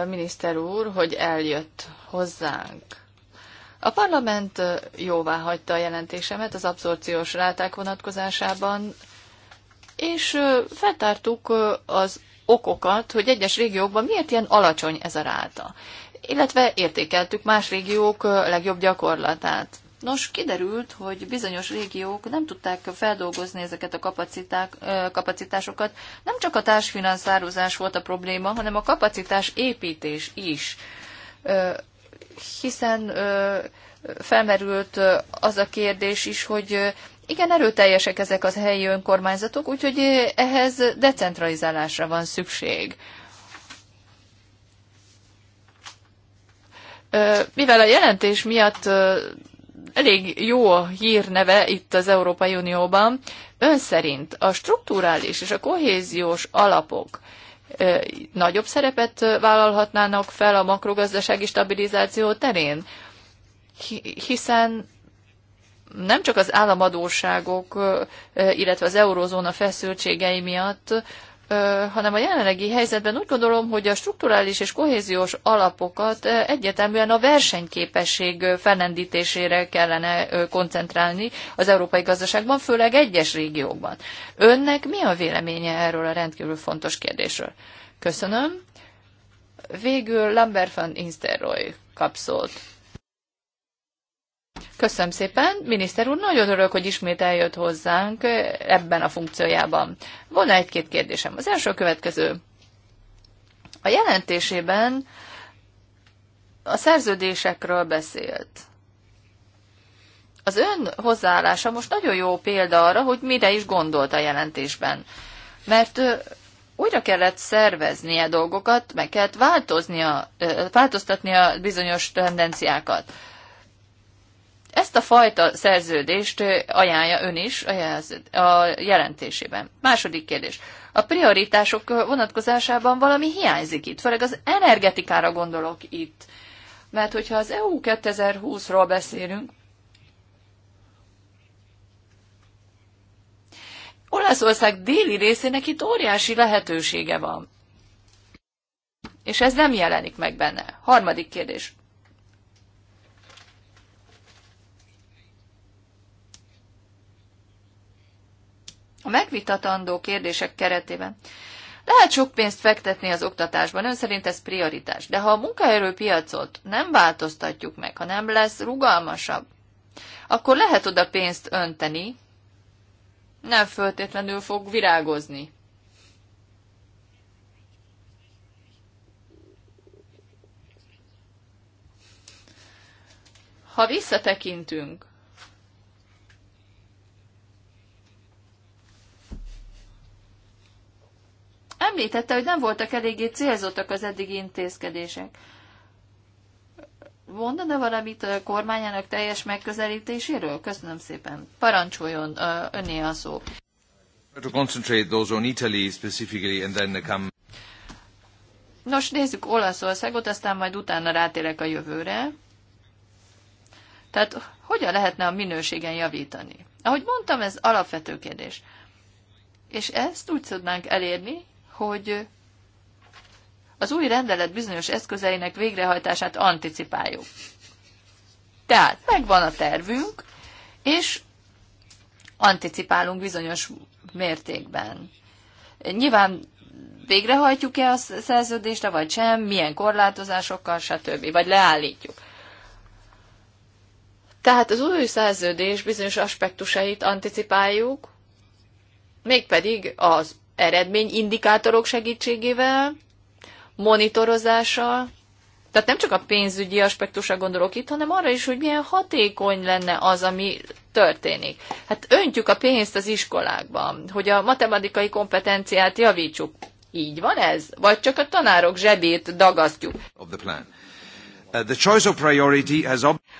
miniszter úr, hogy eljött hozzánk. A parlament jóvá hagyta a jelentésemet az abszorciós ráták vonatkozásában, és feltártuk az okokat, hogy egyes régiókban miért ilyen alacsony ez a ráta, illetve értékeltük más régiók legjobb gyakorlatát. Nos, kiderült, hogy bizonyos régiók nem tudták feldolgozni ezeket a kapacitásokat. Nem csak a társfinanszározás volt a probléma, hanem a kapacitás építés is hiszen felmerült az a kérdés is, hogy igen, erőteljesek ezek az helyi önkormányzatok, úgyhogy ehhez decentralizálásra van szükség. Mivel a jelentés miatt elég jó a hírneve itt az Európai Unióban, ön szerint a strukturális és a kohéziós alapok nagyobb szerepet vállalhatnának fel a makrogazdasági stabilizáció terén, hiszen nem csak az államadóságok, illetve az eurozóna feszültségei miatt, hanem a jelenlegi helyzetben úgy gondolom, hogy a strukturális és kohéziós alapokat egyetemben a versenyképesség fennendítésére kellene koncentrálni az európai gazdaságban, főleg egyes régiókban. Önnek mi a véleménye erről a rendkívül fontos kérdésről? Köszönöm. Végül Lambert van Insterroy kapszolt. Köszönöm szépen. Miniszter úr, nagyon örülök, hogy ismét eljött hozzánk ebben a funkciójában. Volna egy-két kérdésem. Az első a következő. A jelentésében a szerződésekről beszélt. Az ön hozzáállása most nagyon jó példa arra, hogy mire is gondolt a jelentésben. Mert újra kellett szerveznie dolgokat, meg kellett változnia, változtatnia bizonyos tendenciákat. Ezt a fajta szerződést ajánlja ön is a jelentésében. Második kérdés. A prioritások vonatkozásában valami hiányzik itt, főleg az energetikára gondolok itt. Mert hogyha az EU 2020-ról beszélünk, Olaszország déli részének itt óriási lehetősége van. És ez nem jelenik meg benne. Harmadik kérdés. a megvitatandó kérdések keretében. Lehet sok pénzt fektetni az oktatásban, ön szerint ez prioritás, de ha a munkaerőpiacot nem változtatjuk meg, ha nem lesz rugalmasabb, akkor lehet oda pénzt önteni, nem föltétlenül fog virágozni. Ha visszatekintünk említette, hogy nem voltak eléggé célzottak az eddigi intézkedések. Mondana valamit a kormányának teljes megközelítéséről? Köszönöm szépen. Parancsoljon öné a szó. Nos, nézzük Olaszországot, aztán majd utána rátérek a jövőre. Tehát hogyan lehetne a minőségen javítani? Ahogy mondtam, ez alapvető kérdés. És ezt úgy tudnánk elérni, hogy az új rendelet bizonyos eszközeinek végrehajtását anticipáljuk. Tehát megvan a tervünk, és anticipálunk bizonyos mértékben. Nyilván végrehajtjuk-e a szerződést, vagy sem, milyen korlátozásokkal, stb. Vagy leállítjuk. Tehát az új szerződés bizonyos aspektusait anticipáljuk, mégpedig az eredményindikátorok segítségével, monitorozással, tehát nem csak a pénzügyi aspektusra gondolok itt, hanem arra is, hogy milyen hatékony lenne az, ami történik. Hát öntjük a pénzt az iskolákban, hogy a matematikai kompetenciát javítsuk. Így van ez? Vagy csak a tanárok zsebét dagasztjuk? Uh,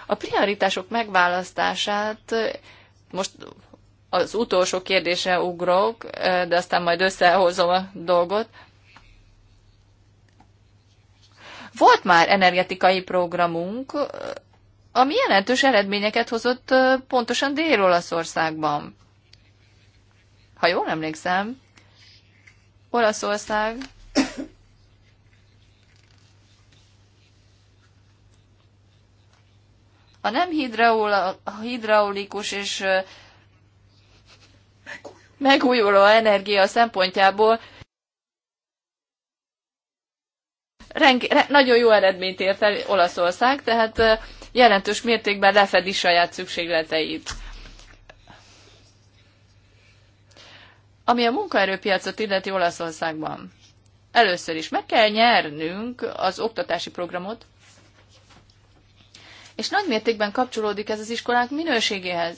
a prioritások megválasztását most az utolsó kérdése ugrok, de aztán majd összehozom a dolgot. Volt már energetikai programunk, ami jelentős eredményeket hozott pontosan Dél-Olaszországban. Ha jól emlékszem, Olaszország a nem hidraulikus és megújuló energia szempontjából renk, re, nagyon jó eredményt ért el Olaszország, tehát jelentős mértékben lefedi saját szükségleteit. Ami a munkaerőpiacot illeti Olaszországban. Először is meg kell nyernünk az oktatási programot, és nagy mértékben kapcsolódik ez az iskolák minőségéhez.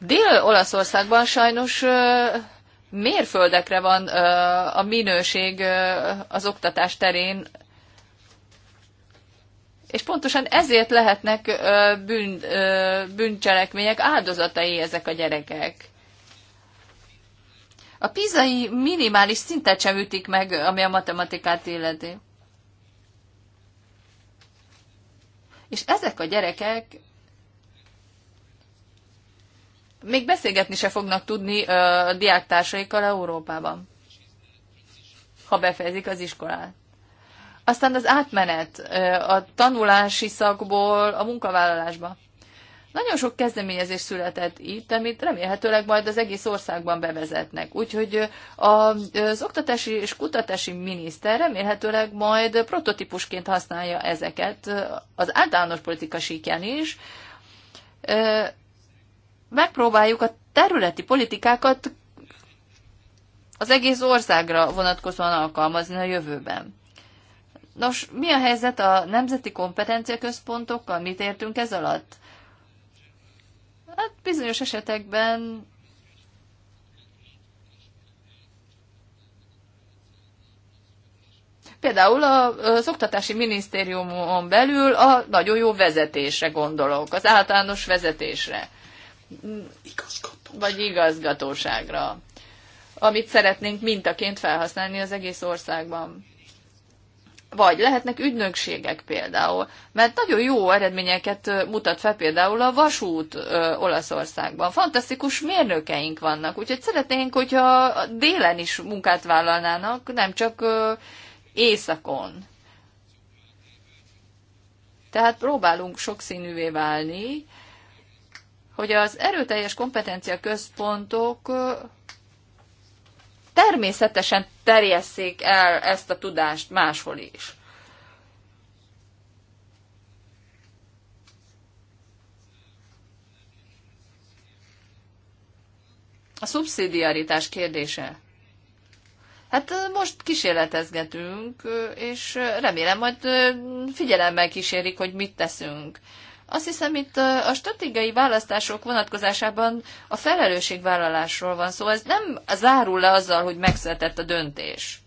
Dél-Olaszországban sajnos mérföldekre van a minőség az oktatás terén, és pontosan ezért lehetnek bűn, bűncselekmények áldozatai ezek a gyerekek. A pizai minimális szintet sem ütik meg, ami a matematikát illeti. És ezek a gyerekek még beszélgetni se fognak tudni a diáktársaikkal Európában, ha befejezik az iskolát. Aztán az átmenet a tanulási szakból a munkavállalásba. Nagyon sok kezdeményezés született itt, amit remélhetőleg majd az egész országban bevezetnek. Úgyhogy az oktatási és kutatási miniszter remélhetőleg majd prototípusként használja ezeket az általános politika síkján is, megpróbáljuk a területi politikákat az egész országra vonatkozóan alkalmazni a jövőben. Nos, mi a helyzet a nemzeti kompetenciaközpontokkal? Mit értünk ez alatt? Hát bizonyos esetekben Például az oktatási minisztériumon belül a nagyon jó vezetésre gondolok, az általános vezetésre igazgató. vagy igazgatóságra, amit szeretnénk mintaként felhasználni az egész országban. Vagy lehetnek ügynökségek például, mert nagyon jó eredményeket mutat fel például a vasút ö, Olaszországban. Fantasztikus mérnökeink vannak, úgyhogy szeretnénk, hogyha délen is munkát vállalnának, nem csak ö, éjszakon. Tehát próbálunk sokszínűvé válni, hogy az erőteljes kompetencia központok természetesen terjesszék el ezt a tudást máshol is. A szubszidiaritás kérdése. Hát most kísérletezgetünk, és remélem majd figyelemmel kísérik, hogy mit teszünk. Azt hiszem, itt a stratégiai választások vonatkozásában a felelősségvállalásról van szó. Szóval ez nem zárul le azzal, hogy megszületett a döntés.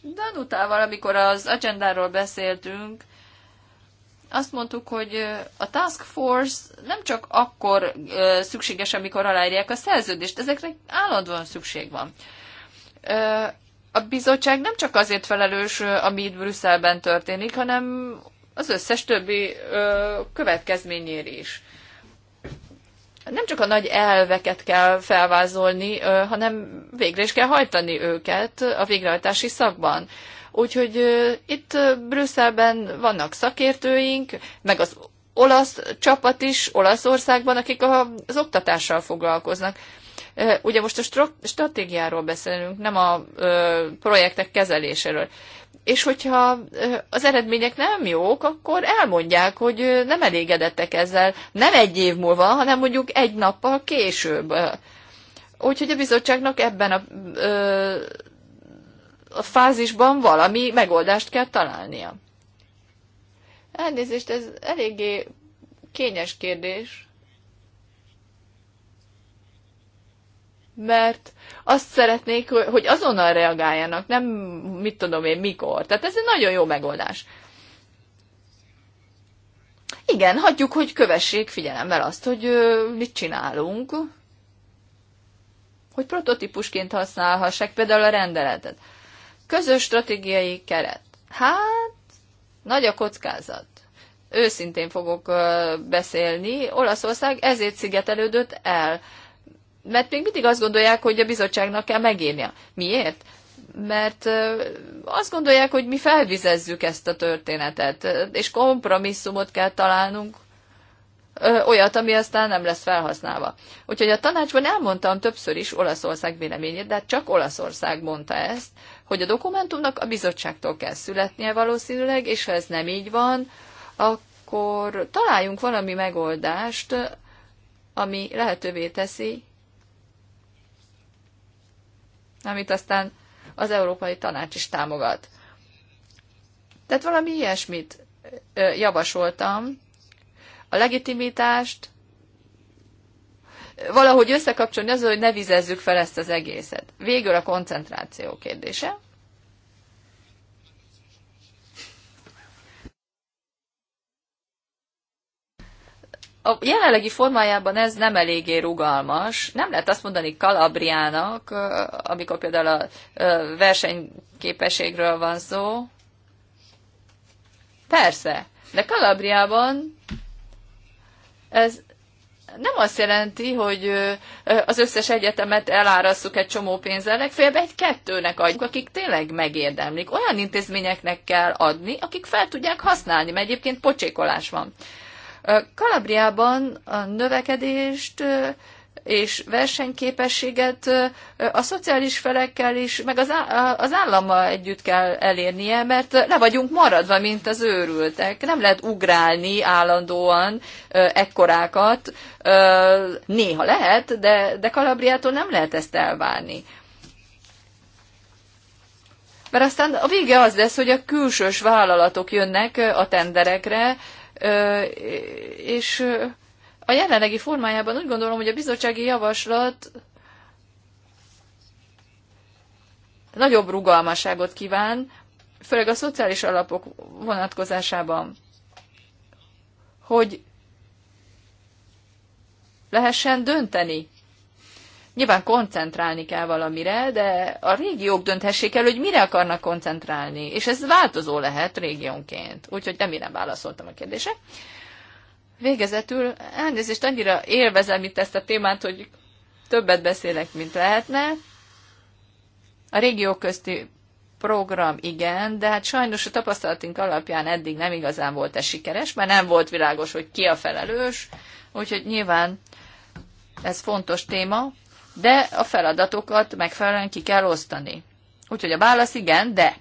De utával, amikor az agendáról beszéltünk, azt mondtuk, hogy a task force nem csak akkor szükséges, amikor aláírják a szerződést, ezekre állandóan szükség van. A bizottság nem csak azért felelős, ami itt Brüsszelben történik, hanem az összes többi ö, következményér is. Nem csak a nagy elveket kell felvázolni, ö, hanem végre is kell hajtani őket a végrehajtási szakban. Úgyhogy ö, itt ö, Brüsszelben vannak szakértőink, meg az olasz csapat is Olaszországban, akik az oktatással foglalkoznak. Ugye most a stratégiáról beszélünk, nem a projektek kezeléséről. És hogyha az eredmények nem jók, akkor elmondják, hogy nem elégedettek ezzel, nem egy év múlva, hanem mondjuk egy nappal később. Úgyhogy a bizottságnak ebben a, a fázisban valami megoldást kell találnia. Elnézést, ez eléggé kényes kérdés. mert azt szeretnék, hogy azonnal reagáljanak, nem mit tudom én mikor. Tehát ez egy nagyon jó megoldás. Igen, hagyjuk, hogy kövessék figyelemmel azt, hogy mit csinálunk, hogy prototípusként használhassák például a rendeletet. Közös stratégiai keret. Hát, nagy a kockázat. Őszintén fogok beszélni. Olaszország ezért szigetelődött el mert még mindig azt gondolják, hogy a bizottságnak kell megírnia. Miért? Mert azt gondolják, hogy mi felvizezzük ezt a történetet, és kompromisszumot kell találnunk, olyat, ami aztán nem lesz felhasználva. Úgyhogy a tanácsban elmondtam többször is Olaszország véleményét, de hát csak Olaszország mondta ezt, hogy a dokumentumnak a bizottságtól kell születnie valószínűleg, és ha ez nem így van, akkor találjunk valami megoldást, ami lehetővé teszi, amit aztán az Európai Tanács is támogat. Tehát valami ilyesmit javasoltam, a legitimitást, valahogy összekapcsolni azzal, hogy ne vizezzük fel ezt az egészet. Végül a koncentráció kérdése. a jelenlegi formájában ez nem eléggé rugalmas. Nem lehet azt mondani Kalabriának, amikor például a versenyképességről van szó. Persze, de Kalabriában ez nem azt jelenti, hogy az összes egyetemet elárasszuk egy csomó pénzzel, legfeljebb egy-kettőnek adjuk, akik tényleg megérdemlik. Olyan intézményeknek kell adni, akik fel tudják használni, mert egyébként pocsékolás van. Kalabriában a növekedést és versenyképességet a szociális felekkel is, meg az, az állammal együtt kell elérnie, mert le vagyunk maradva, mint az őrültek. Nem lehet ugrálni állandóan ekkorákat. Néha lehet, de, de Kalabriától nem lehet ezt elvárni. Mert aztán a vége az lesz, hogy a külsős vállalatok jönnek a tenderekre, és a jelenlegi formájában úgy gondolom, hogy a bizottsági javaslat nagyobb rugalmasságot kíván, főleg a szociális alapok vonatkozásában, hogy lehessen dönteni Nyilván koncentrálni kell valamire, de a régiók dönthessék el, hogy mire akarnak koncentrálni, és ez változó lehet régiónként. Úgyhogy nem én válaszoltam a kérdése. Végezetül elnézést, annyira élvezem itt ezt a témát, hogy többet beszélek, mint lehetne. A régiók közti program igen, de hát sajnos a tapasztalatunk alapján eddig nem igazán volt ez sikeres, mert nem volt világos, hogy ki a felelős, úgyhogy nyilván ez fontos téma, de a feladatokat megfelelően ki kell osztani. Úgyhogy a válasz igen, de.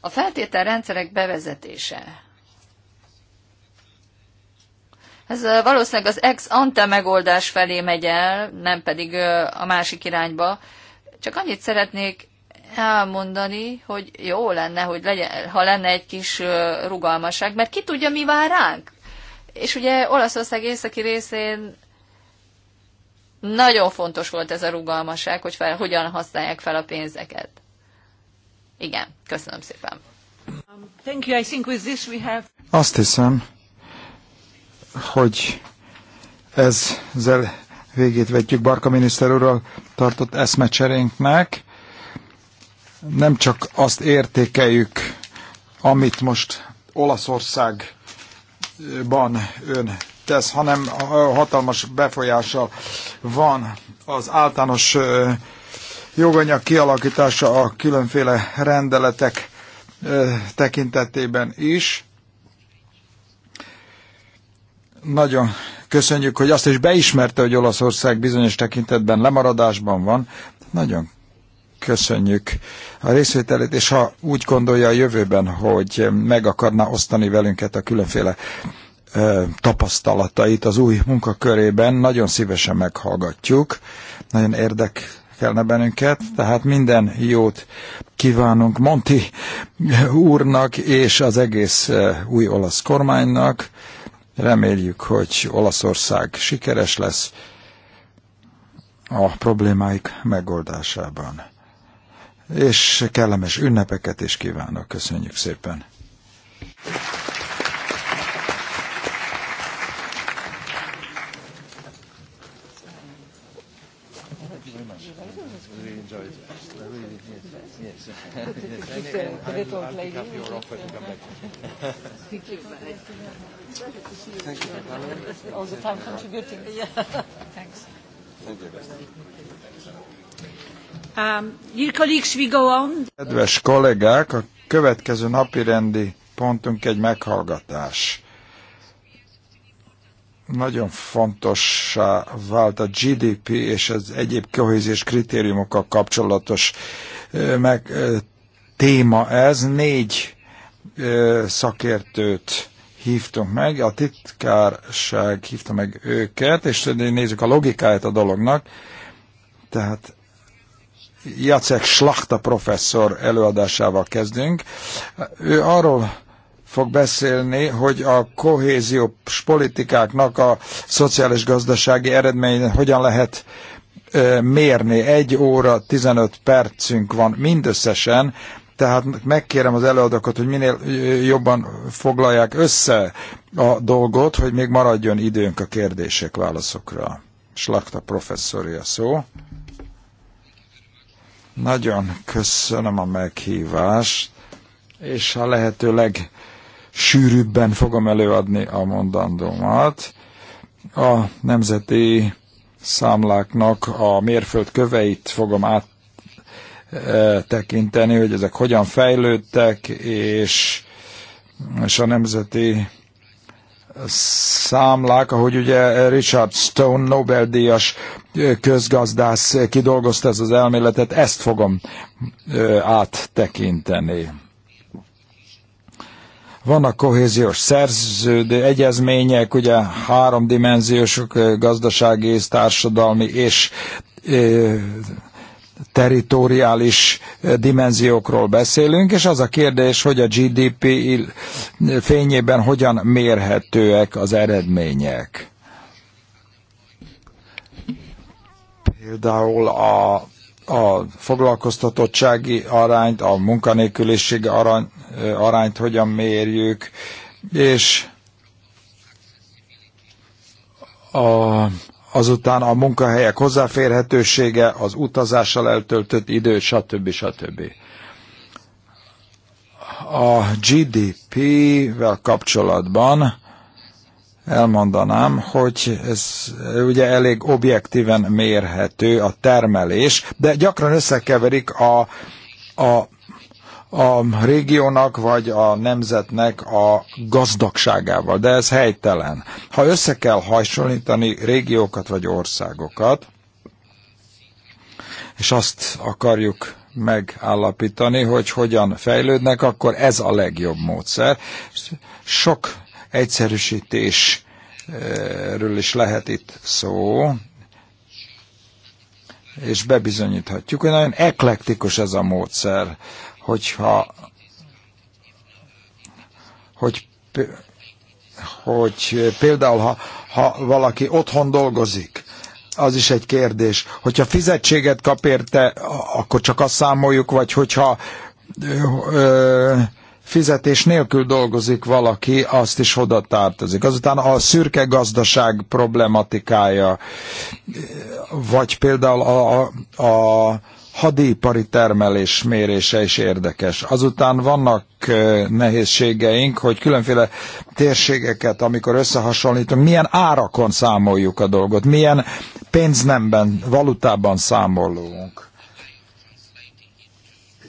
A feltételrendszerek bevezetése. Ez valószínűleg az ex-ante megoldás felé megy el, nem pedig a másik irányba. Csak annyit szeretnék elmondani, hogy jó lenne, hogy legyen, ha lenne egy kis rugalmasság, mert ki tudja, mi vár ránk. És ugye Olaszország északi részén nagyon fontos volt ez a rugalmasság, hogy fel, hogyan használják fel a pénzeket. Igen, köszönöm szépen. Um, thank you. I think with this we have... Azt hiszem, hogy ezzel végét vetjük Barka miniszter úrral tartott eszmecserénknek nem csak azt értékeljük, amit most Olaszországban ön tesz, hanem hatalmas befolyással van az általános joganyag kialakítása a különféle rendeletek tekintetében is. Nagyon köszönjük, hogy azt is beismerte, hogy Olaszország bizonyos tekintetben lemaradásban van. Nagyon köszönjük a részvételét, és ha úgy gondolja a jövőben, hogy meg akarna osztani velünket a különféle ö, tapasztalatait az új munkakörében, nagyon szívesen meghallgatjuk, nagyon érdekelne bennünket, tehát minden jót kívánunk Monti úrnak és az egész új olasz kormánynak. Reméljük, hogy Olaszország sikeres lesz a problémáik megoldásában és kellemes ünnepeket is kívánok. Köszönjük szépen! Thank you. Thank you. Um, Kedves kollégák, a következő napi rendi pontunk egy meghallgatás. Nagyon fontossá vált a GDP és az egyéb kohéziós kritériumokkal kapcsolatos meg, téma ez. Négy szakértőt hívtunk meg, a titkárság hívta meg őket, és nézzük a logikáját a dolognak. Tehát Jacek Slachta professzor előadásával kezdünk. Ő arról fog beszélni, hogy a kohéziós politikáknak a szociális gazdasági eredményen hogyan lehet mérni. Egy óra, 15 percünk van mindösszesen, tehát megkérem az előadókat, hogy minél jobban foglalják össze a dolgot, hogy még maradjon időnk a kérdések válaszokra. Slakta professzori a szó. Nagyon köszönöm a meghívást, és a lehető legsűrűbben fogom előadni a mondandómat. A nemzeti számláknak a mérföldköveit fogom áttekinteni, tekinteni, hogy ezek hogyan fejlődtek, és, és a nemzeti számlák, ahogy ugye Richard Stone Nobel-díjas közgazdász kidolgozta ez az elméletet, ezt fogom áttekinteni. Vannak kohéziós szerződő egyezmények, ugye háromdimenziósok, gazdasági, társadalmi és teritoriális eh, dimenziókról beszélünk, és az a kérdés, hogy a GDP fényében hogyan mérhetőek az eredmények. Például a, a foglalkoztatottsági arányt, a munkanélküliség arany, eh, arányt hogyan mérjük, és a azután a munkahelyek hozzáférhetősége, az utazással eltöltött idő, stb. stb. A GDP-vel kapcsolatban elmondanám, hogy ez ugye elég objektíven mérhető a termelés, de gyakran összekeverik a, a a régiónak vagy a nemzetnek a gazdagságával, de ez helytelen. Ha össze kell hasonlítani régiókat vagy országokat, és azt akarjuk megállapítani, hogy hogyan fejlődnek, akkor ez a legjobb módszer. Sok egyszerűsítésről is lehet itt szó, és bebizonyíthatjuk, hogy nagyon eklektikus ez a módszer hogyha hogy, hogy például ha, ha valaki otthon dolgozik, az is egy kérdés. Hogyha fizetséget kap érte, akkor csak azt számoljuk, vagy hogyha ö, ö, fizetés nélkül dolgozik valaki, azt is oda tartozik. Azután a szürke gazdaság problematikája, vagy például a, a, a hadipari termelés mérése is érdekes. Azután vannak nehézségeink, hogy különféle térségeket, amikor összehasonlítunk, milyen árakon számoljuk a dolgot, milyen pénznemben, valutában számolunk.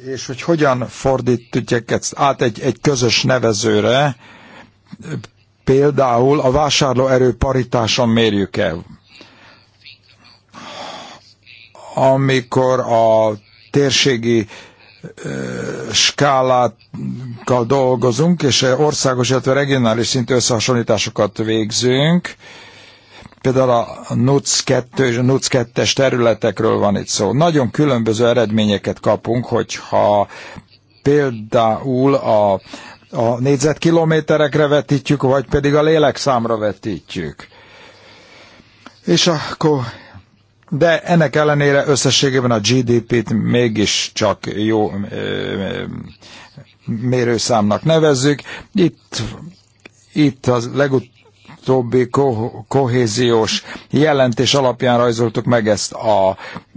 És hogy hogyan fordítjuk ezt át egy, egy közös nevezőre, például a vásárlóerő paritáson mérjük e amikor a térségi skálákkal dolgozunk, és országos, illetve regionális szintű összehasonlításokat végzünk. Például a NUC 2 és a NUC 2-es területekről van itt szó. Nagyon különböző eredményeket kapunk, hogyha például a, a négyzetkilométerekre vetítjük, vagy pedig a lélekszámra vetítjük. És akkor de ennek ellenére összességében a GDP-t csak jó mérőszámnak nevezzük. Itt, itt az legutóbbi ko- kohéziós jelentés alapján rajzoltuk meg ezt a,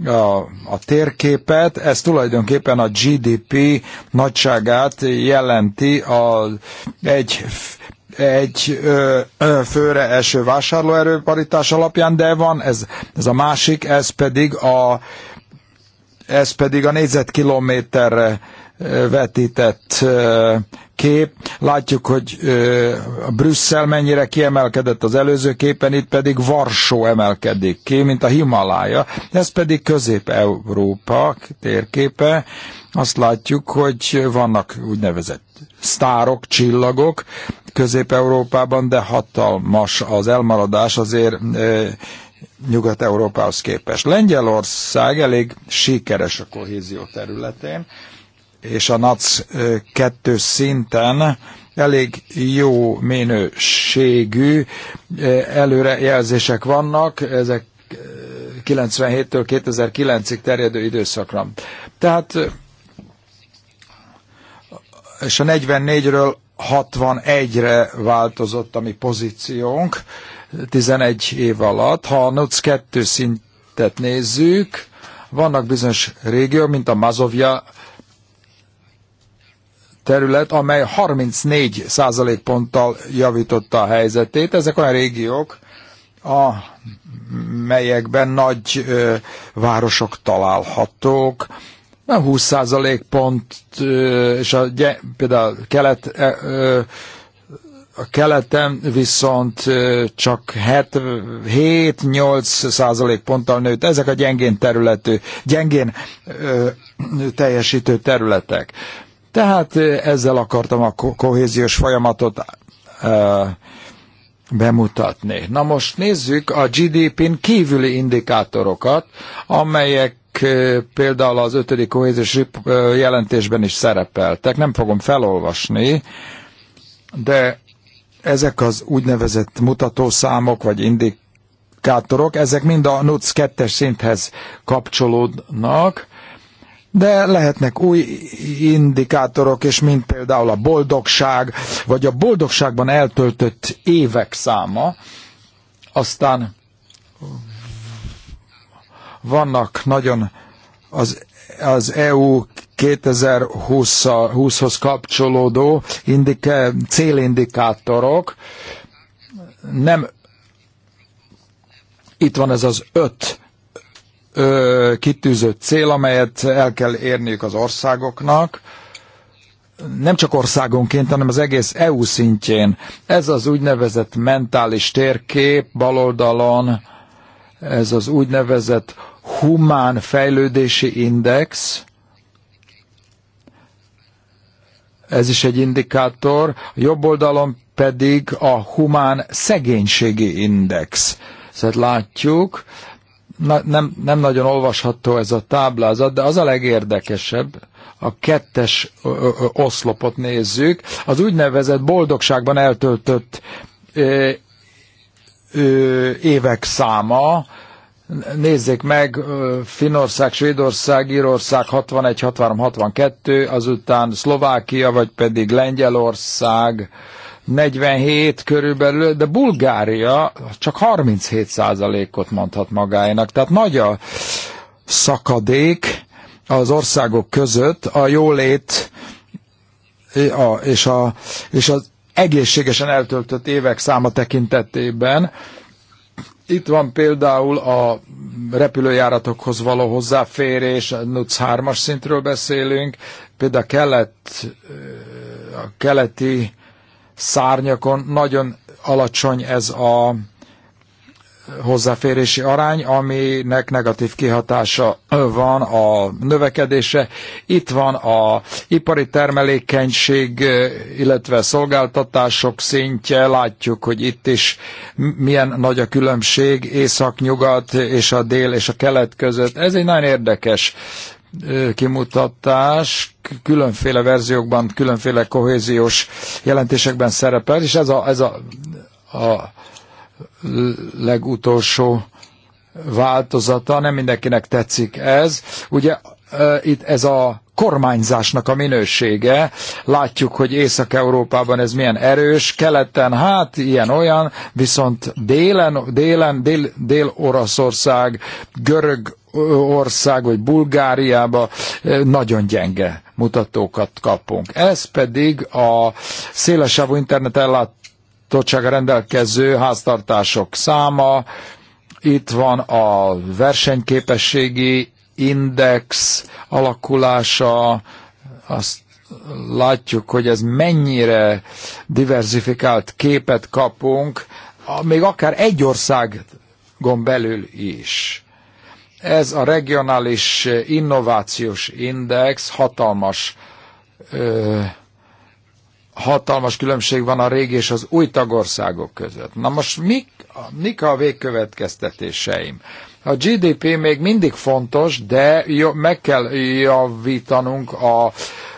a, a térképet. Ez tulajdonképpen a GDP nagyságát jelenti a egy egy ö, ö, főre eső vásárlóerő paritás alapján, de van ez, ez a másik, ez pedig a, ez pedig a négyzetkilométerre vetített kép. Látjuk, hogy a Brüsszel mennyire kiemelkedett az előző képen, itt pedig Varsó emelkedik ki, mint a Himalája. Ez pedig Közép-Európa térképe. Azt látjuk, hogy vannak úgynevezett sztárok, csillagok Közép-Európában, de hatalmas az elmaradás azért Nyugat-Európához képest. Lengyelország elég sikeres a kohézió területén, és a NAC 2 szinten elég jó minőségű e, előrejelzések vannak, ezek 97-től e, 2009-ig terjedő időszakra. Tehát e, és a 44-ről 61-re változott a mi pozíciónk 11 év alatt. Ha a NUC 2 szintet nézzük, vannak bizonyos régiók, mint a Mazovia terület, amely 34 százalékponttal javította a helyzetét. Ezek olyan régiók, a, melyekben nagy ö, városok találhatók. nem 20 százalék pont, ö, és a, például kelet, ö, a keleten viszont ö, csak 7-8 százalék ponttal nőtt. Ezek a gyengén területű, gyengén ö, teljesítő területek. Ö, tehát ezzel akartam a kohéziós folyamatot bemutatni. Na most nézzük a GDP-n kívüli indikátorokat, amelyek például az ötödik kohéziós jelentésben is szerepeltek. Nem fogom felolvasni, de ezek az úgynevezett mutatószámok vagy indikátorok, ezek mind a NUTS 2-es szinthez kapcsolódnak, de lehetnek új indikátorok, és mint például a boldogság, vagy a boldogságban eltöltött évek száma, aztán vannak nagyon az, az EU 2020-hoz kapcsolódó indike, célindikátorok. Nem itt van ez az öt ö, kitűzött cél, amelyet el kell érniük az országoknak, nem csak országonként, hanem az egész EU szintjén. Ez az úgynevezett mentális térkép baloldalon, ez az úgynevezett humán fejlődési index, ez is egy indikátor, a jobb oldalon pedig a humán szegénységi index. Szóval látjuk, na, nem, nem nagyon olvasható ez a táblázat, de az a legérdekesebb, a kettes ö, ö, oszlopot nézzük, az úgynevezett boldogságban eltöltött ö, ö, évek száma, nézzék meg, Finország, Svédország, Írország 61, 63, 62, azután Szlovákia, vagy pedig Lengyelország, 47 körülbelül, de Bulgária csak 37 százalékot mondhat magáénak. Tehát nagy a szakadék az országok között, a jólét a, és, a, és az egészségesen eltöltött évek száma tekintetében. Itt van például a repülőjáratokhoz való hozzáférés, NUC 3-as szintről beszélünk, például a, kelet, a keleti szárnyakon nagyon alacsony ez a hozzáférési arány, aminek negatív kihatása van a növekedése. Itt van a ipari termelékenység, illetve szolgáltatások szintje, látjuk, hogy itt is milyen nagy a különbség észak-nyugat és a dél és a kelet között. Ez egy nagyon érdekes kimutatás különféle verziókban, különféle kohéziós jelentésekben szerepel, és ez a, ez a, a legutolsó változata, nem mindenkinek tetszik ez. Ugye itt ez a kormányzásnak a minősége. Látjuk, hogy Észak-Európában ez milyen erős, keleten hát ilyen-olyan, viszont délen, délen dél, Dél-Oroszország, görög ország, vagy Bulgáriába eh, nagyon gyenge mutatókat kapunk. Ez pedig a szélesávú internet ellátottsága rendelkező háztartások száma, itt van a versenyképességi index alakulása, azt látjuk, hogy ez mennyire diversifikált képet kapunk, még akár egy országon belül is. Ez a regionális innovációs index hatalmas ö, hatalmas különbség van a régi és az új tagországok között. Na most mik, mik a végkövetkeztetéseim? A GDP még mindig fontos, de meg kell javítanunk a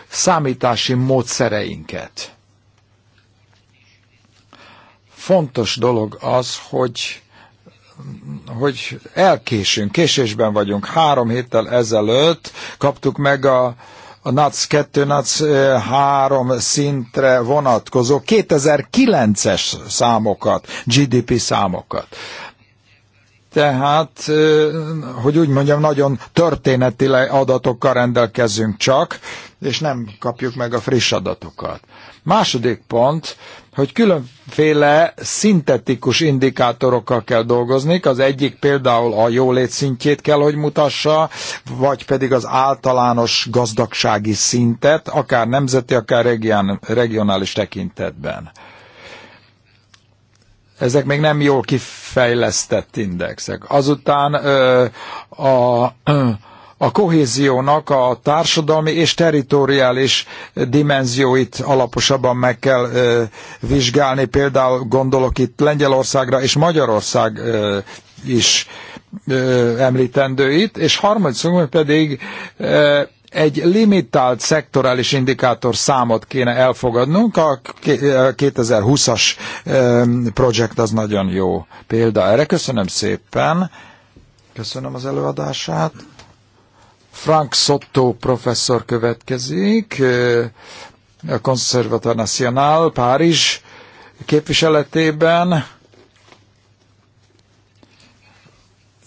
számítási módszereinket. Fontos dolog az, hogy hogy elkésünk, késésben vagyunk. Három héttel ezelőtt kaptuk meg a, a NAC 2, NAC 3 szintre vonatkozó 2009-es számokat, GDP számokat. Tehát, hogy úgy mondjam, nagyon történeti adatokkal rendelkezünk csak, és nem kapjuk meg a friss adatokat. Második pont, hogy különféle szintetikus indikátorokkal kell dolgozni, az egyik például a jólét szintjét kell, hogy mutassa, vagy pedig az általános gazdagsági szintet, akár nemzeti, akár region, regionális tekintetben. Ezek még nem jól kifejlesztett indexek. Azután ö, a ö, a kohéziónak a társadalmi és teritoriális dimenzióit alaposabban meg kell vizsgálni. Például gondolok itt Lengyelországra és Magyarország is említendő itt, és harmadszor pedig egy limitált szektorális indikátor számot kéne elfogadnunk, a 2020-as projekt az nagyon jó példa erre. Köszönöm szépen, köszönöm az előadását. Frank Sotto professzor következik, a Conservatoire National Párizs képviseletében.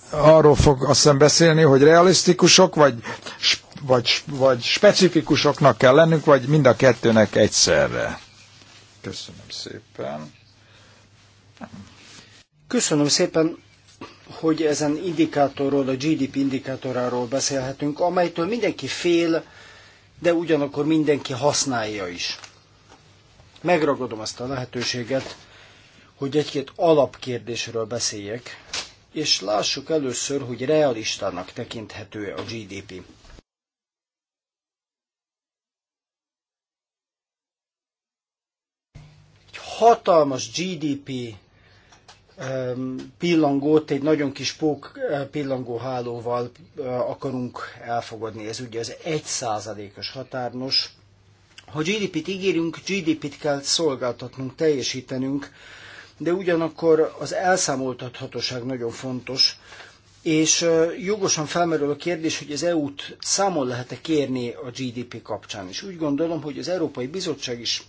Arról fog azt hiszem beszélni, hogy realisztikusok, vagy, vagy, vagy specifikusoknak kell lennünk, vagy mind a kettőnek egyszerre. Köszönöm szépen. Köszönöm szépen hogy ezen indikátorról, a GDP indikátoráról beszélhetünk, amelytől mindenki fél, de ugyanakkor mindenki használja is. Megragadom azt a lehetőséget, hogy egy-két alapkérdésről beszéljek, és lássuk először, hogy realistának tekinthető a GDP. Egy hatalmas GDP pillangót egy nagyon kis pók eh, pillangóhálóval eh, akarunk elfogadni. Ez ugye az egy százalékos határnos. Ha GDP-t ígérünk, GDP-t kell szolgáltatnunk, teljesítenünk, de ugyanakkor az elszámoltathatóság nagyon fontos, és eh, jogosan felmerül a kérdés, hogy az EU-t számon lehet-e kérni a GDP kapcsán. És úgy gondolom, hogy az Európai Bizottság is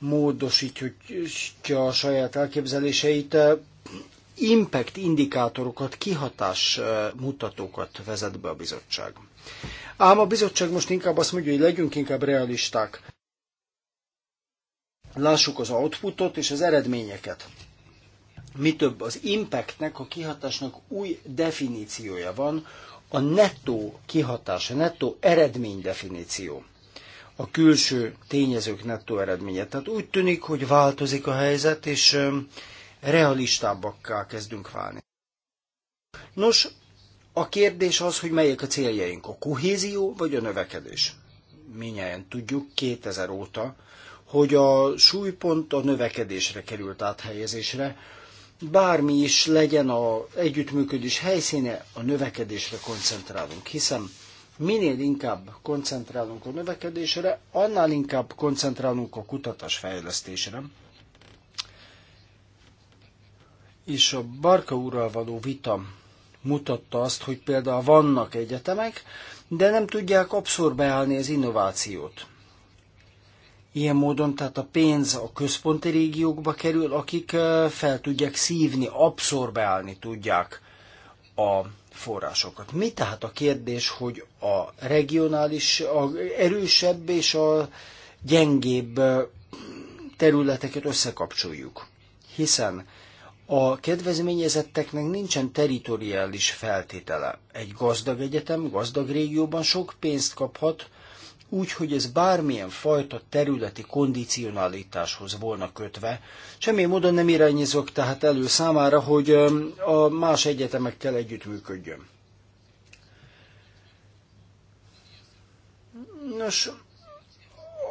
módosítja a saját elképzeléseit, impact indikátorokat, kihatás eh, mutatókat vezet be a bizottság. Ám a bizottság most inkább azt mondja, hogy legyünk inkább realisták. Lássuk az outputot és az eredményeket. Mi több, az impactnek, a kihatásnak új definíciója van, a nettó kihatás, a nettó eredmény definíció a külső tényezők nettó eredménye. Tehát úgy tűnik, hogy változik a helyzet, és realistábbakká kezdünk válni. Nos, a kérdés az, hogy melyek a céljaink, a kohézió vagy a növekedés? Minnyáján tudjuk 2000 óta, hogy a súlypont a növekedésre került áthelyezésre, bármi is legyen a együttműködés helyszíne, a növekedésre koncentrálunk, hiszen minél inkább koncentrálunk a növekedésre, annál inkább koncentrálunk a kutatás fejlesztésre. És a Barka úrral való vita mutatta azt, hogy például vannak egyetemek, de nem tudják abszorbálni az innovációt. Ilyen módon tehát a pénz a központi régiókba kerül, akik fel tudják szívni, abszorbálni tudják a forrásokat. Mi tehát a kérdés, hogy a regionális, a erősebb és a gyengébb területeket összekapcsoljuk? Hiszen a kedvezményezetteknek nincsen teritoriális feltétele. Egy gazdag egyetem, gazdag régióban sok pénzt kaphat, úgy, hogy ez bármilyen fajta területi kondicionalitáshoz volna kötve, semmi módon nem irányozok tehát elő számára, hogy a más egyetemekkel együttműködjön. Nos,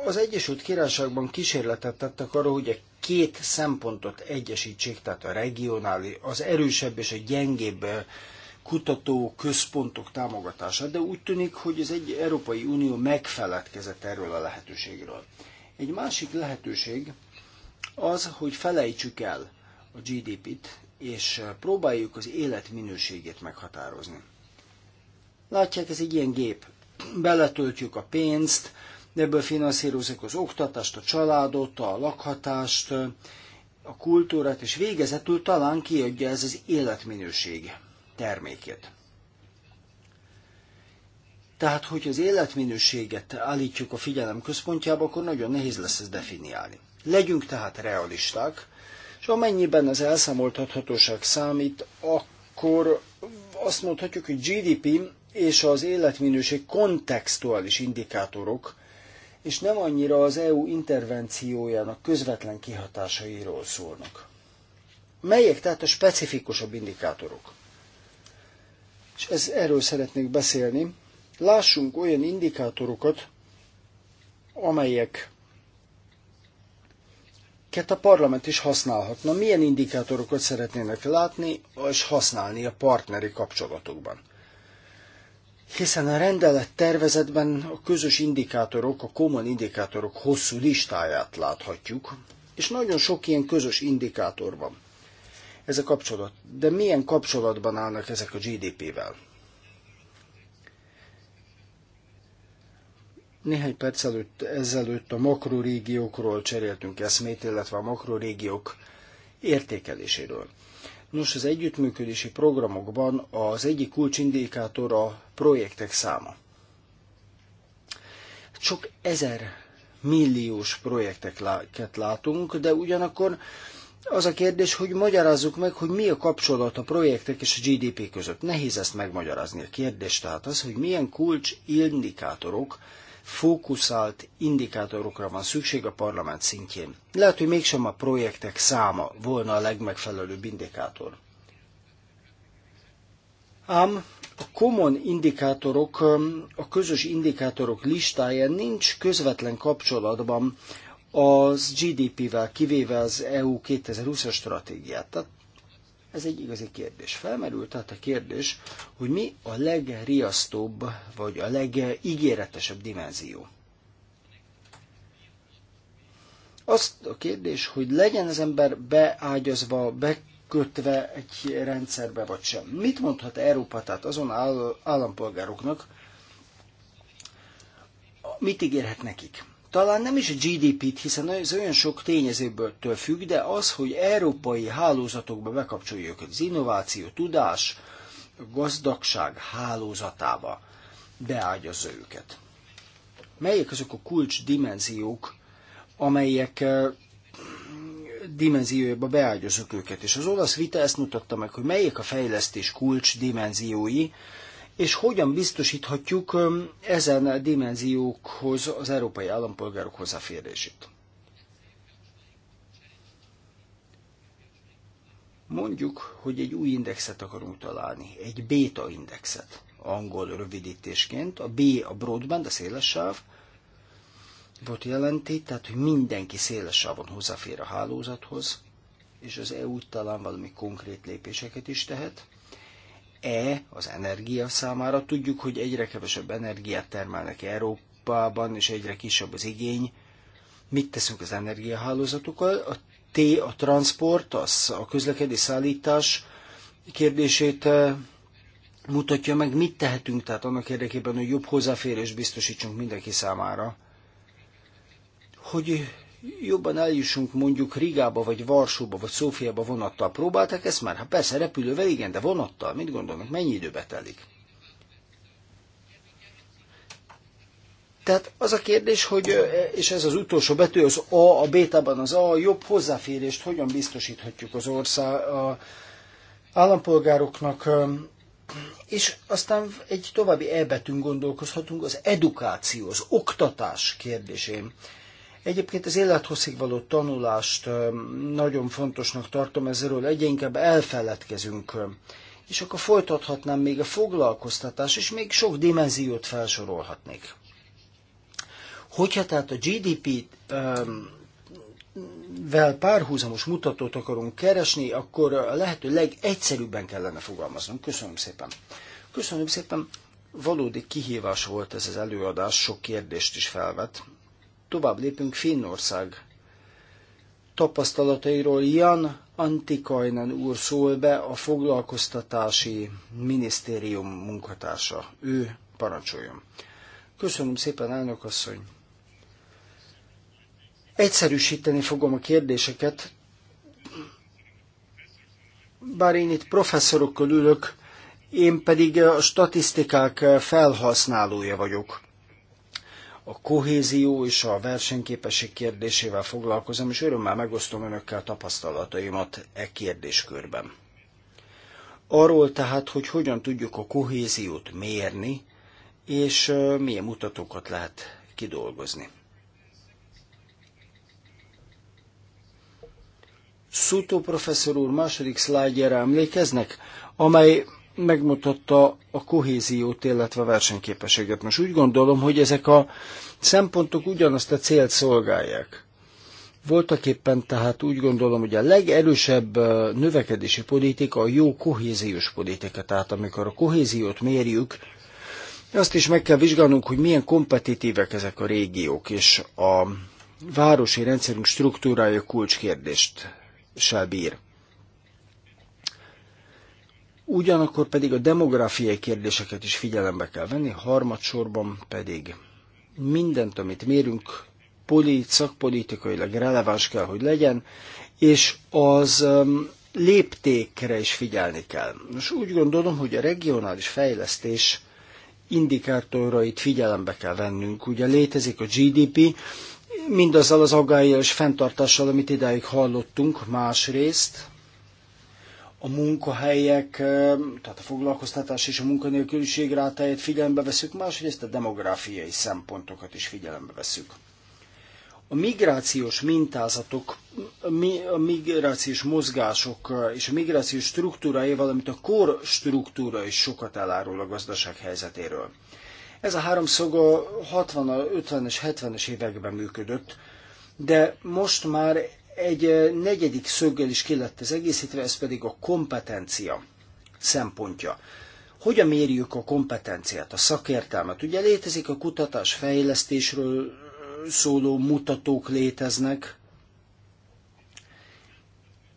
az Egyesült Királyságban kísérletet tettek arra, hogy a két szempontot egyesítsék, tehát a regionális, az erősebb és a gyengébb kutató központok támogatását, de úgy tűnik, hogy ez egy Európai Unió megfeledkezett erről a lehetőségről. Egy másik lehetőség az, hogy felejtsük el a GDP-t, és próbáljuk az életminőségét meghatározni. Látják, ez egy ilyen gép. Beletöltjük a pénzt, ebből finanszírozzuk az oktatást, a családot, a lakhatást, a kultúrát, és végezetül talán kiadja ez az életminőség termékét. Tehát, hogy az életminőséget állítjuk a figyelem központjába, akkor nagyon nehéz lesz ezt definiálni. Legyünk tehát realisták, és amennyiben az elszámoltathatóság számít, akkor azt mondhatjuk, hogy GDP és az életminőség kontextuális indikátorok, és nem annyira az EU intervenciójának közvetlen kihatásairól szólnak. Melyek tehát a specifikusabb indikátorok? és ez, erről szeretnék beszélni. Lássunk olyan indikátorokat, amelyek a parlament is használhatna. Milyen indikátorokat szeretnének látni és használni a partneri kapcsolatokban? Hiszen a rendelet tervezetben a közös indikátorok, a common indikátorok hosszú listáját láthatjuk, és nagyon sok ilyen közös indikátor van ez a kapcsolat. De milyen kapcsolatban állnak ezek a GDP-vel? Néhány perc előtt, ezelőtt a makrorégiókról cseréltünk eszmét, illetve a makrorégiók értékeléséről. Nos, az együttműködési programokban az egyik kulcsindikátor a projektek száma. Csak ezer milliós projekteket látunk, de ugyanakkor az a kérdés, hogy magyarázzuk meg, hogy mi a kapcsolat a projektek és a GDP között. Nehéz ezt megmagyarázni. A kérdés tehát az, hogy milyen kulcs indikátorok, fókuszált indikátorokra van szükség a parlament szintjén. Lehet, hogy mégsem a projektek száma volna a legmegfelelőbb indikátor. Ám a common indikátorok, a közös indikátorok listáján nincs közvetlen kapcsolatban az GDP-vel, kivéve az EU 2020-as stratégiát. Tehát ez egy igazi kérdés. Felmerült tehát a kérdés, hogy mi a legriasztóbb, vagy a legígéretesebb dimenzió. Azt a kérdés, hogy legyen az ember beágyazva, bekötve egy rendszerbe, vagy sem. Mit mondhat Európa, tehát azon áll, állampolgároknak, mit ígérhet nekik? talán nem is a GDP-t, hiszen ez olyan sok tényezőből függ, de az, hogy európai hálózatokba bekapcsoljuk az innováció, tudás, gazdagság hálózatába beágyazza őket. Melyek azok a kulcs dimenziók, amelyek eh, dimenziójába beágyazok őket. És az olasz vita ezt mutatta meg, hogy melyek a fejlesztés kulcs dimenziói, és hogyan biztosíthatjuk ezen a dimenziókhoz az európai állampolgárok hozzáférését. Mondjuk, hogy egy új indexet akarunk találni, egy beta indexet, angol rövidítésként. A B a broadband, a széles sáv, volt jelenti, tehát, hogy mindenki széles sávon hozzáfér a hálózathoz, és az EU talán valami konkrét lépéseket is tehet. E az energia számára. Tudjuk, hogy egyre kevesebb energiát termelnek Európában, és egyre kisebb az igény. Mit teszünk az energiahálózatokkal? A T a transport, az a közlekedés szállítás kérdését eh, mutatja meg, mit tehetünk, tehát annak érdekében, hogy jobb hozzáférés biztosítsunk mindenki számára, hogy jobban eljussunk mondjuk Rigába, vagy Varsóba, vagy Szófiába vonattal. Próbálták ezt már? Hát persze repülővel igen, de vonattal. Mit gondolnak, mennyi időbe telik? Tehát az a kérdés, hogy, és ez az utolsó betű, az A, a bétában az A, a jobb hozzáférést hogyan biztosíthatjuk az ország a állampolgároknak, és aztán egy további elbetűn gondolkozhatunk, az edukáció, az oktatás kérdésén. Egyébként az élethosszig való tanulást nagyon fontosnak tartom, ezzelről, egyre inkább elfeledkezünk. És akkor folytathatnám még a foglalkoztatás, és még sok dimenziót felsorolhatnék. Hogyha tehát a GDP-vel párhuzamos mutatót akarunk keresni, akkor a lehető legegyszerűbben kellene fogalmaznunk. Köszönöm szépen. Köszönöm szépen. Valódi kihívás volt ez az előadás, sok kérdést is felvet tovább lépünk Finnország tapasztalatairól. Jan Antikajnen úr szól be, a foglalkoztatási minisztérium munkatársa. Ő parancsoljon. Köszönöm szépen, elnök asszony. Egyszerűsíteni fogom a kérdéseket, bár én itt professzorokkal ülök, én pedig a statisztikák felhasználója vagyok a kohézió és a versenyképesség kérdésével foglalkozom, és örömmel megosztom önökkel tapasztalataimat e kérdéskörben. Arról tehát, hogy hogyan tudjuk a kohéziót mérni, és milyen mutatókat lehet kidolgozni. Szutó professzor úr második szlájdjára emlékeznek, amely megmutatta a kohéziót, illetve a versenyképességet. Most úgy gondolom, hogy ezek a szempontok ugyanazt a célt szolgálják. Voltak éppen tehát úgy gondolom, hogy a legerősebb növekedési politika a jó kohéziós politika. Tehát amikor a kohéziót mérjük, azt is meg kell vizsgálnunk, hogy milyen kompetitívek ezek a régiók, és a városi rendszerünk struktúrája kulcskérdést se bír. Ugyanakkor pedig a demográfiai kérdéseket is figyelembe kell venni, harmadsorban pedig mindent, amit mérünk, polit, szakpolitikailag releváns kell, hogy legyen, és az léptékre is figyelni kell. Most úgy gondolom, hogy a regionális fejlesztés indikátorait figyelembe kell vennünk. Ugye létezik a GDP, mindazzal az aggályjal és fenntartással, amit idáig hallottunk másrészt, a munkahelyek, tehát a foglalkoztatás és a munkanélküliség rátáját figyelembe veszük, másrészt a demográfiai szempontokat is figyelembe veszük. A migrációs mintázatok, a migrációs mozgások és a migrációs struktúrája, valamint a kor struktúra is sokat elárul a gazdaság helyzetéről. Ez a háromszög a 60-as, 50-es, 70-es években működött, de most már egy negyedik szöggel is kellett az egészítve, ez pedig a kompetencia szempontja. Hogyan mérjük a kompetenciát, a szakértelmet? Ugye létezik a kutatás fejlesztésről szóló mutatók léteznek,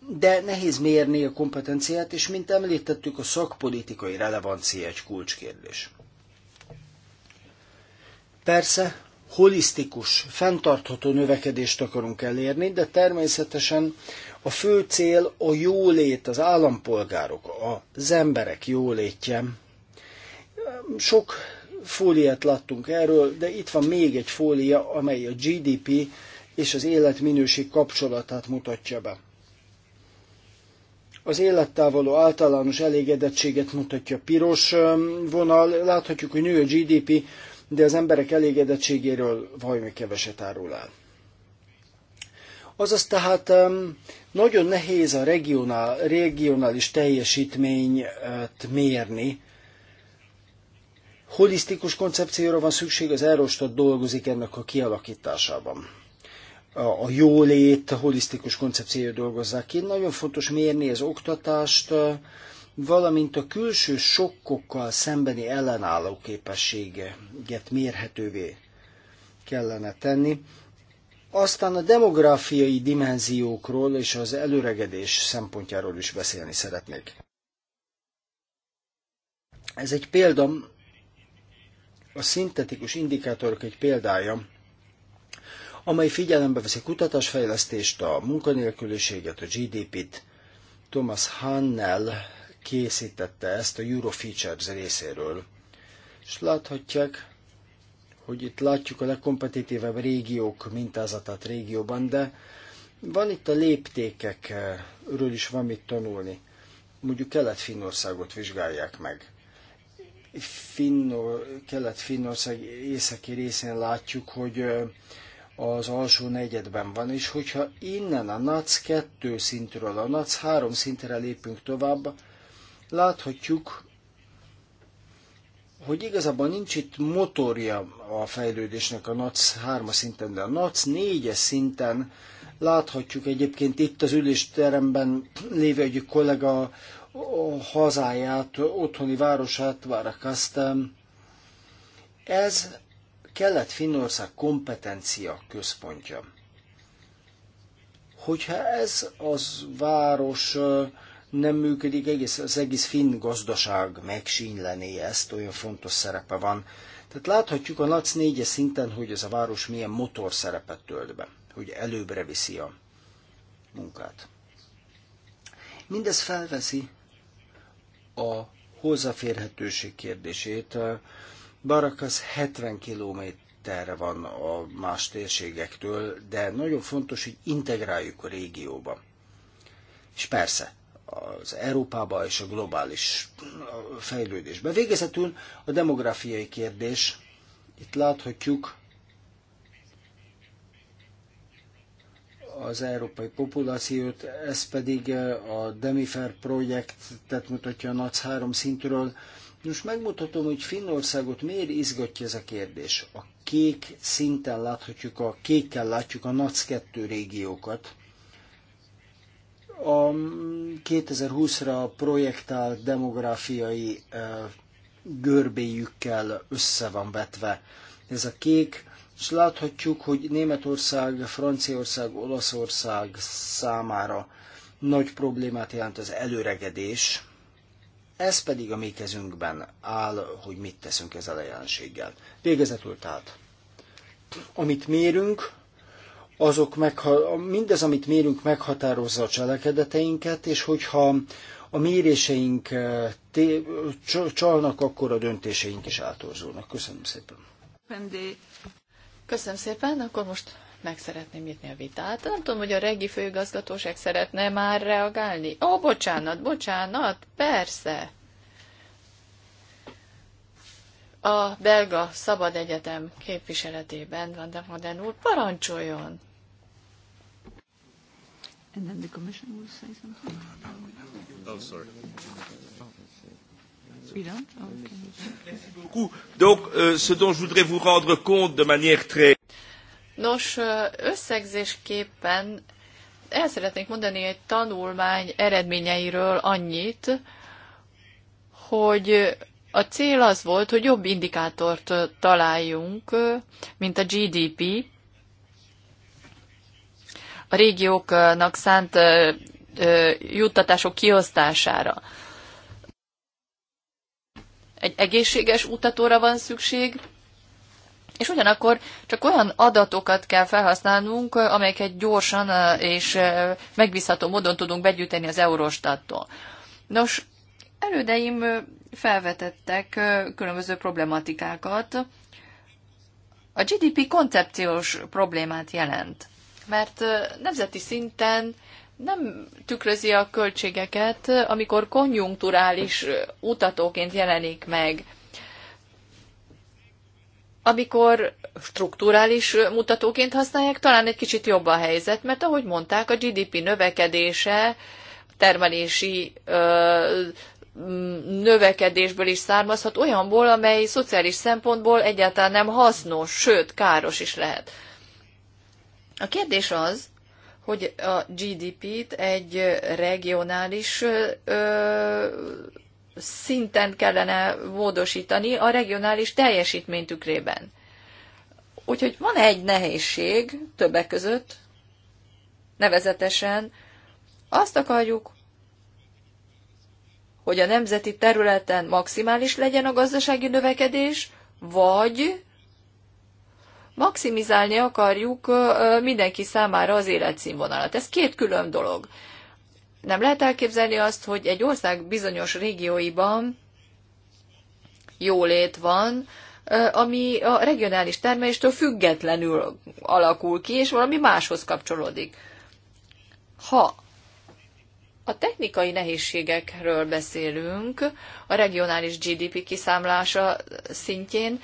de nehéz mérni a kompetenciát, és mint említettük, a szakpolitikai relevancia egy kulcskérdés. Persze, holisztikus, fenntartható növekedést akarunk elérni, de természetesen a fő cél a jólét, az állampolgárok, az emberek jólétje. Sok fóliát láttunk erről, de itt van még egy fólia, amely a GDP és az életminőség kapcsolatát mutatja be. Az élettel való általános elégedettséget mutatja piros vonal. Láthatjuk, hogy nő a GDP, de az emberek elégedettségéről valami keveset árul el. Azaz tehát nagyon nehéz a regionál, regionális teljesítményt mérni. Holisztikus koncepcióra van szükség, az Eurostat dolgozik ennek a kialakításában. A jólét, a holisztikus koncepciója dolgozzák ki. Nagyon fontos mérni az oktatást, valamint a külső sokkokkal szembeni ellenálló képességet mérhetővé kellene tenni. Aztán a demográfiai dimenziókról és az előregedés szempontjáról is beszélni szeretnék. Ez egy példa, a szintetikus indikátorok egy példája, amely figyelembe veszi a kutatásfejlesztést, a munkanélküliséget, a GDP-t. Thomas Hannell készítette ezt a Eurofeatures részéről. És láthatják, hogy itt látjuk a legkompetitívebb régiók mintázatát régióban, de van itt a léptékekről is van mit tanulni. Mondjuk Kelet-Finnországot vizsgálják meg. Finno, Kelet-Finnország északi részén látjuk, hogy az alsó negyedben van, és hogyha innen a NAC 2 szintről a NAC 3 szintre lépünk tovább, láthatjuk, hogy igazából nincs itt motorja a fejlődésnek a NAC 3 szinten, de a NAC 4 szinten láthatjuk egyébként itt az ülésteremben lévő egy kollega a hazáját, otthoni városát, Várakasztán. Ez Kelet-Finnország kompetencia központja. Hogyha ez az város nem működik, egész, az egész finn gazdaság megsínylené ezt, olyan fontos szerepe van. Tehát láthatjuk a NAC 4 szinten, hogy ez a város milyen motor szerepet tölt be, hogy előbbre viszi a munkát. Mindez felveszi a hozzáférhetőség kérdését. Barakas 70 kilométerre van a más térségektől, de nagyon fontos, hogy integráljuk a régióba. És persze, az Európába és a globális fejlődésbe. Végezetül a demográfiai kérdés. Itt láthatjuk az európai populációt, ez pedig a Demifer projektet mutatja a NAC három szintről. Most megmutatom, hogy Finnországot miért izgatja ez a kérdés. A kék szinten láthatjuk, a kékkel látjuk a NAC 2 régiókat, a 2020-ra projektált demográfiai görbéjükkel össze van vetve ez a kék, és láthatjuk, hogy Németország, Franciaország, Olaszország számára nagy problémát jelent az előregedés, ez pedig a mi kezünkben áll, hogy mit teszünk ezzel a jelenséggel. Végezetül tehát, amit mérünk, azok megha- mindez, amit mérünk, meghatározza a cselekedeteinket, és hogyha a méréseink eh, csalnak, akkor a döntéseink is átorzulnak. Köszönöm szépen. Köszönöm szépen, akkor most meg szeretném nyitni a vitát. Nem tudom, hogy a regi főigazgatóság szeretne már reagálni. Ó, bocsánat, bocsánat, persze a Belga Szabad Egyetem képviseletében van de Modern úr, parancsoljon! And then the commission will say something. Oh, sorry. Oh, euh, de Nos, összegzésképpen el szeretnék mondani egy tanulmány eredményeiről annyit, hogy a cél az volt, hogy jobb indikátort találjunk, mint a GDP. A régióknak szánt juttatások kiosztására. Egy egészséges utatóra van szükség, és ugyanakkor csak olyan adatokat kell felhasználnunk, amelyeket gyorsan és megbízható módon tudunk begyűjteni az Eurostattól. Nos, elődeim felvetettek különböző problematikákat. A GDP koncepciós problémát jelent, mert nemzeti szinten nem tükrözi a költségeket, amikor konjunkturális mutatóként jelenik meg. Amikor strukturális mutatóként használják, talán egy kicsit jobb a helyzet, mert ahogy mondták, a GDP növekedése termelési ö, növekedésből is származhat, olyanból, amely szociális szempontból egyáltalán nem hasznos, sőt, káros is lehet. A kérdés az, hogy a GDP-t egy regionális ö, szinten kellene módosítani a regionális teljesítmény tükrében. Úgyhogy van egy nehézség többek között, nevezetesen azt akarjuk, hogy a nemzeti területen maximális legyen a gazdasági növekedés, vagy maximizálni akarjuk mindenki számára az életszínvonalat. Ez két külön dolog. Nem lehet elképzelni azt, hogy egy ország bizonyos régióiban jólét van, ami a regionális termeléstől függetlenül alakul ki, és valami máshoz kapcsolódik. Ha a technikai nehézségekről beszélünk a regionális GDP kiszámlása szintjén.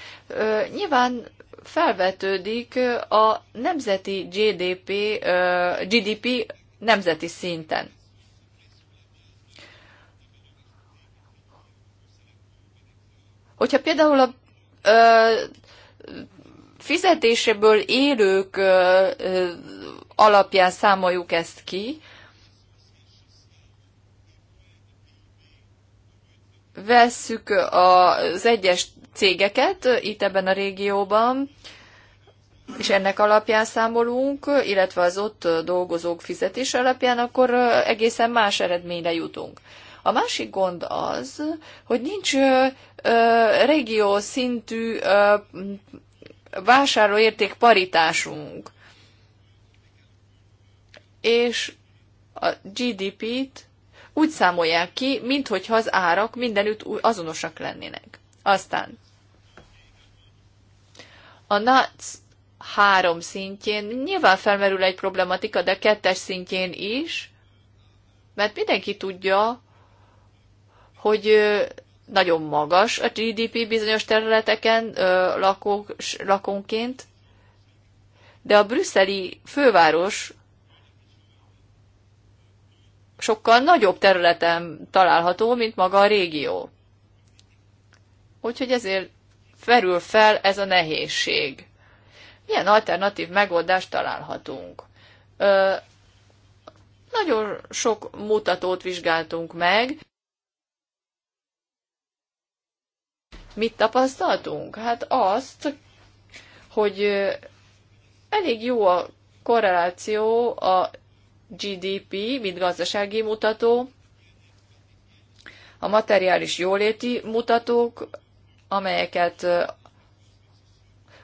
Nyilván felvetődik a nemzeti GDP, GDP nemzeti szinten. Hogyha például a fizetéséből élők alapján számoljuk ezt ki, vesszük az egyes cégeket itt ebben a régióban, és ennek alapján számolunk, illetve az ott dolgozók fizetés alapján, akkor egészen más eredményre jutunk. A másik gond az, hogy nincs ö, régió szintű vásárlóérték paritásunk, és a GDP-t úgy számolják ki, minthogyha az árak mindenütt azonosak lennének. Aztán a NAC három szintjén nyilván felmerül egy problematika, de kettes szintjén is, mert mindenki tudja, hogy nagyon magas a GDP bizonyos területeken lakók, lakónként, de a brüsszeli főváros sokkal nagyobb területen található, mint maga a régió. Úgyhogy ezért felül fel ez a nehézség. Milyen alternatív megoldást találhatunk? Ö, nagyon sok mutatót vizsgáltunk meg. Mit tapasztaltunk? Hát azt, hogy elég jó a korreláció a GDP, mint gazdasági mutató, a materiális jóléti mutatók, amelyeket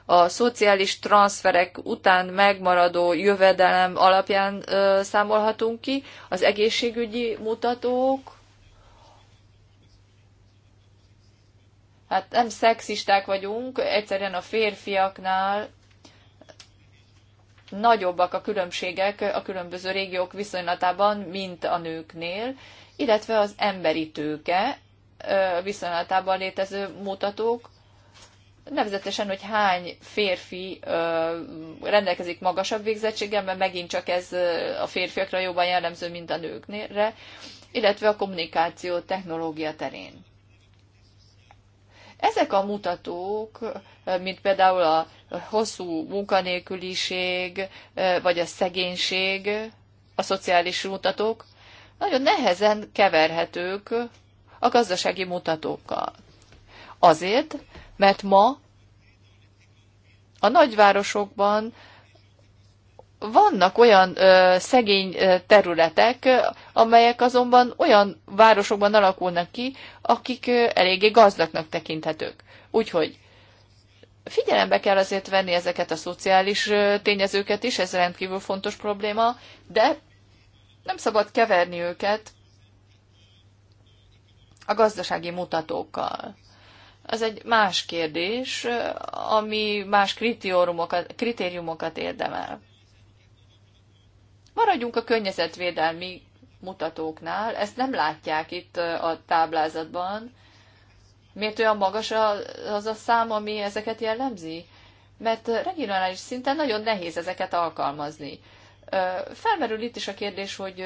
a szociális transferek után megmaradó jövedelem alapján számolhatunk ki, az egészségügyi mutatók, hát nem szexisták vagyunk, egyszerűen a férfiaknál nagyobbak a különbségek a különböző régiók viszonylatában, mint a nőknél, illetve az emberi tőke viszonylatában létező mutatók, nevezetesen, hogy hány férfi rendelkezik magasabb végzettséggel, mert megint csak ez a férfiakra jobban jellemző, mint a nőknél, illetve a kommunikáció technológia terén. Ezek a mutatók, mint például a hosszú munkanélküliség, vagy a szegénység, a szociális mutatók, nagyon nehezen keverhetők a gazdasági mutatókkal. Azért, mert ma a nagyvárosokban vannak olyan ö, szegény ö, területek, amelyek azonban olyan városokban alakulnak ki, akik ö, eléggé gazdagnak tekinthetők. Úgyhogy figyelembe kell azért venni ezeket a szociális ö, tényezőket is, ez rendkívül fontos probléma, de nem szabad keverni őket a gazdasági mutatókkal. Az egy más kérdés, ami más kritériumokat, kritériumokat érdemel. Maradjunk a környezetvédelmi mutatóknál, ezt nem látják itt a táblázatban. Miért olyan magas az a szám, ami ezeket jellemzi? Mert regionális szinten nagyon nehéz ezeket alkalmazni. Felmerül itt is a kérdés, hogy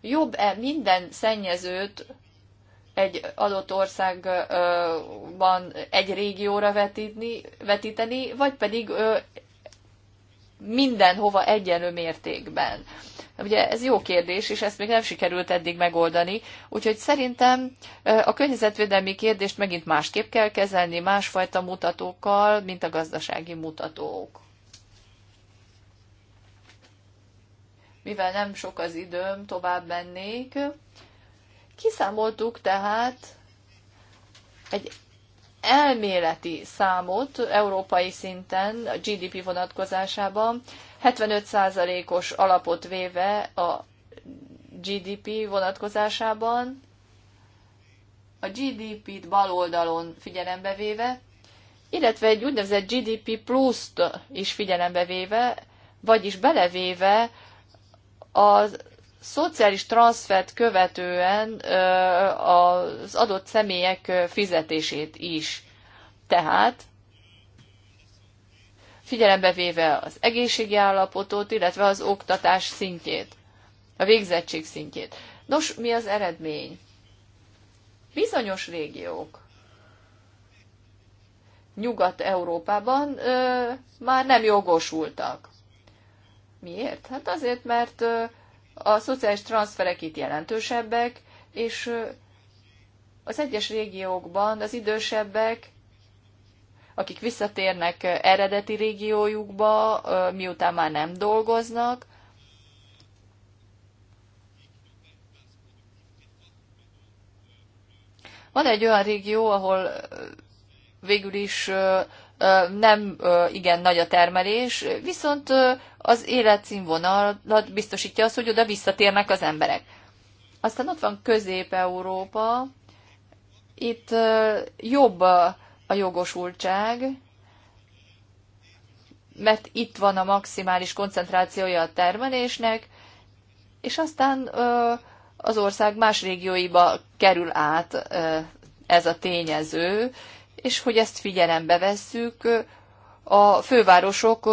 jobb-e minden szennyezőt egy adott országban egy régióra vetíteni, vetíteni vagy pedig mindenhova egyenlő mértékben? Ugye ez jó kérdés, és ezt még nem sikerült eddig megoldani, úgyhogy szerintem a környezetvédelmi kérdést megint másképp kell kezelni, másfajta mutatókkal, mint a gazdasági mutatók. Mivel nem sok az időm, tovább mennék. Kiszámoltuk tehát egy elméleti számot európai szinten, a GDP vonatkozásában, 75%-os alapot véve a GDP vonatkozásában, a GDP-t bal oldalon figyelembe véve, illetve egy úgynevezett GDP pluszt is figyelembe véve, vagyis belevéve az szociális transfert követően az adott személyek fizetését is. Tehát figyelembe véve az egészségi állapotot, illetve az oktatás szintjét, a végzettség szintjét. Nos, mi az eredmény? Bizonyos régiók Nyugat-Európában már nem jogosultak. Miért? Hát azért, mert ö, a szociális transferek itt jelentősebbek, és az egyes régiókban az idősebbek, akik visszatérnek eredeti régiójukba, miután már nem dolgoznak, Van egy olyan régió, ahol végül is nem igen nagy a termelés, viszont az életszínvonalat biztosítja az, hogy oda visszatérnek az emberek. Aztán ott van Közép-Európa, itt jobb a jogosultság, mert itt van a maximális koncentrációja a termelésnek, és aztán az ország más régióiba kerül át ez a tényező, és hogy ezt figyelembe vesszük a fővárosok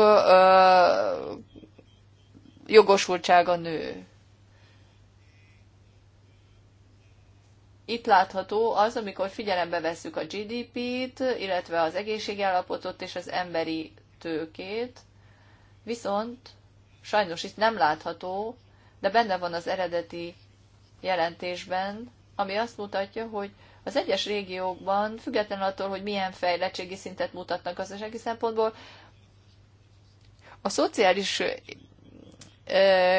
jogosultsága nő. Itt látható az, amikor figyelembe vesszük a GDP-t, illetve az állapotot és az emberi tőkét, viszont sajnos itt nem látható, de benne van az eredeti jelentésben, ami azt mutatja, hogy az egyes régiókban, függetlenül attól, hogy milyen fejlettségi szintet mutatnak gazdasági szempontból, a szociális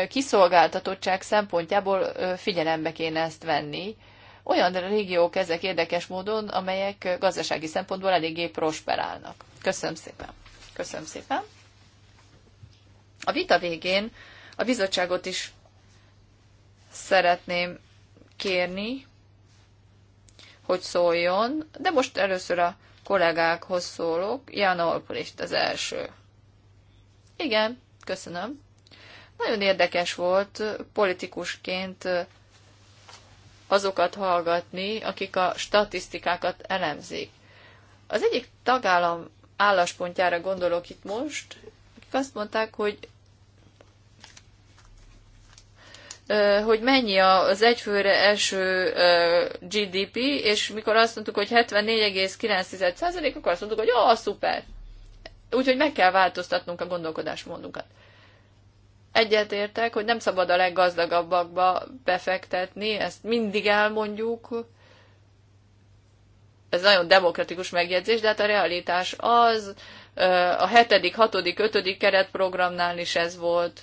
kiszolgáltatottság szempontjából figyelembe kéne ezt venni. Olyan régiók ezek érdekes módon, amelyek gazdasági szempontból eléggé prosperálnak. Köszönöm szépen. Köszönöm szépen. A vita végén a bizottságot is szeretném kérni, hogy szóljon, de most először a kollégákhoz szólok. Jan Olpulist az első. Igen, köszönöm. Nagyon érdekes volt politikusként azokat hallgatni, akik a statisztikákat elemzik. Az egyik tagállam álláspontjára gondolok itt most, akik azt mondták, hogy hogy mennyi az egyfőre eső GDP, és mikor azt mondtuk, hogy 74,9%, akkor azt mondtuk, hogy ó, szuper! Úgyhogy meg kell változtatnunk a gondolkodásmódunkat. Egyetértek, hogy nem szabad a leggazdagabbakba befektetni, ezt mindig elmondjuk. Ez nagyon demokratikus megjegyzés, de hát a realitás az, a hetedik, hatodik, ötödik keretprogramnál is ez volt –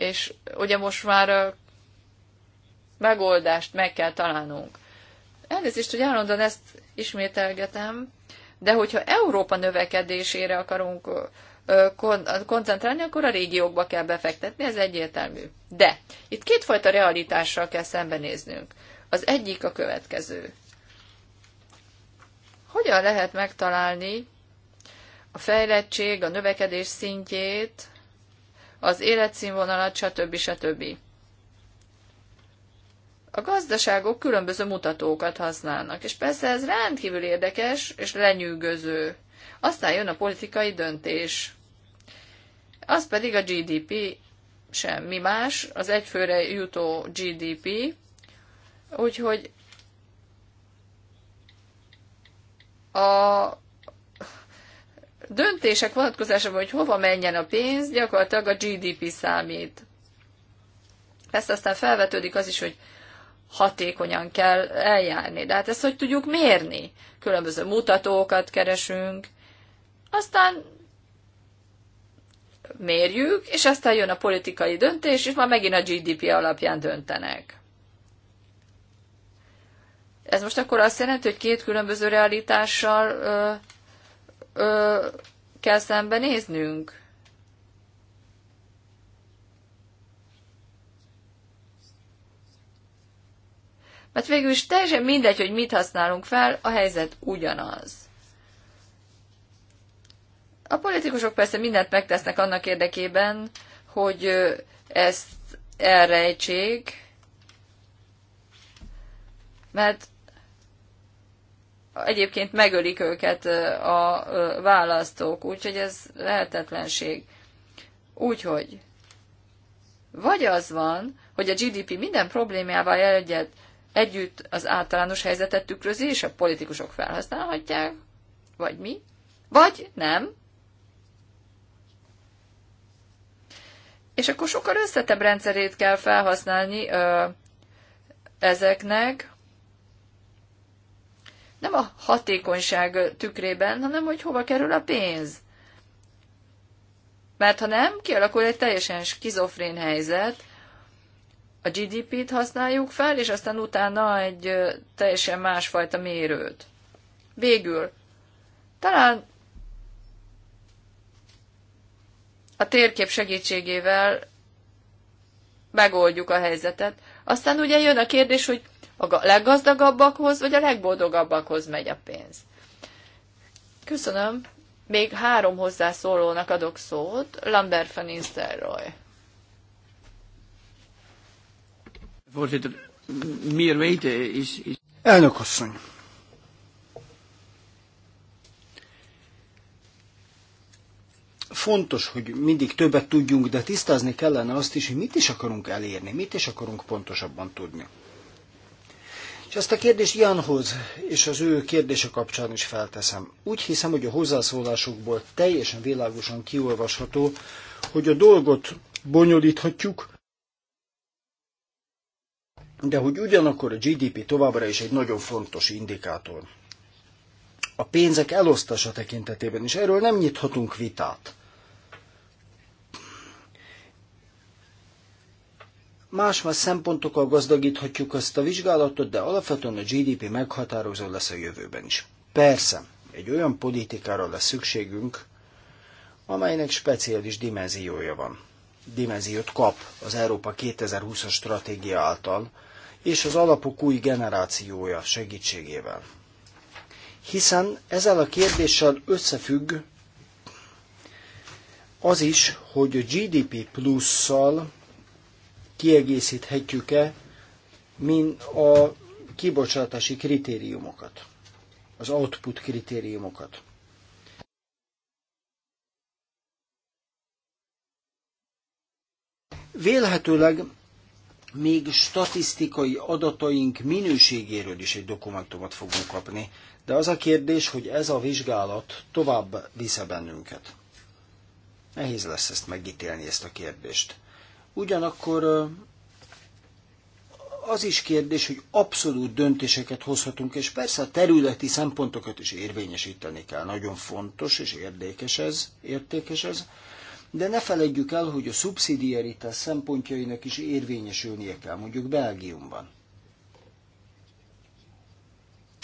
és ugye most már megoldást meg kell találnunk. Elnézést, hogy állandóan ezt ismételgetem, de hogyha Európa növekedésére akarunk koncentrálni, akkor a régiókba kell befektetni, ez egyértelmű. De itt kétfajta realitással kell szembenéznünk. Az egyik a következő. Hogyan lehet megtalálni a fejlettség, a növekedés szintjét az életszínvonalat, stb. stb. A gazdaságok különböző mutatókat használnak, és persze ez rendkívül érdekes és lenyűgöző. Aztán jön a politikai döntés. Az pedig a GDP, semmi más, az egyfőre jutó GDP, úgyhogy a döntések vonatkozásában, hogy hova menjen a pénz, gyakorlatilag a GDP számít. Ezt aztán felvetődik az is, hogy hatékonyan kell eljárni. De hát ezt hogy tudjuk mérni? Különböző mutatókat keresünk, aztán mérjük, és aztán jön a politikai döntés, és már megint a GDP alapján döntenek. Ez most akkor azt jelenti, hogy két különböző realitással ö, ö, kell szembenéznünk? Mert végül is teljesen mindegy, hogy mit használunk fel, a helyzet ugyanaz. A politikusok persze mindent megtesznek annak érdekében, hogy ezt elrejtsék, mert egyébként megölik őket a választók, úgyhogy ez lehetetlenség. Úgyhogy vagy az van, hogy a GDP minden problémával egyet, együtt az általános helyzetet tükrözi, és a politikusok felhasználhatják, vagy mi, vagy nem. És akkor sokkal összetebb rendszerét kell felhasználni ö, ezeknek, nem a hatékonyság tükrében, hanem hogy hova kerül a pénz. Mert ha nem, kialakul egy teljesen skizofrén helyzet, a GDP-t használjuk fel, és aztán utána egy teljesen másfajta mérőt. Végül, talán a térkép segítségével megoldjuk a helyzetet. Aztán ugye jön a kérdés, hogy a leggazdagabbakhoz, vagy a legboldogabbakhoz megy a pénz. Köszönöm. Még három hozzászólónak adok szót. Lambert van Insterroy. Elnök asszony. Fontos, hogy mindig többet tudjunk, de tisztázni kellene azt is, hogy mit is akarunk elérni, mit is akarunk pontosabban tudni. És ezt a kérdést Janhoz és az ő kérdése kapcsán is felteszem. Úgy hiszem, hogy a hozzászólásokból teljesen világosan kiolvasható, hogy a dolgot bonyolíthatjuk, de hogy ugyanakkor a GDP továbbra is egy nagyon fontos indikátor. A pénzek elosztása tekintetében is erről nem nyithatunk vitát. Más-más szempontokkal gazdagíthatjuk ezt a vizsgálatot, de alapvetően a GDP meghatározó lesz a jövőben is. Persze, egy olyan politikára lesz szükségünk, amelynek speciális dimenziója van. Dimenziót kap az Európa 2020-as stratégia által, és az alapok új generációja segítségével. Hiszen ezzel a kérdéssel összefügg az is, hogy a GDP plusszal kiegészíthetjük-e, mint a kibocsátási kritériumokat, az output kritériumokat. Vélhetőleg még statisztikai adataink minőségéről is egy dokumentumot fogunk kapni, de az a kérdés, hogy ez a vizsgálat tovább visze bennünket. Nehéz lesz ezt megítélni, ezt a kérdést. Ugyanakkor az is kérdés, hogy abszolút döntéseket hozhatunk, és persze a területi szempontokat is érvényesíteni kell. Nagyon fontos és érdekes ez, értékes ez. De ne feledjük el, hogy a szubszidiaritás szempontjainak is érvényesülnie kell, mondjuk Belgiumban.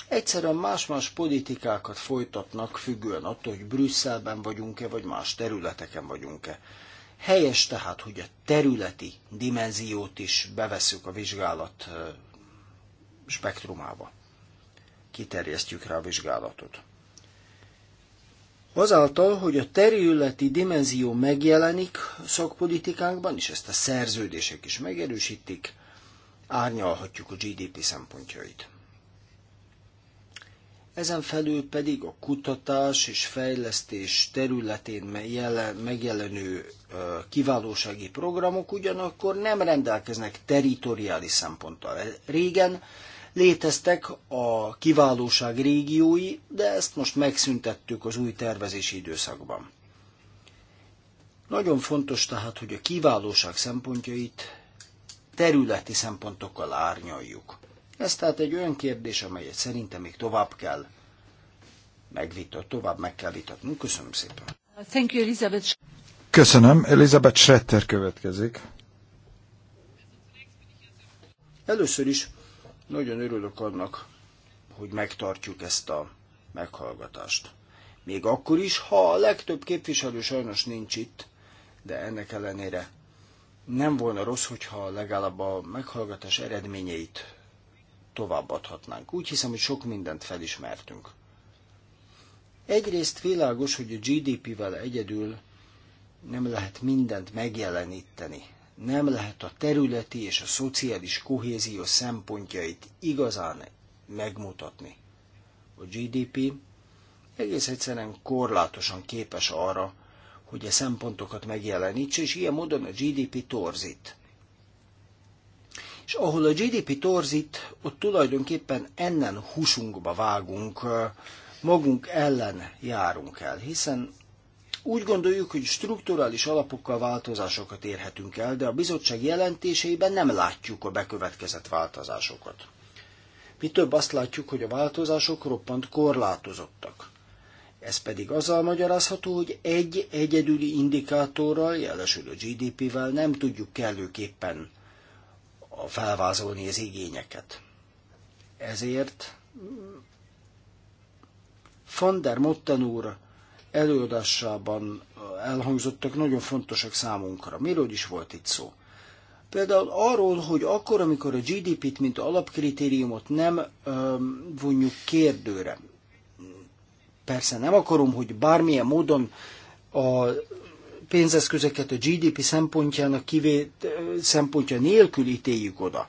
Egyszerűen más-más politikákat folytatnak, függően attól, hogy Brüsszelben vagyunk-e, vagy más területeken vagyunk-e. Helyes tehát, hogy a területi dimenziót is beveszük a vizsgálat spektrumába. Kiterjesztjük rá a vizsgálatot. Azáltal, hogy a területi dimenzió megjelenik szakpolitikánkban, és ezt a szerződések is megerősítik, árnyalhatjuk a GDP szempontjait. Ezen felül pedig a kutatás és fejlesztés területén megjelenő kiválósági programok ugyanakkor nem rendelkeznek teritoriális szemponttal. E, régen léteztek a kiválóság régiói, de ezt most megszüntettük az új tervezési időszakban. Nagyon fontos tehát, hogy a kiválóság szempontjait területi szempontokkal árnyaljuk. Ez tehát egy olyan kérdés, amelyet szerintem még tovább kell megvitatni, tovább meg kell vitatni. Köszönöm szépen. Thank you, Elizabeth. Köszönöm. Elizabeth Schretter következik. Először is nagyon örülök annak, hogy megtartjuk ezt a meghallgatást. Még akkor is, ha a legtöbb képviselő sajnos nincs itt, de ennek ellenére nem volna rossz, hogyha legalább a meghallgatás eredményeit továbbadhatnánk. Úgy hiszem, hogy sok mindent felismertünk. Egyrészt világos, hogy a GDP-vel egyedül nem lehet mindent megjeleníteni. Nem lehet a területi és a szociális kohézió szempontjait igazán megmutatni. A GDP egész egyszerűen korlátosan képes arra, hogy a szempontokat megjelenítse, és ilyen módon a GDP torzít. És ahol a GDP torzít, ott tulajdonképpen ennen húsunkba vágunk, magunk ellen járunk el, hiszen úgy gondoljuk, hogy strukturális alapokkal változásokat érhetünk el, de a bizottság jelentéseiben nem látjuk a bekövetkezett változásokat. Mi több azt látjuk, hogy a változások roppant korlátozottak. Ez pedig azzal magyarázható, hogy egy egyedüli indikátorral, jelesül a GDP-vel nem tudjuk kellőképpen felvázolni az igényeket. Ezért van der Motten úr előadásában elhangzottak nagyon fontosak számunkra. Miről is volt itt szó? Például arról, hogy akkor, amikor a GDP-t, mint alapkritériumot nem öm, vonjuk kérdőre. Persze nem akarom, hogy bármilyen módon a pénzeszközöket a GDP szempontjának kivét, szempontja nélkül ítéljük oda.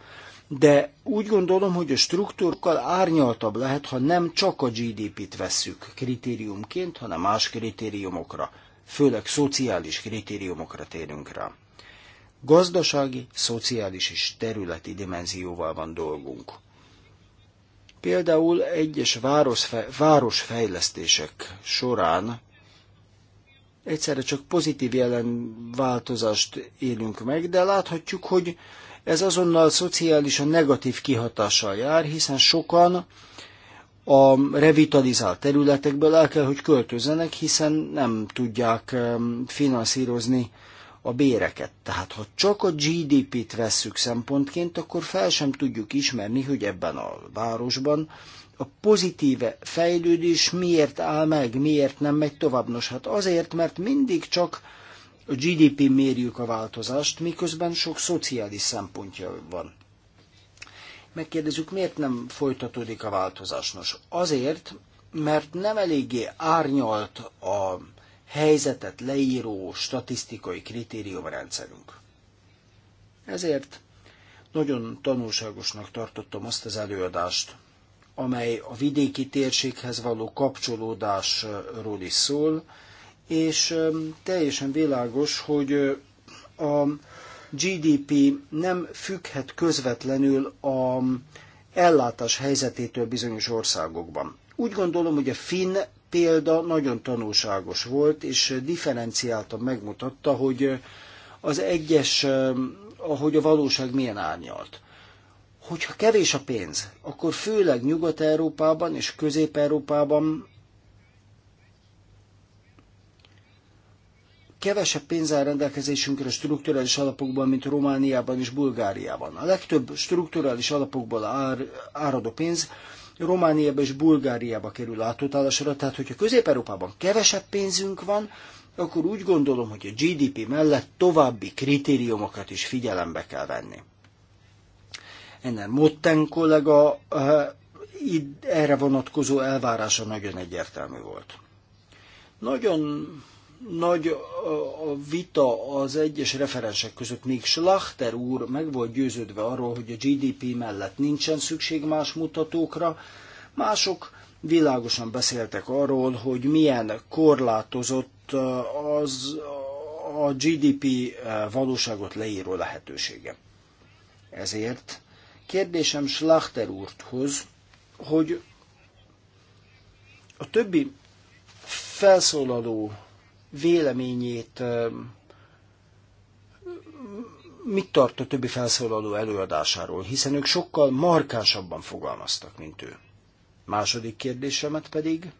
De úgy gondolom, hogy a struktúrkal árnyaltabb lehet, ha nem csak a GDP-t vesszük kritériumként, hanem más kritériumokra, főleg szociális kritériumokra térünk rá. Gazdasági, szociális és területi dimenzióval van dolgunk. Például egyes városfejlesztések során egyszerre csak pozitív jelen változást élünk meg, de láthatjuk, hogy ez azonnal szociálisan negatív kihatással jár, hiszen sokan a revitalizált területekből el kell, hogy költözzenek, hiszen nem tudják finanszírozni a béreket. Tehát ha csak a GDP-t vesszük szempontként, akkor fel sem tudjuk ismerni, hogy ebben a városban a pozitíve fejlődés miért áll meg, miért nem megy tovább. Nos, hát azért, mert mindig csak a GDP mérjük a változást, miközben sok szociális szempontja van. Megkérdezzük, miért nem folytatódik a változás? Nos, azért, mert nem eléggé árnyalt a helyzetet leíró statisztikai kritériumrendszerünk. Ezért nagyon tanulságosnak tartottam azt az előadást, amely a vidéki térséghez való kapcsolódásról is szól, és teljesen világos, hogy a GDP nem függhet közvetlenül a ellátás helyzetétől bizonyos országokban. Úgy gondolom, hogy a finn példa nagyon tanulságos volt, és differenciáltan megmutatta, hogy az egyes, ahogy a valóság milyen árnyalt hogyha kevés a pénz, akkor főleg Nyugat-Európában és Közép-Európában kevesebb pénz áll rendelkezésünkre strukturális alapokban, mint Romániában és Bulgáriában. A legtöbb strukturális alapokból ár, áradó pénz Romániában és Bulgáriában kerül átutálásra, tehát hogyha Közép-Európában kevesebb pénzünk van, akkor úgy gondolom, hogy a GDP mellett további kritériumokat is figyelembe kell venni. Ennél Motten kollega eh, erre vonatkozó elvárása nagyon egyértelmű volt. Nagyon nagy a vita az egyes referensek között, Még Schlachter úr meg volt győződve arról, hogy a GDP mellett nincsen szükség más mutatókra, mások világosan beszéltek arról, hogy milyen korlátozott eh, az a GDP eh, valóságot leíró lehetősége. Ezért Kérdésem Schlachter úrthoz, hogy a többi felszólaló véleményét mit tart a többi felszólaló előadásáról, hiszen ők sokkal markánsabban fogalmaztak, mint ő. Második kérdésemet pedig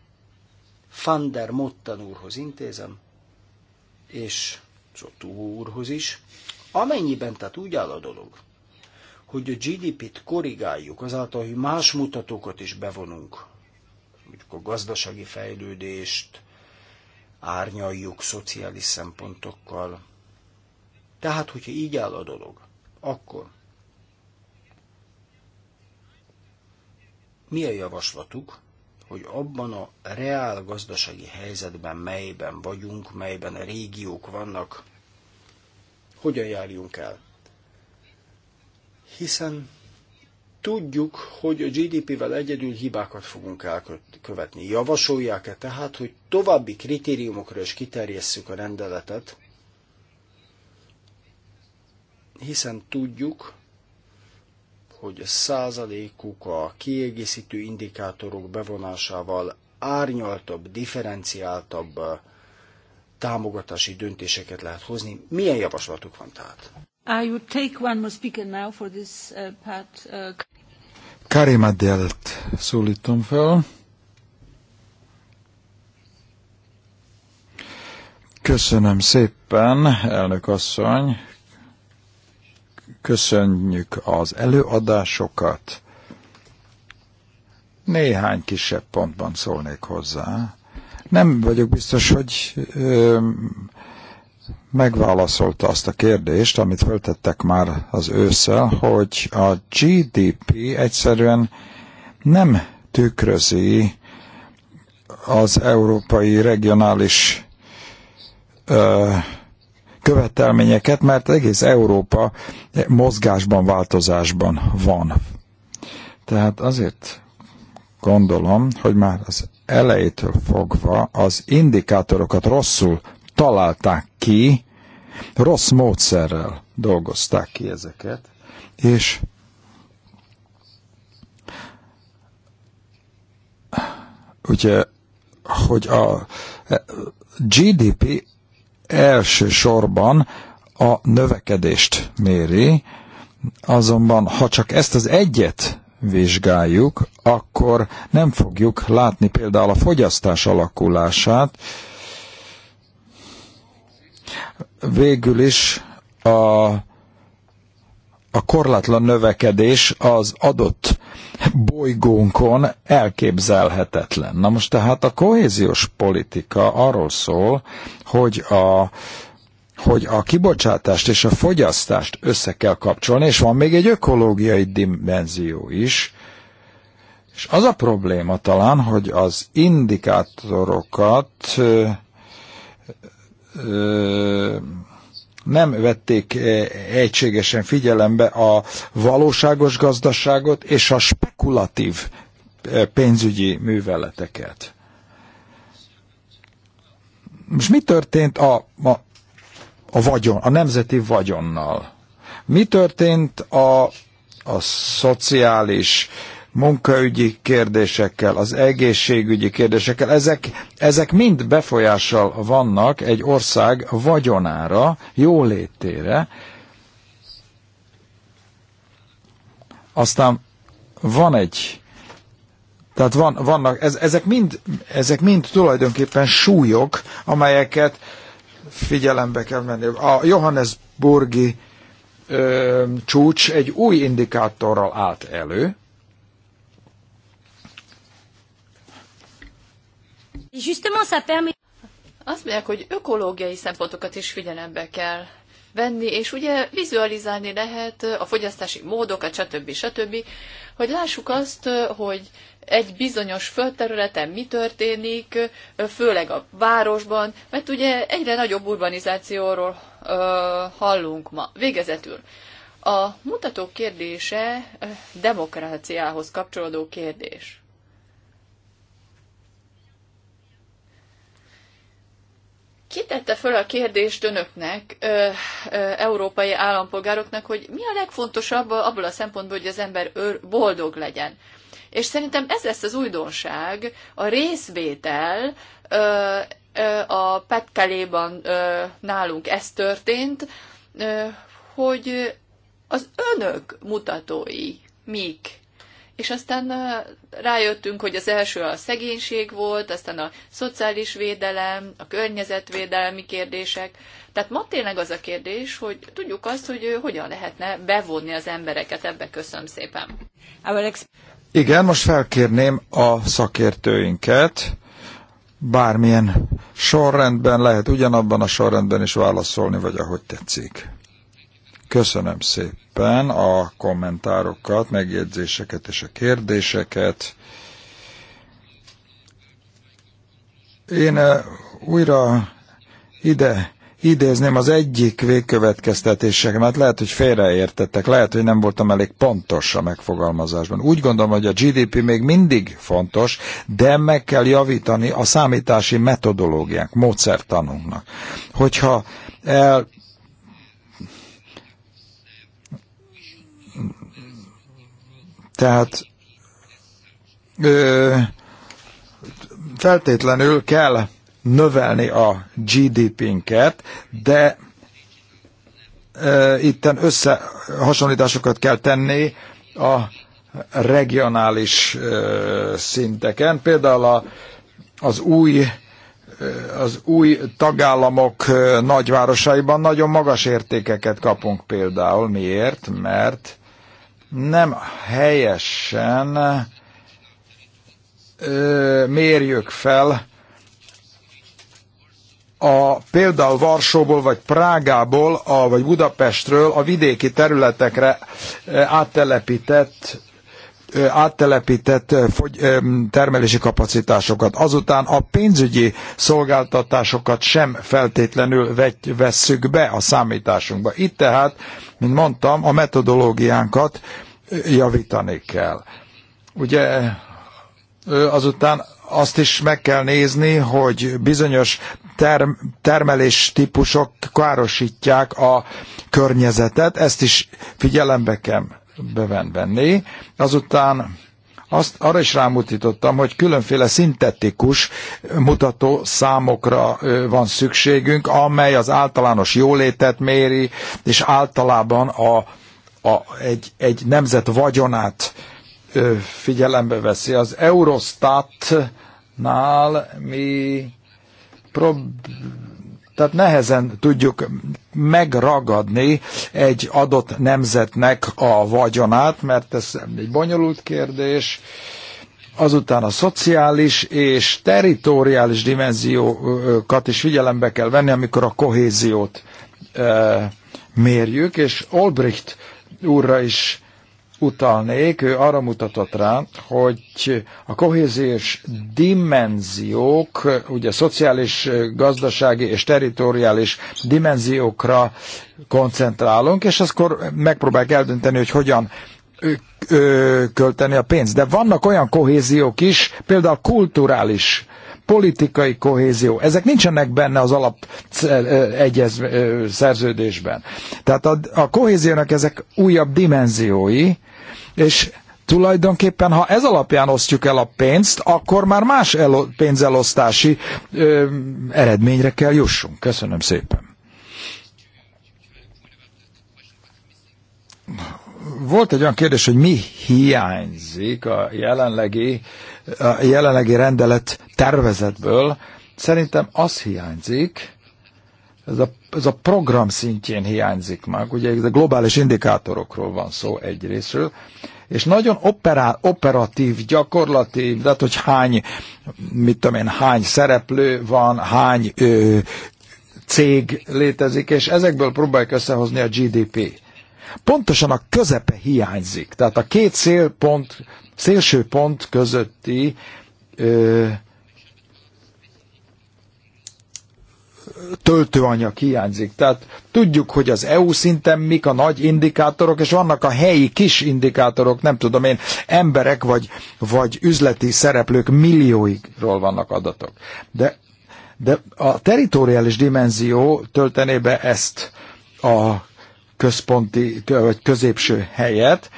Van der Mottan úrhoz intézem, és Zotú úrhoz is, amennyiben tehát úgy áll a dolog, hogy a GDP-t korrigáljuk azáltal, hogy más mutatókat is bevonunk, mondjuk a gazdasági fejlődést, árnyaljuk szociális szempontokkal. Tehát, hogyha így áll a dolog, akkor mi a javaslatuk, hogy abban a reál gazdasági helyzetben, melyben vagyunk, melyben a régiók vannak, hogyan járjunk el? hiszen tudjuk, hogy a GDP-vel egyedül hibákat fogunk elkövetni. Javasolják-e tehát, hogy további kritériumokra is kiterjesszük a rendeletet, hiszen tudjuk, hogy a százalékuk a kiegészítő indikátorok bevonásával árnyaltabb, differenciáltabb eh, támogatási döntéseket lehet hozni. Milyen javaslatuk van tehát? I would take one more speaker now for this uh, part. Uh... Karima Delt szólítom fel. Köszönöm szépen, elnök asszony. Köszönjük az előadásokat. Néhány kisebb pontban szólnék hozzá. Nem vagyok biztos, hogy ö, megválaszolta azt a kérdést, amit föltettek már az ősszel, hogy a GDP egyszerűen nem tükrözi az európai regionális ö, követelményeket, mert egész Európa mozgásban, változásban van. Tehát azért gondolom, hogy már az elejétől fogva az indikátorokat rosszul találták ki, rossz módszerrel dolgozták ki ezeket, és ugye, hogy a e, GDP elsősorban a növekedést méri, azonban ha csak ezt az egyet vizsgáljuk, akkor nem fogjuk látni például a fogyasztás alakulását, Végül is a, a korlátlan növekedés az adott bolygónkon elképzelhetetlen. Na most tehát a kohéziós politika arról szól, hogy a, hogy a kibocsátást és a fogyasztást össze kell kapcsolni, és van még egy ökológiai dimenzió is, és az a probléma talán, hogy az indikátorokat nem vették egységesen figyelembe a valóságos gazdaságot és a spekulatív pénzügyi műveleteket. Most mi történt a, a, a vagyon, a nemzeti vagyonnal? Mi történt a, a szociális uh, munkaügyi kérdésekkel, az egészségügyi kérdésekkel, ezek, ezek mind befolyással vannak egy ország vagyonára, jólétére. Aztán van egy, tehát van, vannak, ez, ezek, mind, ezek mind tulajdonképpen súlyok, amelyeket figyelembe kell menni. A Johannesburgi ö, csúcs egy új indikátorral állt elő, Justement, ça permet... Azt mondják, hogy ökológiai szempontokat is figyelembe kell venni, és ugye vizualizálni lehet a fogyasztási módokat, stb. stb., hogy lássuk azt, hogy egy bizonyos földterületen mi történik, főleg a városban, mert ugye egyre nagyobb urbanizációról ö, hallunk ma. Végezetül. A mutatók kérdése demokráciához kapcsolódó kérdés. Ki tette föl a kérdést önöknek, ö, ö, európai állampolgároknak, hogy mi a legfontosabb abból a szempontból, hogy az ember boldog legyen? És szerintem ez lesz az újdonság, a részvétel, ö, ö, a Petkeléban ö, nálunk ez történt, ö, hogy az önök mutatói mik, és aztán rájöttünk, hogy az első a szegénység volt, aztán a szociális védelem, a környezetvédelmi kérdések. Tehát ma tényleg az a kérdés, hogy tudjuk azt, hogy hogyan lehetne bevonni az embereket ebbe. Köszönöm szépen. Igen, most felkérném a szakértőinket, bármilyen sorrendben lehet, ugyanabban a sorrendben is válaszolni, vagy ahogy tetszik. Köszönöm szépen a kommentárokat, megjegyzéseket és a kérdéseket. Én újra ide idézném az egyik mert lehet, hogy félreértettek, lehet, hogy nem voltam elég pontos a megfogalmazásban. Úgy gondolom, hogy a GDP még mindig fontos, de meg kell javítani a számítási metodológiánk, módszertanunknak. Hogyha el Tehát ö, feltétlenül kell növelni a GDP-nket, de ö, itten összehasonlításokat kell tenni a regionális ö, szinteken. Például a, az új az új tagállamok nagyvárosaiban nagyon magas értékeket kapunk például. Miért? Mert nem helyesen ö, mérjük fel a, például Varsóból, vagy Prágából, a, vagy Budapestről a vidéki területekre áttelepített áttelepített termelési kapacitásokat. Azután a pénzügyi szolgáltatásokat sem feltétlenül vesszük be a számításunkba. Itt tehát, mint mondtam, a metodológiánkat javítani kell. Ugye azután azt is meg kell nézni, hogy bizonyos term- termelés típusok károsítják a környezetet, ezt is figyelembe kell bevenni. Azután azt arra is rámutítottam, hogy különféle szintetikus mutató számokra van szükségünk, amely az általános jólétet méri, és általában a, a, egy, egy nemzet vagyonát figyelembe veszi. Az Eurostatnál mi prób tehát nehezen tudjuk megragadni egy adott nemzetnek a vagyonát, mert ez egy bonyolult kérdés. Azután a szociális és teritoriális dimenziókat is figyelembe kell venni, amikor a kohéziót e, mérjük, és Olbricht úrra is utalnék, ő arra mutatott rá, hogy a kohéziós dimenziók, ugye szociális, gazdasági és teritoriális dimenziókra koncentrálunk, és akkor megpróbálják eldönteni, hogy hogyan költeni a pénzt. De vannak olyan kohéziók is, például kulturális politikai kohézió. Ezek nincsenek benne az alap egyez szerződésben. Tehát a, a kohéziónak ezek újabb dimenziói, és tulajdonképpen, ha ez alapján osztjuk el a pénzt, akkor már más elo- pénzelosztási ö, eredményre kell jussunk. Köszönöm szépen. Volt egy olyan kérdés, hogy mi hiányzik a jelenlegi, a jelenlegi rendelet tervezetből. Szerintem az hiányzik, ez a ez a program szintjén hiányzik meg, ugye ez a globális indikátorokról van szó egyrésztről, és nagyon operál, operatív, gyakorlati, tehát hogy hány, mit tudom én, hány szereplő van, hány ö, cég létezik, és ezekből próbálják összehozni a GDP. Pontosan a közepe hiányzik, tehát a két szélpont, szélső pont közötti ö, töltőanyag hiányzik. Tehát tudjuk, hogy az EU szinten mik a nagy indikátorok, és vannak a helyi kis indikátorok, nem tudom én, emberek vagy, vagy üzleti szereplők millióikról vannak adatok. De, de a teritoriális dimenzió töltené be ezt a központi, vagy középső helyet.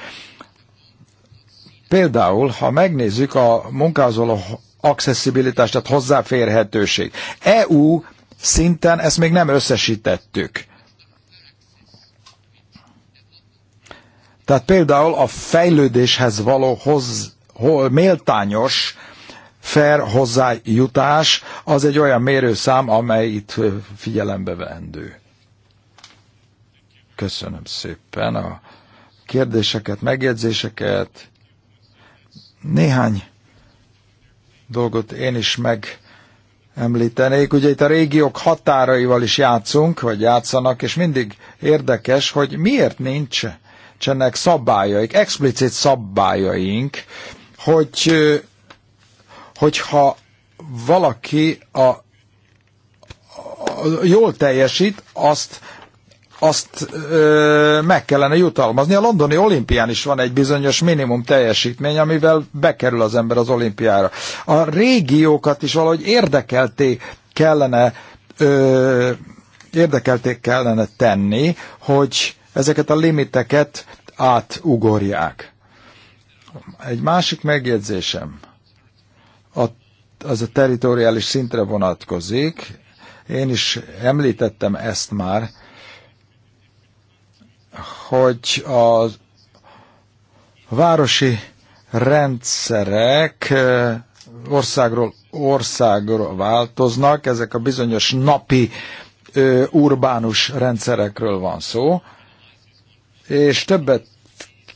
Például, ha megnézzük a munkázoló accessibilitás, tehát hozzáférhetőség. EU szinten ezt még nem összesítettük. Tehát például a fejlődéshez való hoz, hol, méltányos fair hozzájutás az egy olyan mérőszám, amely itt figyelembe vendő. Köszönöm szépen a kérdéseket, megjegyzéseket. Néhány dolgot én is meg említenék. Ugye itt a régiók határaival is játszunk, vagy játszanak, és mindig érdekes, hogy miért nincs csenek szabályaik, explicit szabályaink, hogy, hogyha valaki a, a, jól teljesít, azt azt ö, meg kellene jutalmazni. A londoni olimpián is van egy bizonyos minimum teljesítmény, amivel bekerül az ember az olimpiára. A régiókat is valahogy érdekelték kellene ö, érdekelték kellene tenni, hogy ezeket a limiteket átugorják. Egy másik megjegyzésem, a, az a teritoriális szintre vonatkozik, én is említettem ezt már, hogy a városi rendszerek országról országra változnak, ezek a bizonyos napi ö, urbánus rendszerekről van szó, és többet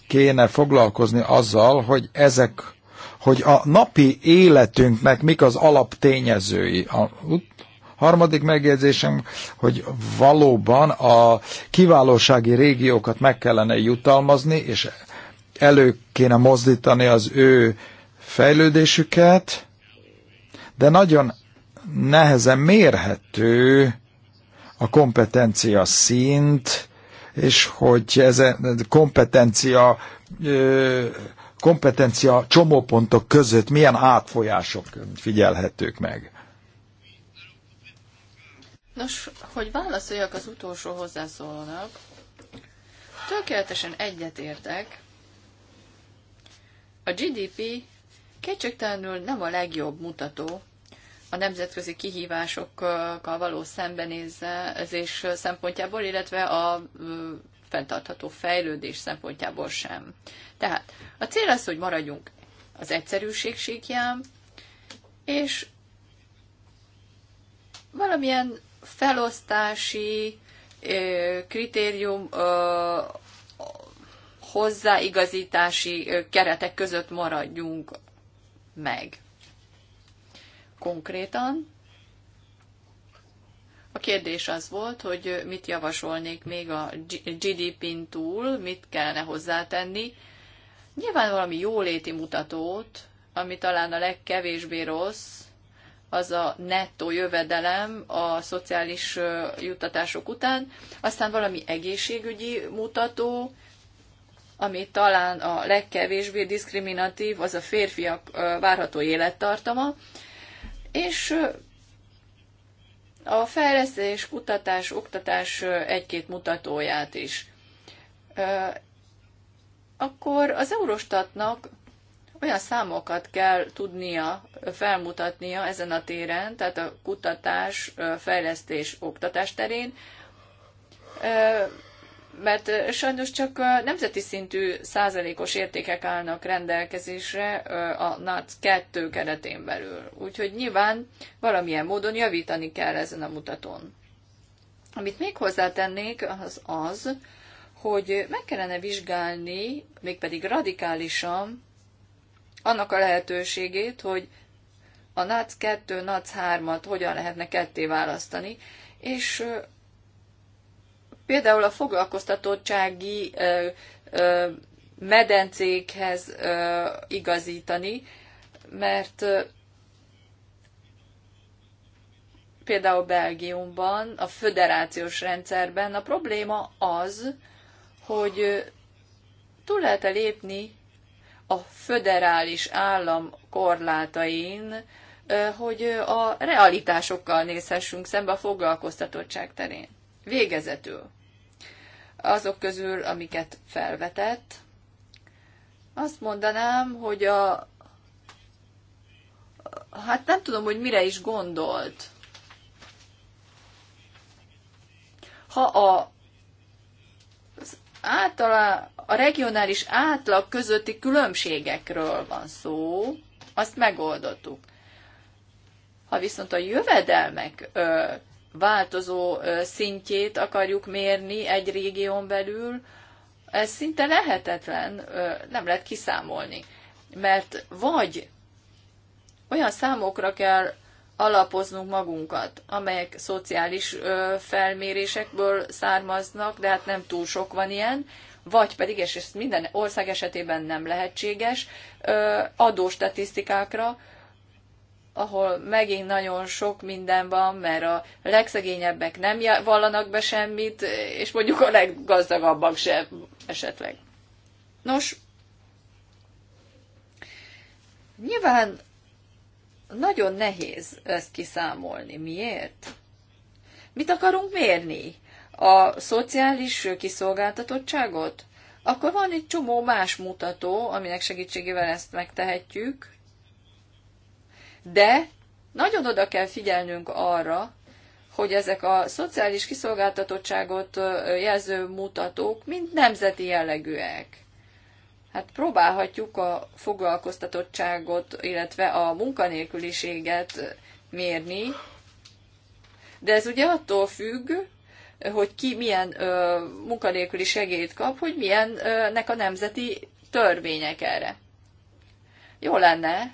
kéne foglalkozni azzal, hogy ezek, hogy a napi életünknek mik az alaptényezői. A Harmadik megjegyzésem, hogy valóban a kiválósági régiókat meg kellene jutalmazni, és elő kéne mozdítani az ő fejlődésüket, de nagyon nehezen mérhető a kompetencia szint, és hogy ez a kompetencia, kompetencia csomópontok között milyen átfolyások figyelhetők meg. Nos, hogy válaszoljak az utolsó hozzászólónak, tökéletesen egyetértek. A GDP kétségtelenül nem a legjobb mutató a nemzetközi kihívásokkal való szembenézés szempontjából, illetve a fenntartható fejlődés szempontjából sem. Tehát a cél az, hogy maradjunk az egyszerűség síkján, és valamilyen felosztási kritérium hozzáigazítási keretek között maradjunk meg. Konkrétan a kérdés az volt, hogy mit javasolnék még a GDP-n túl, mit kellene hozzátenni. Nyilván valami jóléti mutatót, ami talán a legkevésbé rossz, az a nettó jövedelem a szociális juttatások után, aztán valami egészségügyi mutató, ami talán a legkevésbé diszkriminatív, az a férfiak várható élettartama, és a fejlesztés, kutatás, oktatás egy-két mutatóját is. Akkor az Eurostatnak olyan számokat kell tudnia, felmutatnia ezen a téren, tehát a kutatás, fejlesztés, oktatás terén, mert sajnos csak nemzeti szintű százalékos értékek állnak rendelkezésre a NAC 2 keretén belül. Úgyhogy nyilván valamilyen módon javítani kell ezen a mutatón. Amit még hozzátennék, az az, hogy meg kellene vizsgálni, mégpedig radikálisan annak a lehetőségét, hogy a NAC 2, NAC 3-at hogyan lehetne ketté választani, és például a foglalkoztatottsági medencékhez igazítani, mert például Belgiumban, a föderációs rendszerben a probléma az, hogy túl lehet -e lépni a föderális állam korlátain, hogy a realitásokkal nézhessünk szembe a foglalkoztatottság terén. Végezetül. Azok közül, amiket felvetett, azt mondanám, hogy a, hát nem tudom, hogy mire is gondolt. Ha a, az a regionális átlag közötti különbségekről van szó, azt megoldottuk. Ha viszont a jövedelmek ö, változó ö, szintjét akarjuk mérni egy régión belül, ez szinte lehetetlen, ö, nem lehet kiszámolni. Mert vagy olyan számokra kell alapoznunk magunkat, amelyek szociális ö, felmérésekből származnak, de hát nem túl sok van ilyen, vagy pedig, és ez minden ország esetében nem lehetséges, adóstatisztikákra, ahol megint nagyon sok minden van, mert a legszegényebbek nem vallanak be semmit, és mondjuk a leggazdagabbak sem esetleg. Nos, nyilván nagyon nehéz ezt kiszámolni. Miért? Mit akarunk mérni? a szociális kiszolgáltatottságot, akkor van egy csomó más mutató, aminek segítségével ezt megtehetjük, de nagyon oda kell figyelnünk arra, hogy ezek a szociális kiszolgáltatottságot jelző mutatók mind nemzeti jellegűek. Hát próbálhatjuk a foglalkoztatottságot, illetve a munkanélküliséget mérni, de ez ugye attól függ, hogy ki milyen ö, munkanélküli segélyt kap, hogy milyen ö, nek a nemzeti törvények erre. Jó lenne,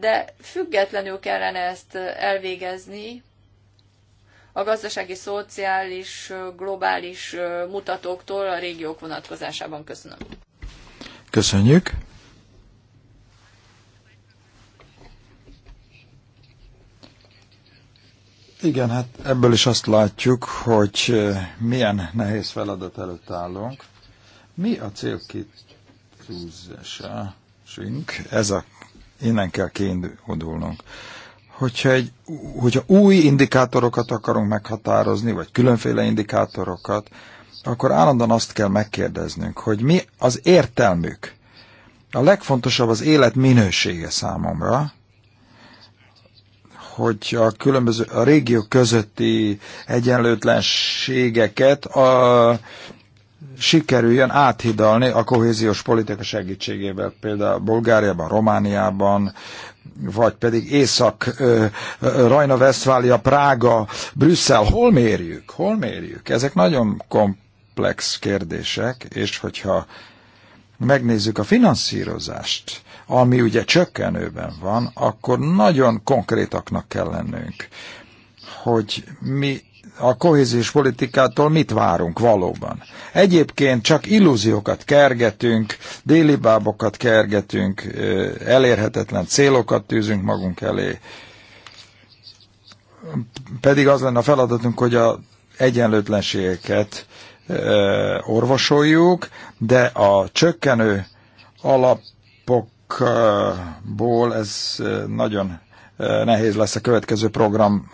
de függetlenül kellene ezt elvégezni a gazdasági, szociális, globális mutatóktól a régiók vonatkozásában. Köszönöm. Köszönjük. Igen, hát ebből is azt látjuk, hogy milyen nehéz feladat előtt állunk. Mi a célkitűzésünk? Ez a, innen kell kiindulnunk. Hogyha, egy, hogyha új indikátorokat akarunk meghatározni, vagy különféle indikátorokat, akkor állandóan azt kell megkérdeznünk, hogy mi az értelmük. A legfontosabb az élet minősége számomra, hogy a különböző a régiók közötti egyenlőtlenségeket a, sikerüljön áthidalni a kohéziós politika segítségével, például Bulgáriában, Romániában, vagy pedig Észak, Rajna, Vesztfália, Prága, Brüsszel, hol mérjük? Hol mérjük? Ezek nagyon komplex kérdések, és hogyha megnézzük a finanszírozást, ami ugye csökkenőben van, akkor nagyon konkrétaknak kell lennünk, hogy mi a kohéziós politikától mit várunk valóban. Egyébként csak illúziókat kergetünk, délibábokat kergetünk, elérhetetlen célokat tűzünk magunk elé. Pedig az lenne a feladatunk, hogy a egyenlőtlenségeket orvosoljuk, de a csökkenő alapok ból ez nagyon nehéz lesz a következő program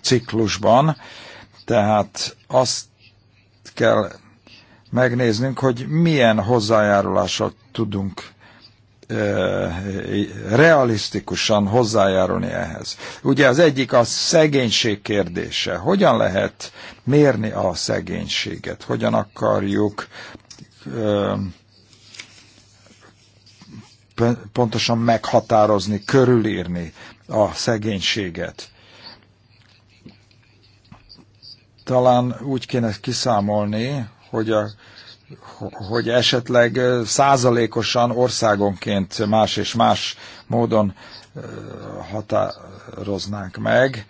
ciklusban, tehát azt kell megnéznünk, hogy milyen hozzájárulással tudunk realisztikusan hozzájárulni ehhez. Ugye az egyik a szegénység kérdése. Hogyan lehet mérni a szegénységet? Hogyan akarjuk pontosan meghatározni, körülírni a szegénységet. Talán úgy kéne kiszámolni, hogy, a, hogy esetleg százalékosan országonként más és más módon határoznánk meg.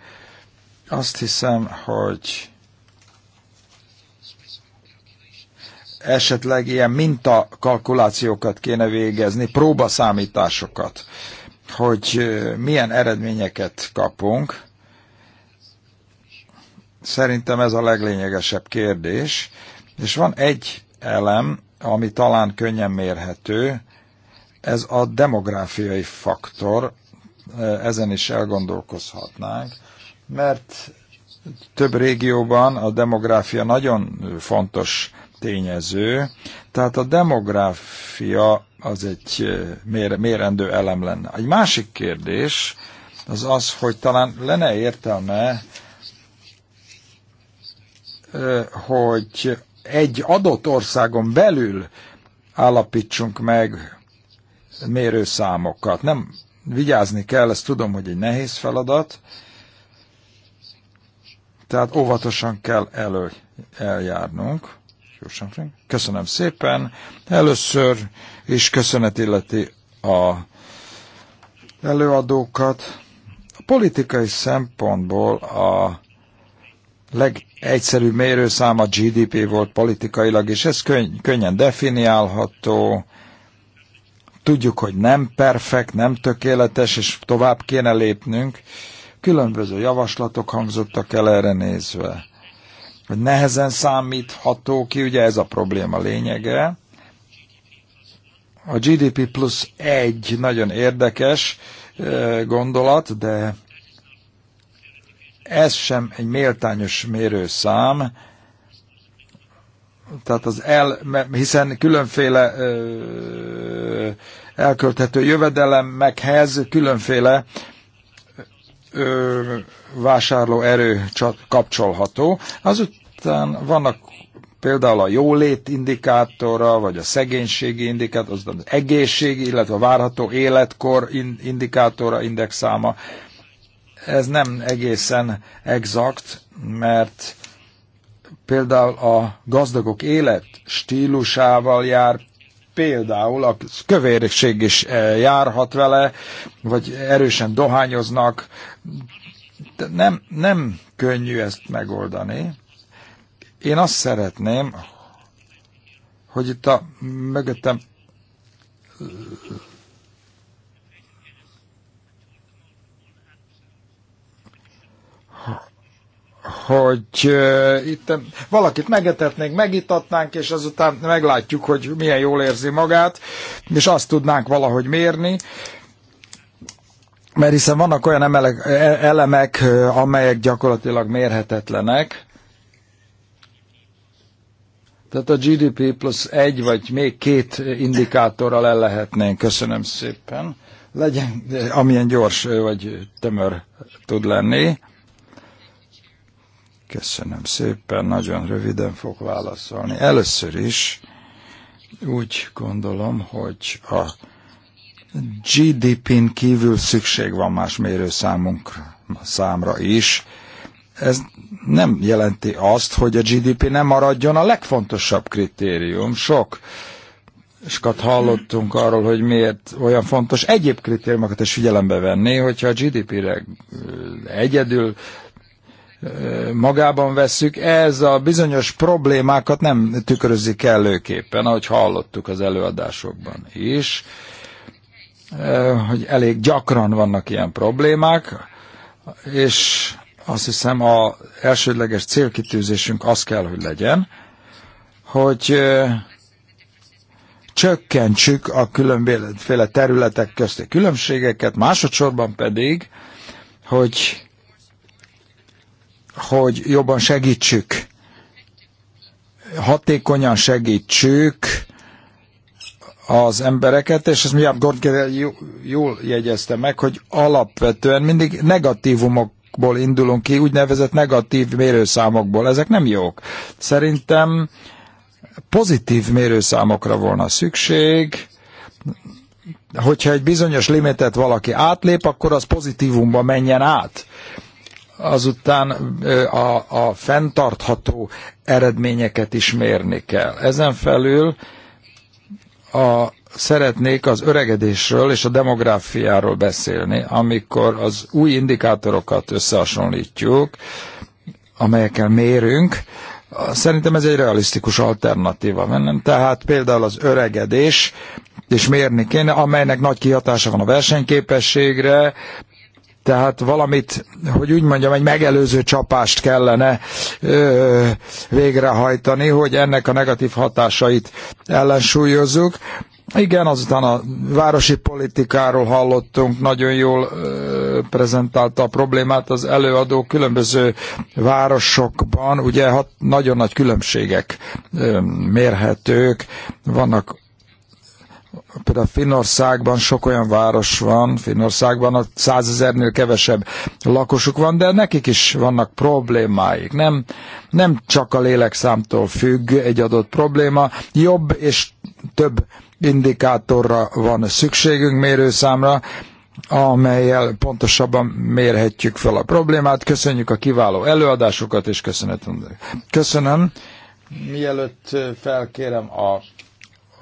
Azt hiszem, hogy esetleg ilyen mintakalkulációkat kéne végezni, próbaszámításokat, hogy milyen eredményeket kapunk. Szerintem ez a leglényegesebb kérdés. És van egy elem, ami talán könnyen mérhető, ez a demográfiai faktor, ezen is elgondolkozhatnánk, mert több régióban a demográfia nagyon fontos tényező, tehát a demográfia az egy eh, mérendő elem lenne. Egy másik kérdés az az, hogy talán lenne értelme, eh, hogy egy adott országon belül állapítsunk meg mérőszámokat. Nem vigyázni kell, ezt tudom, hogy egy nehéz feladat, tehát óvatosan kell elő, eljárnunk. Köszönöm szépen. Először is köszönet illeti a előadókat. A politikai szempontból a legegyszerűbb mérőszám a GDP volt politikailag, és ez könny- könnyen definiálható. Tudjuk, hogy nem perfekt, nem tökéletes, és tovább kéne lépnünk. Különböző javaslatok hangzottak el erre nézve hogy nehezen számítható ki, ugye ez a probléma lényege. A GDP plusz egy nagyon érdekes gondolat, de ez sem egy méltányos mérőszám, tehát az el, hiszen különféle ö, elkölthető jövedelemekhez különféle ö, vásárló erő kapcsolható. Azután vannak például a jólét indikátora, vagy a szegénységi indikátor, az egészségi, illetve a várható életkor indikátora, indexáma. Ez nem egészen exakt, mert például a gazdagok élet stílusával jár például a kövérség is eh, járhat vele, vagy erősen dohányoznak. De nem, nem könnyű ezt megoldani. Én azt szeretném, hogy itt a mögöttem hogy uh, itt valakit megetetnénk, megitatnánk, és azután meglátjuk, hogy milyen jól érzi magát, és azt tudnánk valahogy mérni. Mert hiszen vannak olyan emelek, e, elemek, amelyek gyakorlatilag mérhetetlenek. Tehát a GDP plusz egy vagy még két indikátorral el lehetnénk. Köszönöm szépen. Legyen, amilyen gyors vagy tömör tud lenni. Köszönöm szépen, nagyon röviden fog válaszolni. Először is úgy gondolom, hogy a GDP-n kívül szükség van más mérőszámunkra, számra is. Ez nem jelenti azt, hogy a GDP nem maradjon a legfontosabb kritérium. Sok skat hallottunk arról, hogy miért olyan fontos egyéb kritériumokat is figyelembe venni, hogyha a GDP-re egyedül magában vesszük, ez a bizonyos problémákat nem tükrözi kellőképpen, ahogy hallottuk az előadásokban is, eh, hogy elég gyakran vannak ilyen problémák, és azt hiszem a elsődleges célkitűzésünk az kell, hogy legyen, hogy eh, csökkentsük a különféle területek közti különbségeket, másodszorban pedig, hogy hogy jobban segítsük, hatékonyan segítsük az embereket, és ezt mindjárt Gorgel jól jegyezte meg, hogy alapvetően mindig negatívumokból indulunk ki, úgynevezett negatív mérőszámokból. Ezek nem jók. Szerintem pozitív mérőszámokra volna szükség, hogyha egy bizonyos limitet valaki átlép, akkor az pozitívumba menjen át azután a, a fenntartható eredményeket is mérni kell. Ezen felül a, szeretnék az öregedésről és a demográfiáról beszélni, amikor az új indikátorokat összehasonlítjuk, amelyekkel mérünk, Szerintem ez egy realisztikus alternatíva mennem. Tehát például az öregedés, és mérni kéne, amelynek nagy kihatása van a versenyképességre, tehát valamit, hogy úgy mondjam, egy megelőző csapást kellene ö, végrehajtani, hogy ennek a negatív hatásait ellensúlyozzuk. Igen, azután a városi politikáról hallottunk, nagyon jól ö, prezentálta a problémát az előadó különböző városokban, ugye hat, nagyon nagy különbségek ö, mérhetők, vannak például Finnországban sok olyan város van, Finnországban a százezernél kevesebb lakosuk van, de nekik is vannak problémáik. Nem, nem csak a lélekszámtól függ egy adott probléma, jobb és több indikátorra van szükségünk mérőszámra, amelyel pontosabban mérhetjük fel a problémát. Köszönjük a kiváló előadásokat, és köszönet. Köszönöm. Mielőtt felkérem a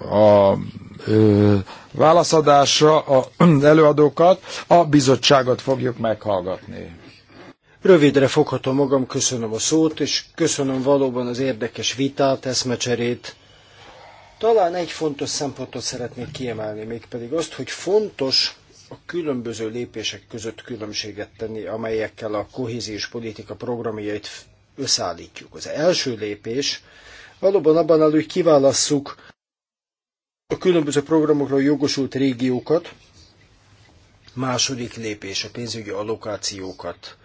a ö, válaszadásra az előadókat, a bizottságot fogjuk meghallgatni. Rövidre foghatom magam, köszönöm a szót, és köszönöm valóban az érdekes vitát, eszmecserét. Talán egy fontos szempontot szeretnék kiemelni, mégpedig azt, hogy fontos a különböző lépések között különbséget tenni, amelyekkel a kohéziós politika programjait összeállítjuk. Az első lépés valóban abban áll, hogy kiválasszuk a különböző programokra jogosult régiókat, második lépés a pénzügyi allokációkat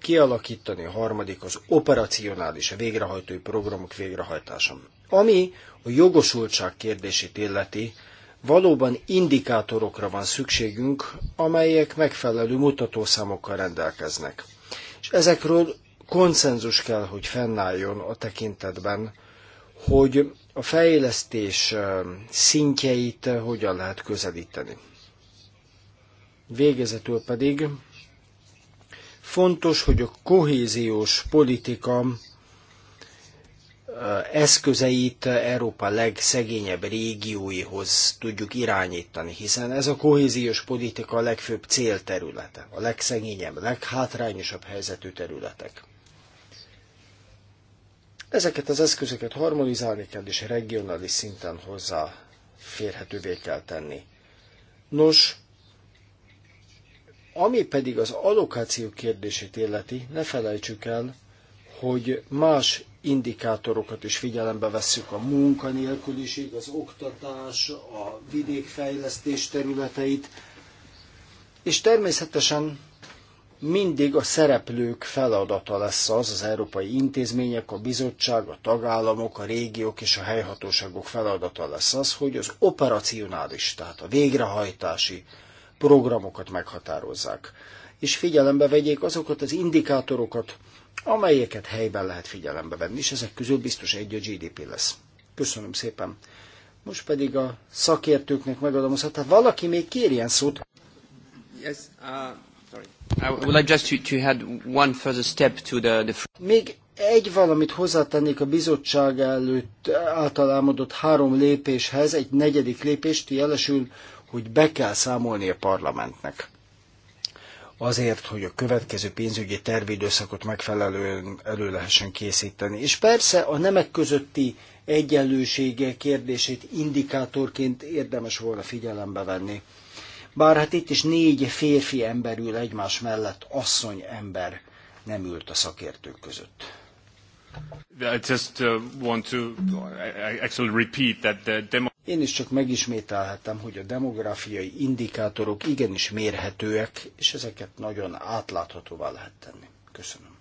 kialakítani, a harmadik az operacionális, a végrehajtói programok végrehajtása. Ami a jogosultság kérdését illeti, valóban indikátorokra van szükségünk, amelyek megfelelő mutatószámokkal rendelkeznek. És ezekről konszenzus kell, hogy fennálljon a tekintetben, hogy a fejlesztés szintjeit hogyan lehet közelíteni. Végezetül pedig fontos, hogy a kohéziós politika eszközeit Európa legszegényebb régióihoz tudjuk irányítani, hiszen ez a kohéziós politika a legfőbb célterülete, a legszegényebb, leghátrányosabb helyzetű területek. Ezeket az eszközöket harmonizálni kell, és regionális szinten hozzá férhetővé kell tenni. Nos, ami pedig az allokáció kérdését illeti, ne felejtsük el, hogy más indikátorokat is figyelembe vesszük, a munkanélküliség, az oktatás, a vidékfejlesztés területeit, és természetesen mindig a szereplők feladata lesz az, az európai intézmények, a bizottság, a tagállamok, a régiók és a helyhatóságok feladata lesz az, hogy az operacionális, tehát a végrehajtási programokat meghatározzák. És figyelembe vegyék azokat az indikátorokat, amelyeket helyben lehet figyelembe venni, és ezek közül biztos egy a GDP lesz. Köszönöm szépen. Most pedig a szakértőknek megadom a szót. Tehát valaki még kérjen szót. Yes, uh... Még egy valamit hozzátennék a bizottság előtt által elmondott három lépéshez, egy negyedik lépést jelesül, hogy be kell számolni a parlamentnek. Azért, hogy a következő pénzügyi tervidőszakot megfelelően elő lehessen készíteni. És persze a nemek közötti egyenlősége kérdését indikátorként érdemes volna figyelembe venni bár hát itt is négy férfi ember ül egymás mellett, asszony ember nem ült a szakértők között. I just uh, want to actually repeat that the demo én is csak megismételhetem, hogy a demográfiai indikátorok igenis mérhetőek, és ezeket nagyon átláthatóvá lehet tenni. Köszönöm.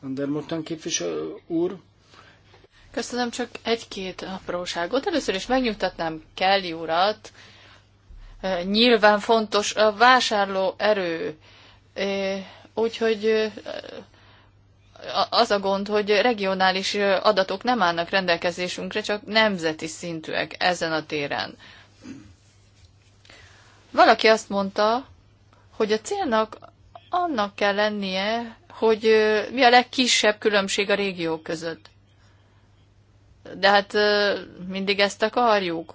Andermottan képviselő úr, Köszönöm csak egy-két apróságot. Először is megnyugtatnám Kelly urat. Nyilván fontos a vásárló erő. Úgyhogy az a gond, hogy regionális adatok nem állnak rendelkezésünkre, csak nemzeti szintűek ezen a téren. Valaki azt mondta, hogy a célnak annak kell lennie, hogy mi a legkisebb különbség a régiók között. De hát mindig ezt akarjuk.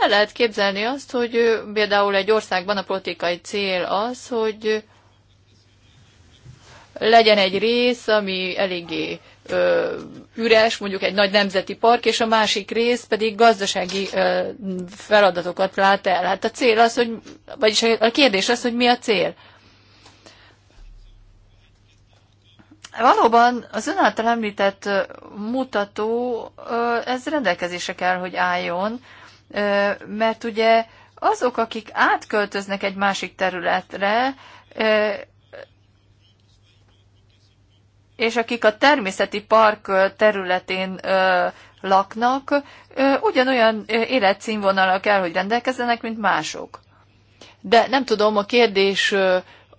El lehet képzelni azt, hogy például egy országban a politikai cél az, hogy legyen egy rész, ami eléggé üres, mondjuk egy nagy nemzeti park, és a másik rész pedig gazdasági feladatokat lát el. Hát a cél az, hogy, vagyis a kérdés az, hogy mi a cél. Valóban az ön által említett mutató, ez rendelkezése kell, hogy álljon, mert ugye azok, akik átköltöznek egy másik területre, és akik a természeti park területén laknak, ugyanolyan életszínvonalak kell, hogy rendelkezzenek, mint mások. De nem tudom, a kérdés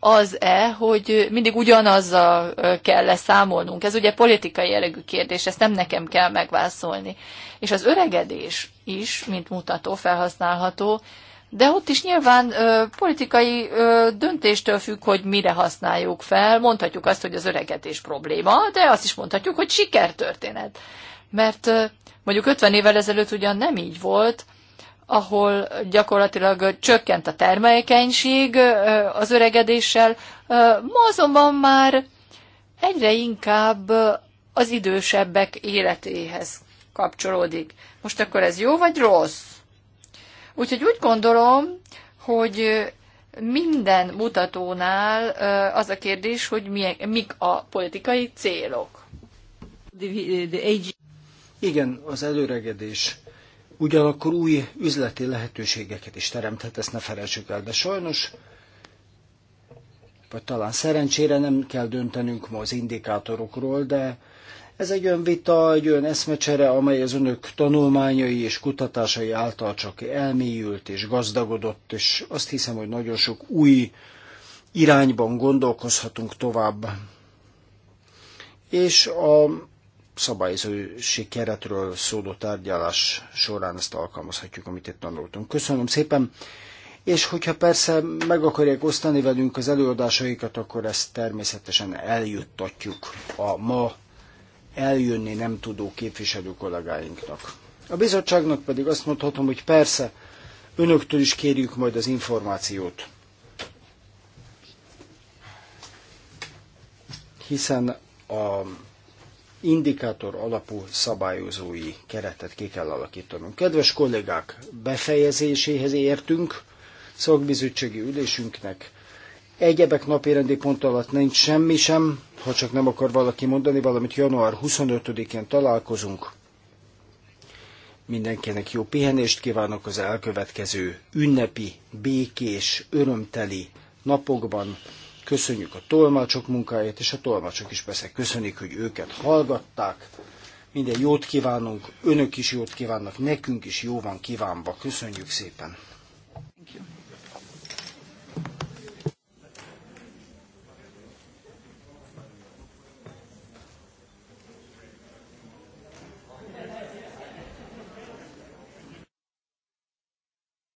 az-e, hogy mindig ugyanazzal kell számolnunk. Ez ugye politikai jellegű kérdés, ezt nem nekem kell megválaszolni. És az öregedés is, mint mutató, felhasználható, de ott is nyilván ö, politikai ö, döntéstől függ, hogy mire használjuk fel. Mondhatjuk azt, hogy az öregedés probléma, de azt is mondhatjuk, hogy sikertörténet. Mert ö, mondjuk 50 évvel ezelőtt ugyan nem így volt, ahol gyakorlatilag csökkent a termelékenység az öregedéssel, ma azonban már egyre inkább az idősebbek életéhez kapcsolódik. Most akkor ez jó vagy rossz? Úgyhogy úgy gondolom, hogy minden mutatónál az a kérdés, hogy milyen, mik a politikai célok. Igen, az előregedés ugyanakkor új üzleti lehetőségeket is teremthet, ezt ne felejtsük el, de sajnos vagy talán szerencsére nem kell döntenünk ma az indikátorokról, de ez egy olyan vita, egy olyan eszmecsere, amely az önök tanulmányai és kutatásai által csak elmélyült és gazdagodott, és azt hiszem, hogy nagyon sok új irányban gondolkozhatunk tovább. És a szabályozási keretről szóló tárgyalás során ezt alkalmazhatjuk, amit itt tanultunk. Köszönöm szépen, és hogyha persze meg akarják osztani velünk az előadásaikat, akkor ezt természetesen eljuttatjuk a ma eljönni nem tudó képviselő kollégáinknak. A bizottságnak pedig azt mondhatom, hogy persze, önöktől is kérjük majd az információt. Hiszen a indikátor alapú szabályozói keretet ki kell alakítanunk. Kedves kollégák, befejezéséhez értünk szakbizottsági ülésünknek. Egyebek napirendi pont alatt nincs semmi sem, ha csak nem akar valaki mondani valamit, január 25-én találkozunk. Mindenkinek jó pihenést kívánok az elkövetkező ünnepi, békés, örömteli napokban köszönjük a tolmácsok munkáját, és a tolmácsok is persze köszönik, hogy őket hallgatták. Minden jót kívánunk, önök is jót kívánnak, nekünk is jó van kívánva. Köszönjük szépen!